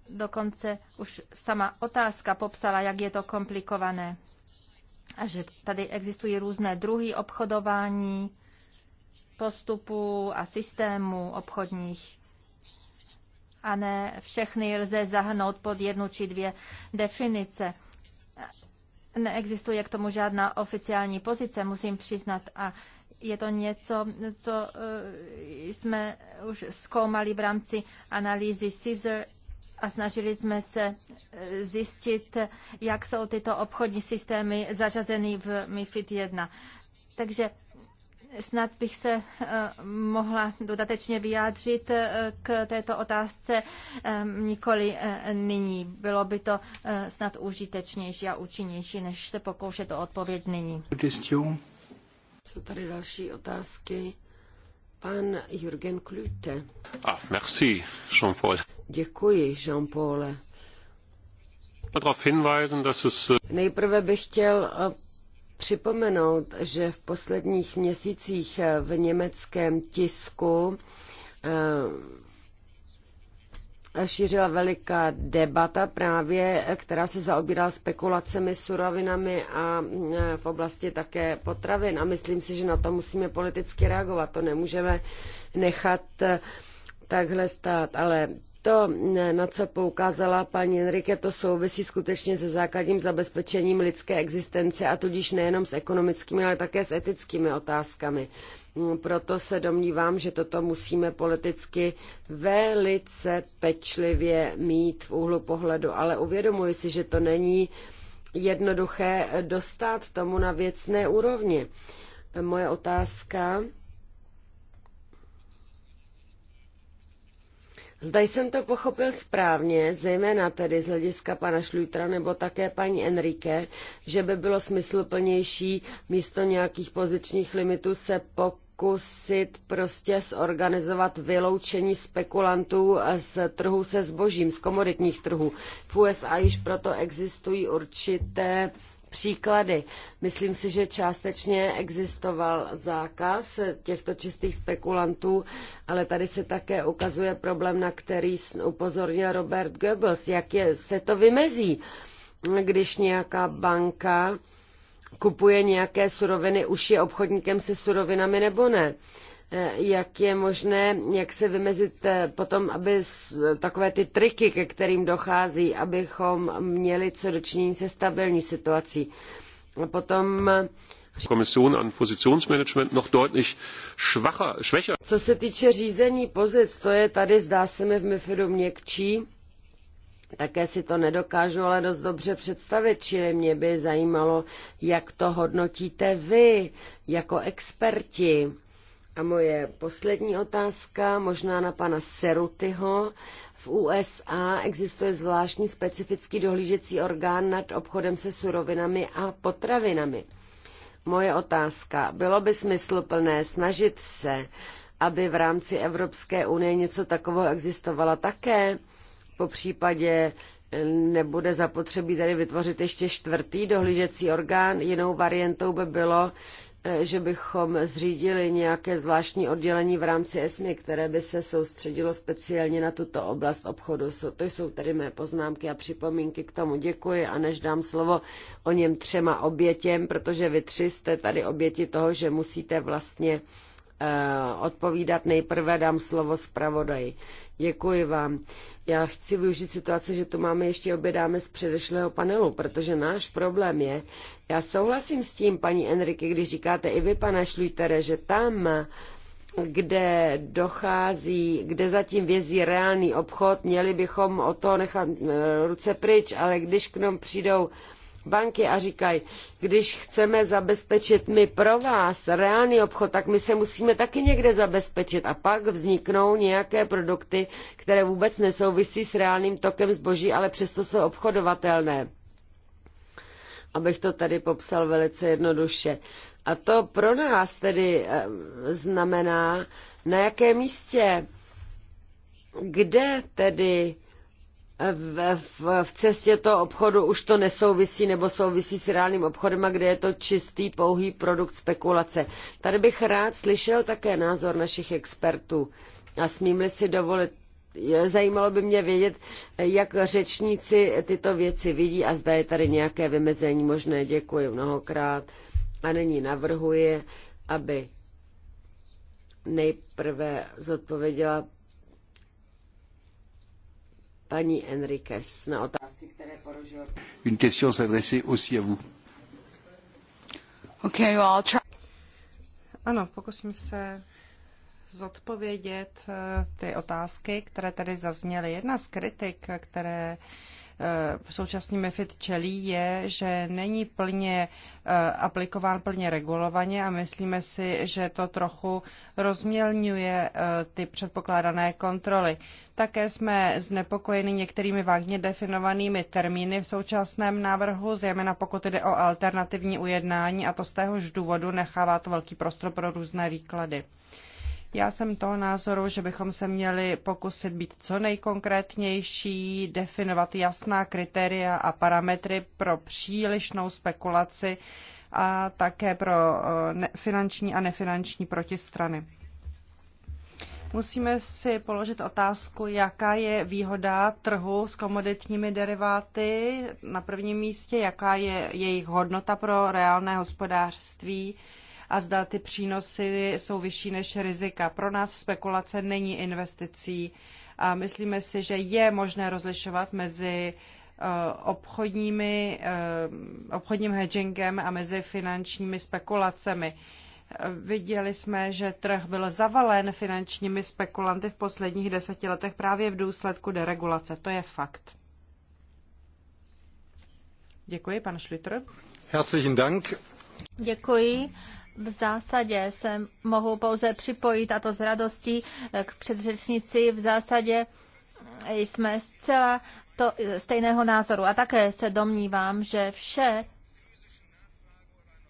Dokonce už sama otázka popsala, jak je to komplikované. A že tady existují různé druhy obchodování, postupů a systémů obchodních. A ne všechny lze zahrnout pod jednu či dvě definice. Neexistuje k tomu žádná oficiální pozice, musím přiznat. A je to něco, co eh, jsme už zkoumali v rámci analýzy CISR a snažili jsme se eh, zjistit, jak jsou tyto obchodní systémy zařazeny v MIFID 1. Takže snad bych se eh, mohla dodatečně vyjádřit k této otázce nikoli nyní. Bylo by to snad užitečnější a účinnější, než se pokoušet o odpověď nyní. Jsou tady další otázky. Pan Jürgen Klüte. Ah, merci, Jean-Paul. Děkuji, Jean-Paul. Äh, Nejprve bych chtěl äh, připomenout, že v posledních měsících äh, v německém tisku šířila veliká debata právě, která se zaobírá spekulacemi, surovinami a e, v oblasti také potravin. A myslím si, že na to musíme politicky reagovat. To nemůžeme nechat e, takhle stát. Ale to, e, na co poukázala paní Enrique, to souvisí skutečně se základním zabezpečením lidské existence a tudíž nejenom s ekonomickými, ale také s etickými otázkami. Proto se domnívám, že toto musíme politicky velice pečlivě mít v úhlu pohledu, ale uvědomuji si, že to není jednoduché dostat tomu na věcné úrovni. Moje otázka. Zda jsem to pochopil správně, zejména tedy z hlediska pana Šlutra nebo také paní Enrique, že by bylo smysluplnější místo nějakých pozičních limitů se pokusit pokusit prostě zorganizovat vyloučení spekulantů z trhu se zbožím, z komoditních trhů. V USA již proto existují určité příklady. Myslím si, že částečně existoval zákaz těchto čistých spekulantů, ale tady se také ukazuje problém, na který upozornil Robert Goebbels, jak je, se to vymezí, když nějaká banka kupuje nějaké suroviny, už je obchodníkem se surovinami nebo ne. Eh, jak je možné, jak se vymezit eh, potom, aby takové ty triky, ke kterým dochází, abychom měli co dočinění se stabilní situací. A potom eh, Kommission an Positionsmanagement noch deutlich schwacher, schwächer. Co se týče řízení pozic, to je tady, zdá se mi, v MIFIDu měkčí také si to nedokážu ale dost dobře představit, čili mě by zajímalo, jak to hodnotíte vy jako experti. A moje poslední otázka, možná na pana Serutyho. V USA existuje zvláštní specifický dohlížecí orgán nad obchodem se surovinami a potravinami. Moje otázka, bylo by smysluplné snažit se, aby v rámci Evropské unie něco takového existovalo také? Po případě eh, nebude zapotřebí tady vytvořit ještě čtvrtý dohlížecí orgán. Jinou variantou by bylo, eh, že bychom zřídili nějaké zvláštní oddělení v rámci ESMI, které by se soustředilo speciálně na tuto oblast obchodu. To jsou tedy mé poznámky a připomínky k tomu. Děkuji a než dám slovo o něm třema obětěm, protože vy tři jste tady oběti toho, že musíte vlastně Eh, odpovídat. Nejprve dám slovo zpravodaji. Děkuji vám. Já chci využít situace, že tu máme ještě obědáme z předešlého panelu, protože náš problém je, já souhlasím s tím, paní Enrique, když říkáte i vy, pane Šlujtere, že tam kde dochází, kde zatím vězí reálný obchod, měli bychom o to nechat eh, ruce pryč, ale když k nám přijdou uh, banky a říkají, když chceme zabezpečit my pro vás reálný obchod, tak my se musíme taky někde zabezpečit a pak vzniknou nějaké produkty, které vůbec nesouvisí s reálným tokem zboží, ale přesto jsou obchodovatelné. Abych to tady popsal velice jednoduše. A to pro nás tedy eh, znamená, na jakém místě, kde tedy v, v, v cestě toho obchodu už to nesouvisí nebo souvisí s reálným obchodem a kde je to čistý, pouhý produkt spekulace. Tady bych rád slyšel také názor našich expertů a smím-li si dovolit Zajímalo by mě vědět, jak řečníci tyto věci vidí a zda je tady nějaké vymezení možné. Děkuji mnohokrát. A nyní navrhuje, aby nejprve zodpověděla Paní Enriquez na otázky, které Une question aussi à vous. Okay, well, I'll try. Ano, pokusím se zodpovědět eh, ty otázky, které tady zazněly. Jedna z kritik, které uh, Eh, současný MEFIT čelí, je, že není plně eh, aplikován plně regulovaně a myslíme si, že to trochu rozmělňuje eh, ty předpokládané kontroly. Také jsme znepokojeni některými vágně definovanými termíny v současném návrhu, zejména pokud jde o alternativní ujednání a to z téhož důvodu nechává to velký prostor pro různé výklady. Já jsem toho názoru, že bychom se měli pokusit být co nejkonkrétnější, definovat jasná kritéria a parametry pro přílišnou spekulaci a také pro eh, finanční a nefinanční protistrany. Musíme si položit otázku, jaká je výhoda trhu s komoditními deriváty na prvním místě, jaká je jejich hodnota pro reálné hospodářství a zda ty přínosy jsou vyšší než rizika. Pro nás spekulace není investicí a myslíme si, že je možné rozlišovat mezi eh, obchodními, eh, obchodním hedgingem a mezi finančními spekulacemi. Eh, viděli jsme, že trh byl zavalen finančními spekulanty v posledních deseti letech právě v důsledku deregulace. To je fakt. Děkuji, pan Schlitter. Herzlichen Dank. Děkuji v zásadě se mohu pouze připojit, a to s radostí, k předřečnici. V zásadě jsme zcela to, stejného názoru. A také se domnívám, že vše,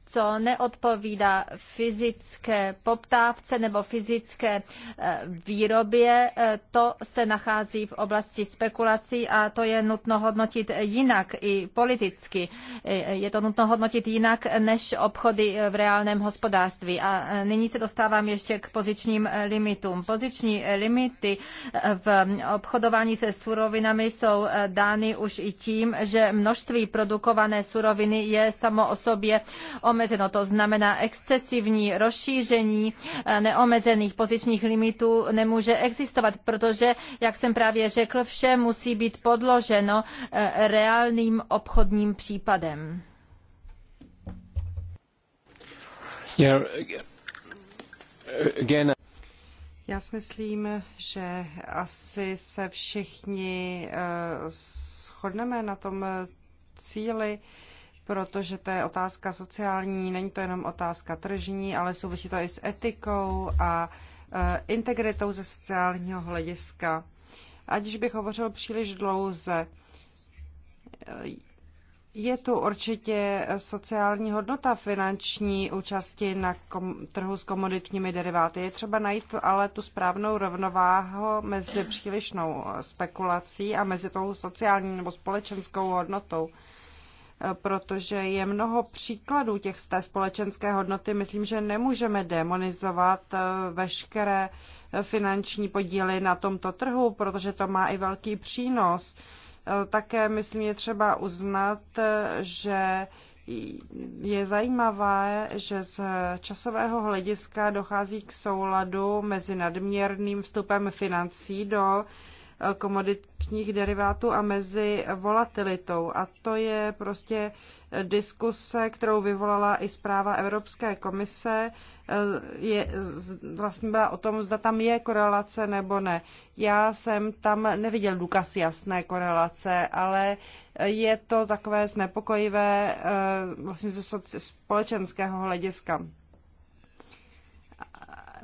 co neodpovídá fyzické poptávce nebo fyzické eh, výrobě, eh, to se nachází v oblasti spekulací a to je nutno hodnotit jinak i politicky. Eh, je to nutno hodnotit jinak než obchody v reálném hospodářství. A nyní se dostávám ještě k pozičním limitům. Poziční limity v obchodování se surovinami jsou dány už i tím, že množství produkované suroviny je samo o sobě omezené Neomezeno To znamená, excesivní rozšíření eh, neomezených pozičních limitů nemůže existovat, protože, jak jsem právě řekl, vše musí být podloženo eh, reálným obchodním případem. Já si myslím, že asi se všichni eh, shodneme na tom cíli protože to je otázka sociální, není to jenom otázka tržní, ale souvisí to i s etikou a e, integritou ze sociálního hlediska. Ať bych hovořil příliš dlouze, e, je tu určitě sociální hodnota finanční účasti na kom- trhu s komoditními deriváty. Je třeba najít ale tu správnou rovnováhu mezi přílišnou spekulací a mezi tou sociální nebo společenskou hodnotou protože je mnoho příkladů těch z té společenské hodnoty. Myslím, že nemůžeme demonizovat eh, veškeré eh, finanční podíly na tomto trhu, protože to má i velký přínos. Eh, také, myslím, je třeba uznat, že je zajímavé, že z časového hlediska dochází k souladu mezi nadměrným vstupem financí do komoditních derivátů a mezi volatilitou. A to je prostě diskuse, kterou vyvolala i zpráva Evropské komise, eh, je, vlastně byla o tom, zda tam je korelace nebo ne. Já jsem tam neviděl důkaz jasné korelace, ale je to takové znepokojivé eh, vlastně ze společenského hlediska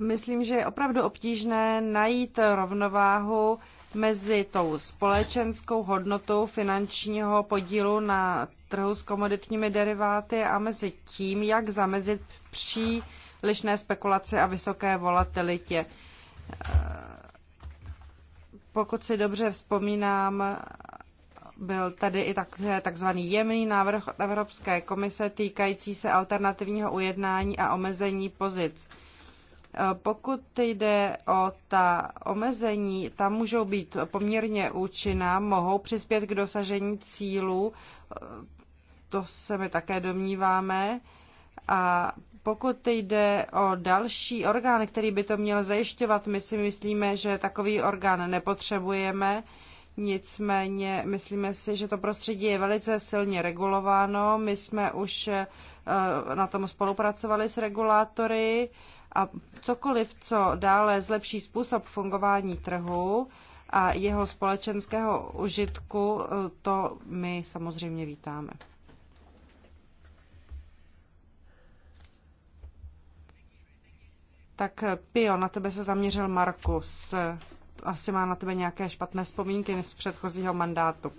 myslím, že je opravdu obtížné najít rovnováhu mezi tou společenskou hodnotou finančního podílu na trhu s komoditními deriváty a mezi tím, jak zamezit přílišné spekulaci a vysoké volatilitě. Eh, pokud si dobře vzpomínám, byl tady i takzvaný jemný návrh Evropské komise týkající se alternativního ujednání a omezení pozic. Eh, pokud jde o ta omezení, tam můžou být poměrně účinná, mohou přispět k dosažení cílů, eh, to se my také domníváme. A pokud jde o další orgán, který by to měl zajišťovat, my si myslíme, že takový orgán nepotřebujeme. Nicméně myslíme si, že to prostředí je velice silně regulováno. My jsme už eh, na tom spolupracovali s regulátory. A cokoliv, co dále zlepší způsob fungování trhu a jeho společenského užitku, to my samozřejmě vítáme. Tak Pio, na tebe se zaměřil Markus. Asi má na tebe nějaké špatné vzpomínky z předchozího mandátu.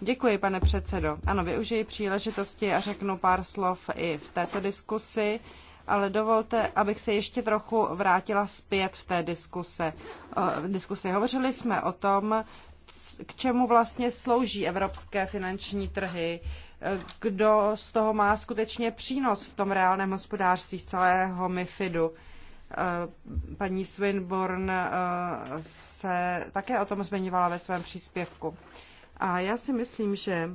Děkuji, pane předsedo. Ano, využiji příležitosti a řeknu pár slov i v této diskusi. Uh, ale dovolte, abych se ještě trochu vrátila zpět v té diskuse. V diskuse hovořili jsme o tom, k čemu vlastně slouží evropské finanční trhy, kdo z toho má skutečně přínos v tom reálném hospodářství celého MIFIDu. E, paní Swinburne e, se také o tom zmiňovala ve svém příspěvku. A já si myslím, že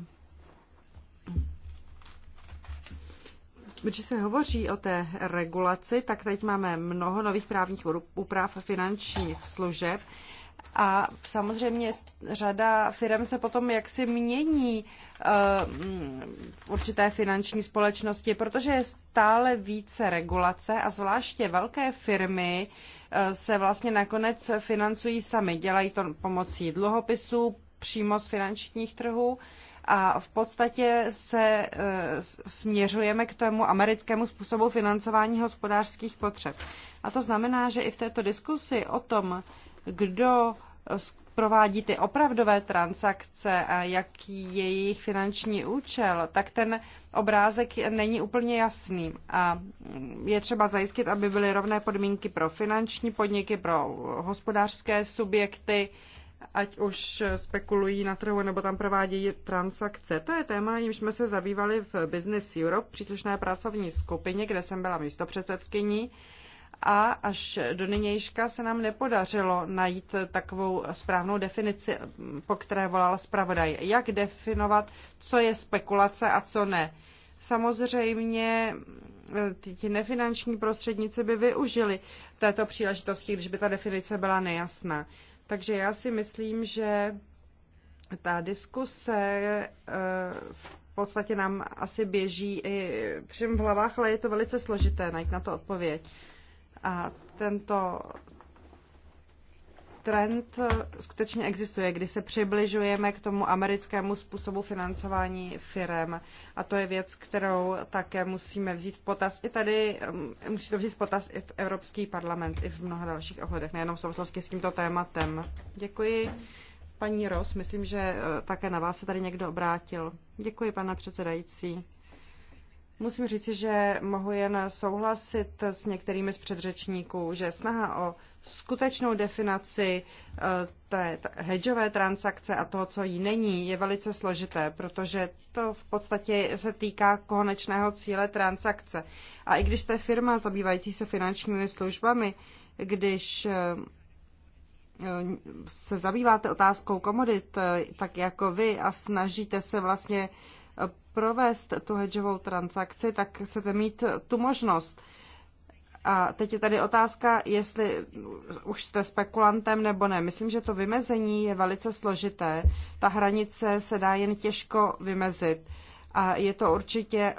když se hovoří o té regulaci, tak teď máme mnoho nových právních úprav finančních služeb a samozřejmě řada firm se potom jaksi mění uh, určité finanční společnosti, protože je stále více regulace a zvláště velké firmy uh, se vlastně nakonec financují sami. Dělají to pomocí dluhopisů přímo z finančních trhů. Uh, a v podstatě se eh, směřujeme k tomu americkému způsobu financování hospodářských potřeb. A to znamená, že i v této diskusi o tom, kdo eh, provádí ty opravdové transakce a jaký je jejich finanční účel, tak ten obrázek není úplně jasný. A je třeba zajistit, aby byly rovné podmínky pro finanční podniky, pro hospodářské subjekty, ať už spekulují na trhu nebo tam provádějí transakce. To je téma, jimž jsme se zabývali v Business Europe, příslušné pracovní skupině, kde jsem byla místopředsedkyní. A až do nynějška se nám nepodařilo najít takovou správnou definici, po které volal zpravodaj. Jak definovat, co je spekulace a co ne. Samozřejmě eh, ti nefinanční prostředníci by využili této příležitosti, když by ta definice byla nejasná. Takže já si myslím, že ta diskuse eh, v podstatě nám asi běží i všem v hlavách, ale je to velice složité najít na to odpověď. A tento trend eh, skutečně existuje, kdy se přibližujeme k tomu americkému způsobu financování firem. A to je věc, kterou také musíme vzít v potaz. I tady musí to vzít v potaz i v Evropský parlament, i v mnoha dalších ohledech, nejenom v souvislosti s tímto tématem. Děkuji. Paní Ros, myslím, že eh, také na vás se tady někdo obrátil. Děkuji, pane předsedající. Musím říci, že mohu jen souhlasit s některými z předřečníků, že snaha o skutečnou definaci eh, té hedžové transakce a toho, co jí není, je velice složité, protože to v podstatě se týká konečného cíle transakce. A i když jste firma zabývající se finančními službami, když eh, eh, se zabýváte otázkou komodit, tak jako vy a snažíte se vlastně provést tu hedžovou transakci, tak chcete mít tu možnost. A teď je tady otázka, jestli už jste spekulantem nebo ne. Myslím, že to vymezení je velice složité. Ta hranice se dá jen těžko vymezit. A je to určitě e,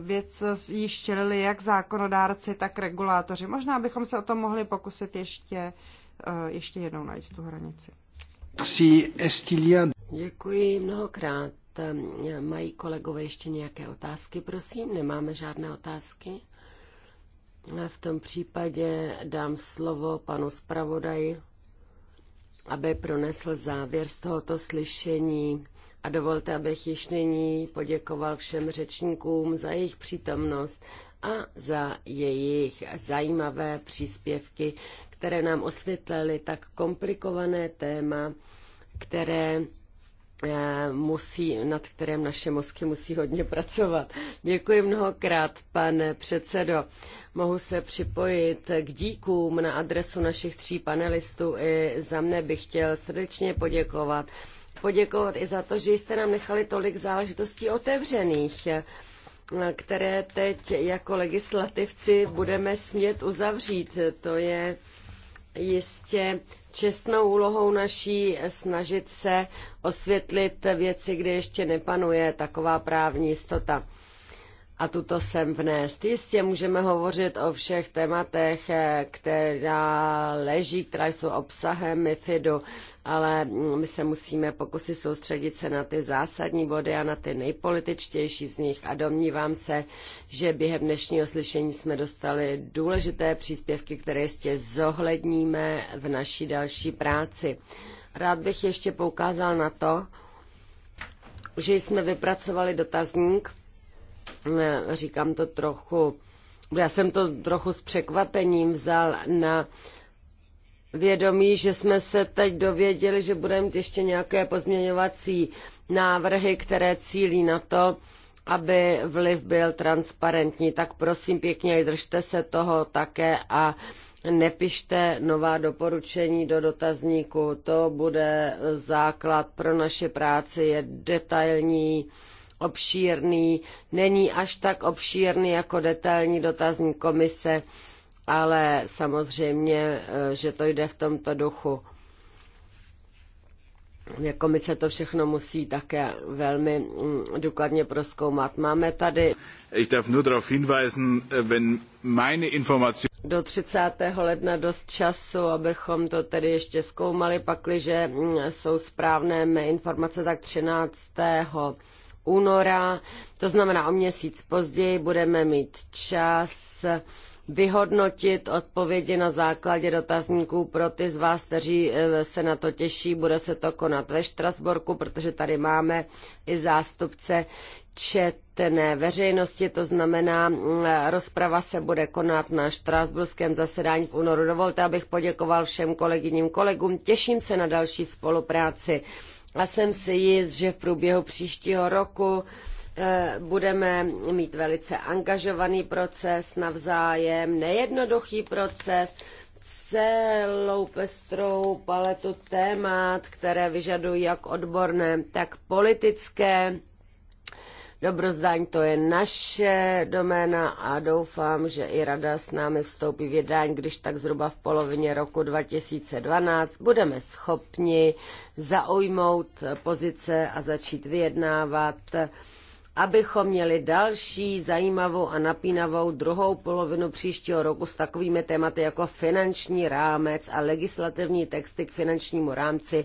věc, již čelili jak zákonodárci, tak regulátoři. Možná bychom se o tom mohli pokusit ještě, e, ještě jednou najít tu hranici. Děkuji mnohokrát. Eh, mají kolegové ještě nějaké otázky, prosím? Nemáme žádné otázky? V tom případě dám slovo panu zpravodaji, aby pronesl závěr z tohoto slyšení. A dovolte, abych již nyní poděkoval všem řečníkům za jejich přítomnost a za jejich zajímavé příspěvky, které nám osvětlily tak komplikované téma, které Eh, musí, nad kterém naše mozky musí hodně pracovat. Děkuji mnohokrát, pane předsedo. Mohu se připojit k díkům na adresu našich tří panelistů. I za mne bych chtěl srdečně poděkovat. Poděkovat i za to, že jste nám nechali tolik záležitostí otevřených eh, které teď jako legislativci budeme smět uzavřít. To je jistě čestnou úlohou naší snažit se osvětlit věci, kde ještě nepanuje taková právní jistota a tuto sem vnést. Jistě můžeme hovořit o všech tématech, eh, která leží, která jsou obsahem MIFIDu, ale mm, my se musíme pokusit soustředit se na ty zásadní body a na ty nejpolitičtější z nich. A domnívám se, že během dnešního slyšení jsme dostali důležité příspěvky, které jistě zohledníme v naší další práci. Rád bych ještě poukázal na to, že jsme vypracovali dotazník, říkám to trochu, já jsem to trochu s překvapením vzal na vědomí, že jsme se teď dověděli, že budeme mít ještě nějaké pozměňovací návrhy, které cílí na to, aby vliv byl transparentní. Tak prosím pěkně, držte se toho také a nepište nová doporučení do dotazníku. To bude základ pro naše práci, je detailní obšírný, není až tak obšírný jako detailní dotazní komise, ale samozřejmě, eh, že to jde v tomto duchu. Jako komise to všechno musí také velmi mm, důkladně proskoumat. Máme tady... Ich darf nur darauf hinweisen, eh, wenn meine information... Do 30. ledna dost času, abychom to tedy ještě zkoumali, pakliže mm, jsou správné mé informace, tak 13 února, to znamená o měsíc později budeme mít čas vyhodnotit odpovědi na základě dotazníků pro ty z vás, kteří eh, se na to těší. Bude se to konat ve Štrasborku, protože tady máme i zástupce četné veřejnosti, to znamená, eh, rozprava se bude konat na štrásburském zasedání v únoru. Dovolte, abych poděkoval všem kolegyním kolegům. Těším se na další spolupráci a jsem si jist, že v průběhu příštího roku eh, budeme mít velice angažovaný proces navzájem, nejednoduchý proces, celou pestrou paletu témat, které vyžadují jak odborné, tak politické Dobrozdání to je naše doména a doufám, že i rada s námi vstoupí v jednání, když tak zhruba v polovině roku 2012 budeme schopni zaujmout pozice a začít vyjednávat abychom měli další zajímavou a napínavou druhou polovinu příštího roku s takovými tématy jako finanční rámec a legislativní texty k finančnímu rámci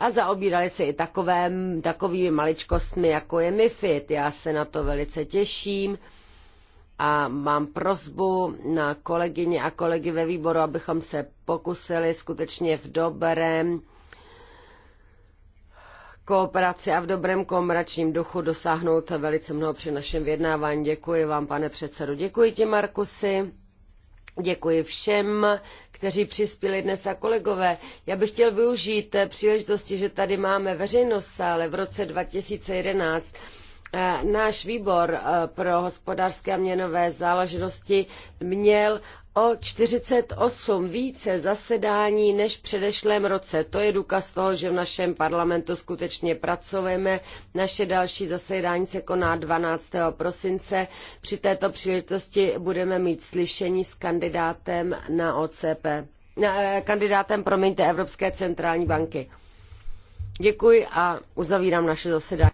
a zaobírali se i takovými maličkostmi, jako je MIFID. Já se na to velice těším a mám prozbu na kolegyně a kolegy ve výboru, abychom se pokusili skutečně v dobrém kooperaci a v dobrém komerčním duchu dosáhnout velice mnoho při našem vyjednávání. Děkuji vám, pane předsedo. Děkuji ti, Markusy. Děkuji všem, kteří přispěli dnes a kolegové. Já bych chtěl využít příležitosti, že tady máme veřejnost sále v roce 2011 E, náš výbor e, pro hospodářské a měnové záležitosti měl o 48 více zasedání než v předešlém roce. To je důkaz toho, že v našem parlamentu skutečně pracujeme. Naše další zasedání se koná 12. prosince. Při této příležitosti budeme mít slyšení s kandidátem na OCP. Na, e, kandidátem, promiňte, Evropské centrální banky. Děkuji a uzavírám naše zasedání.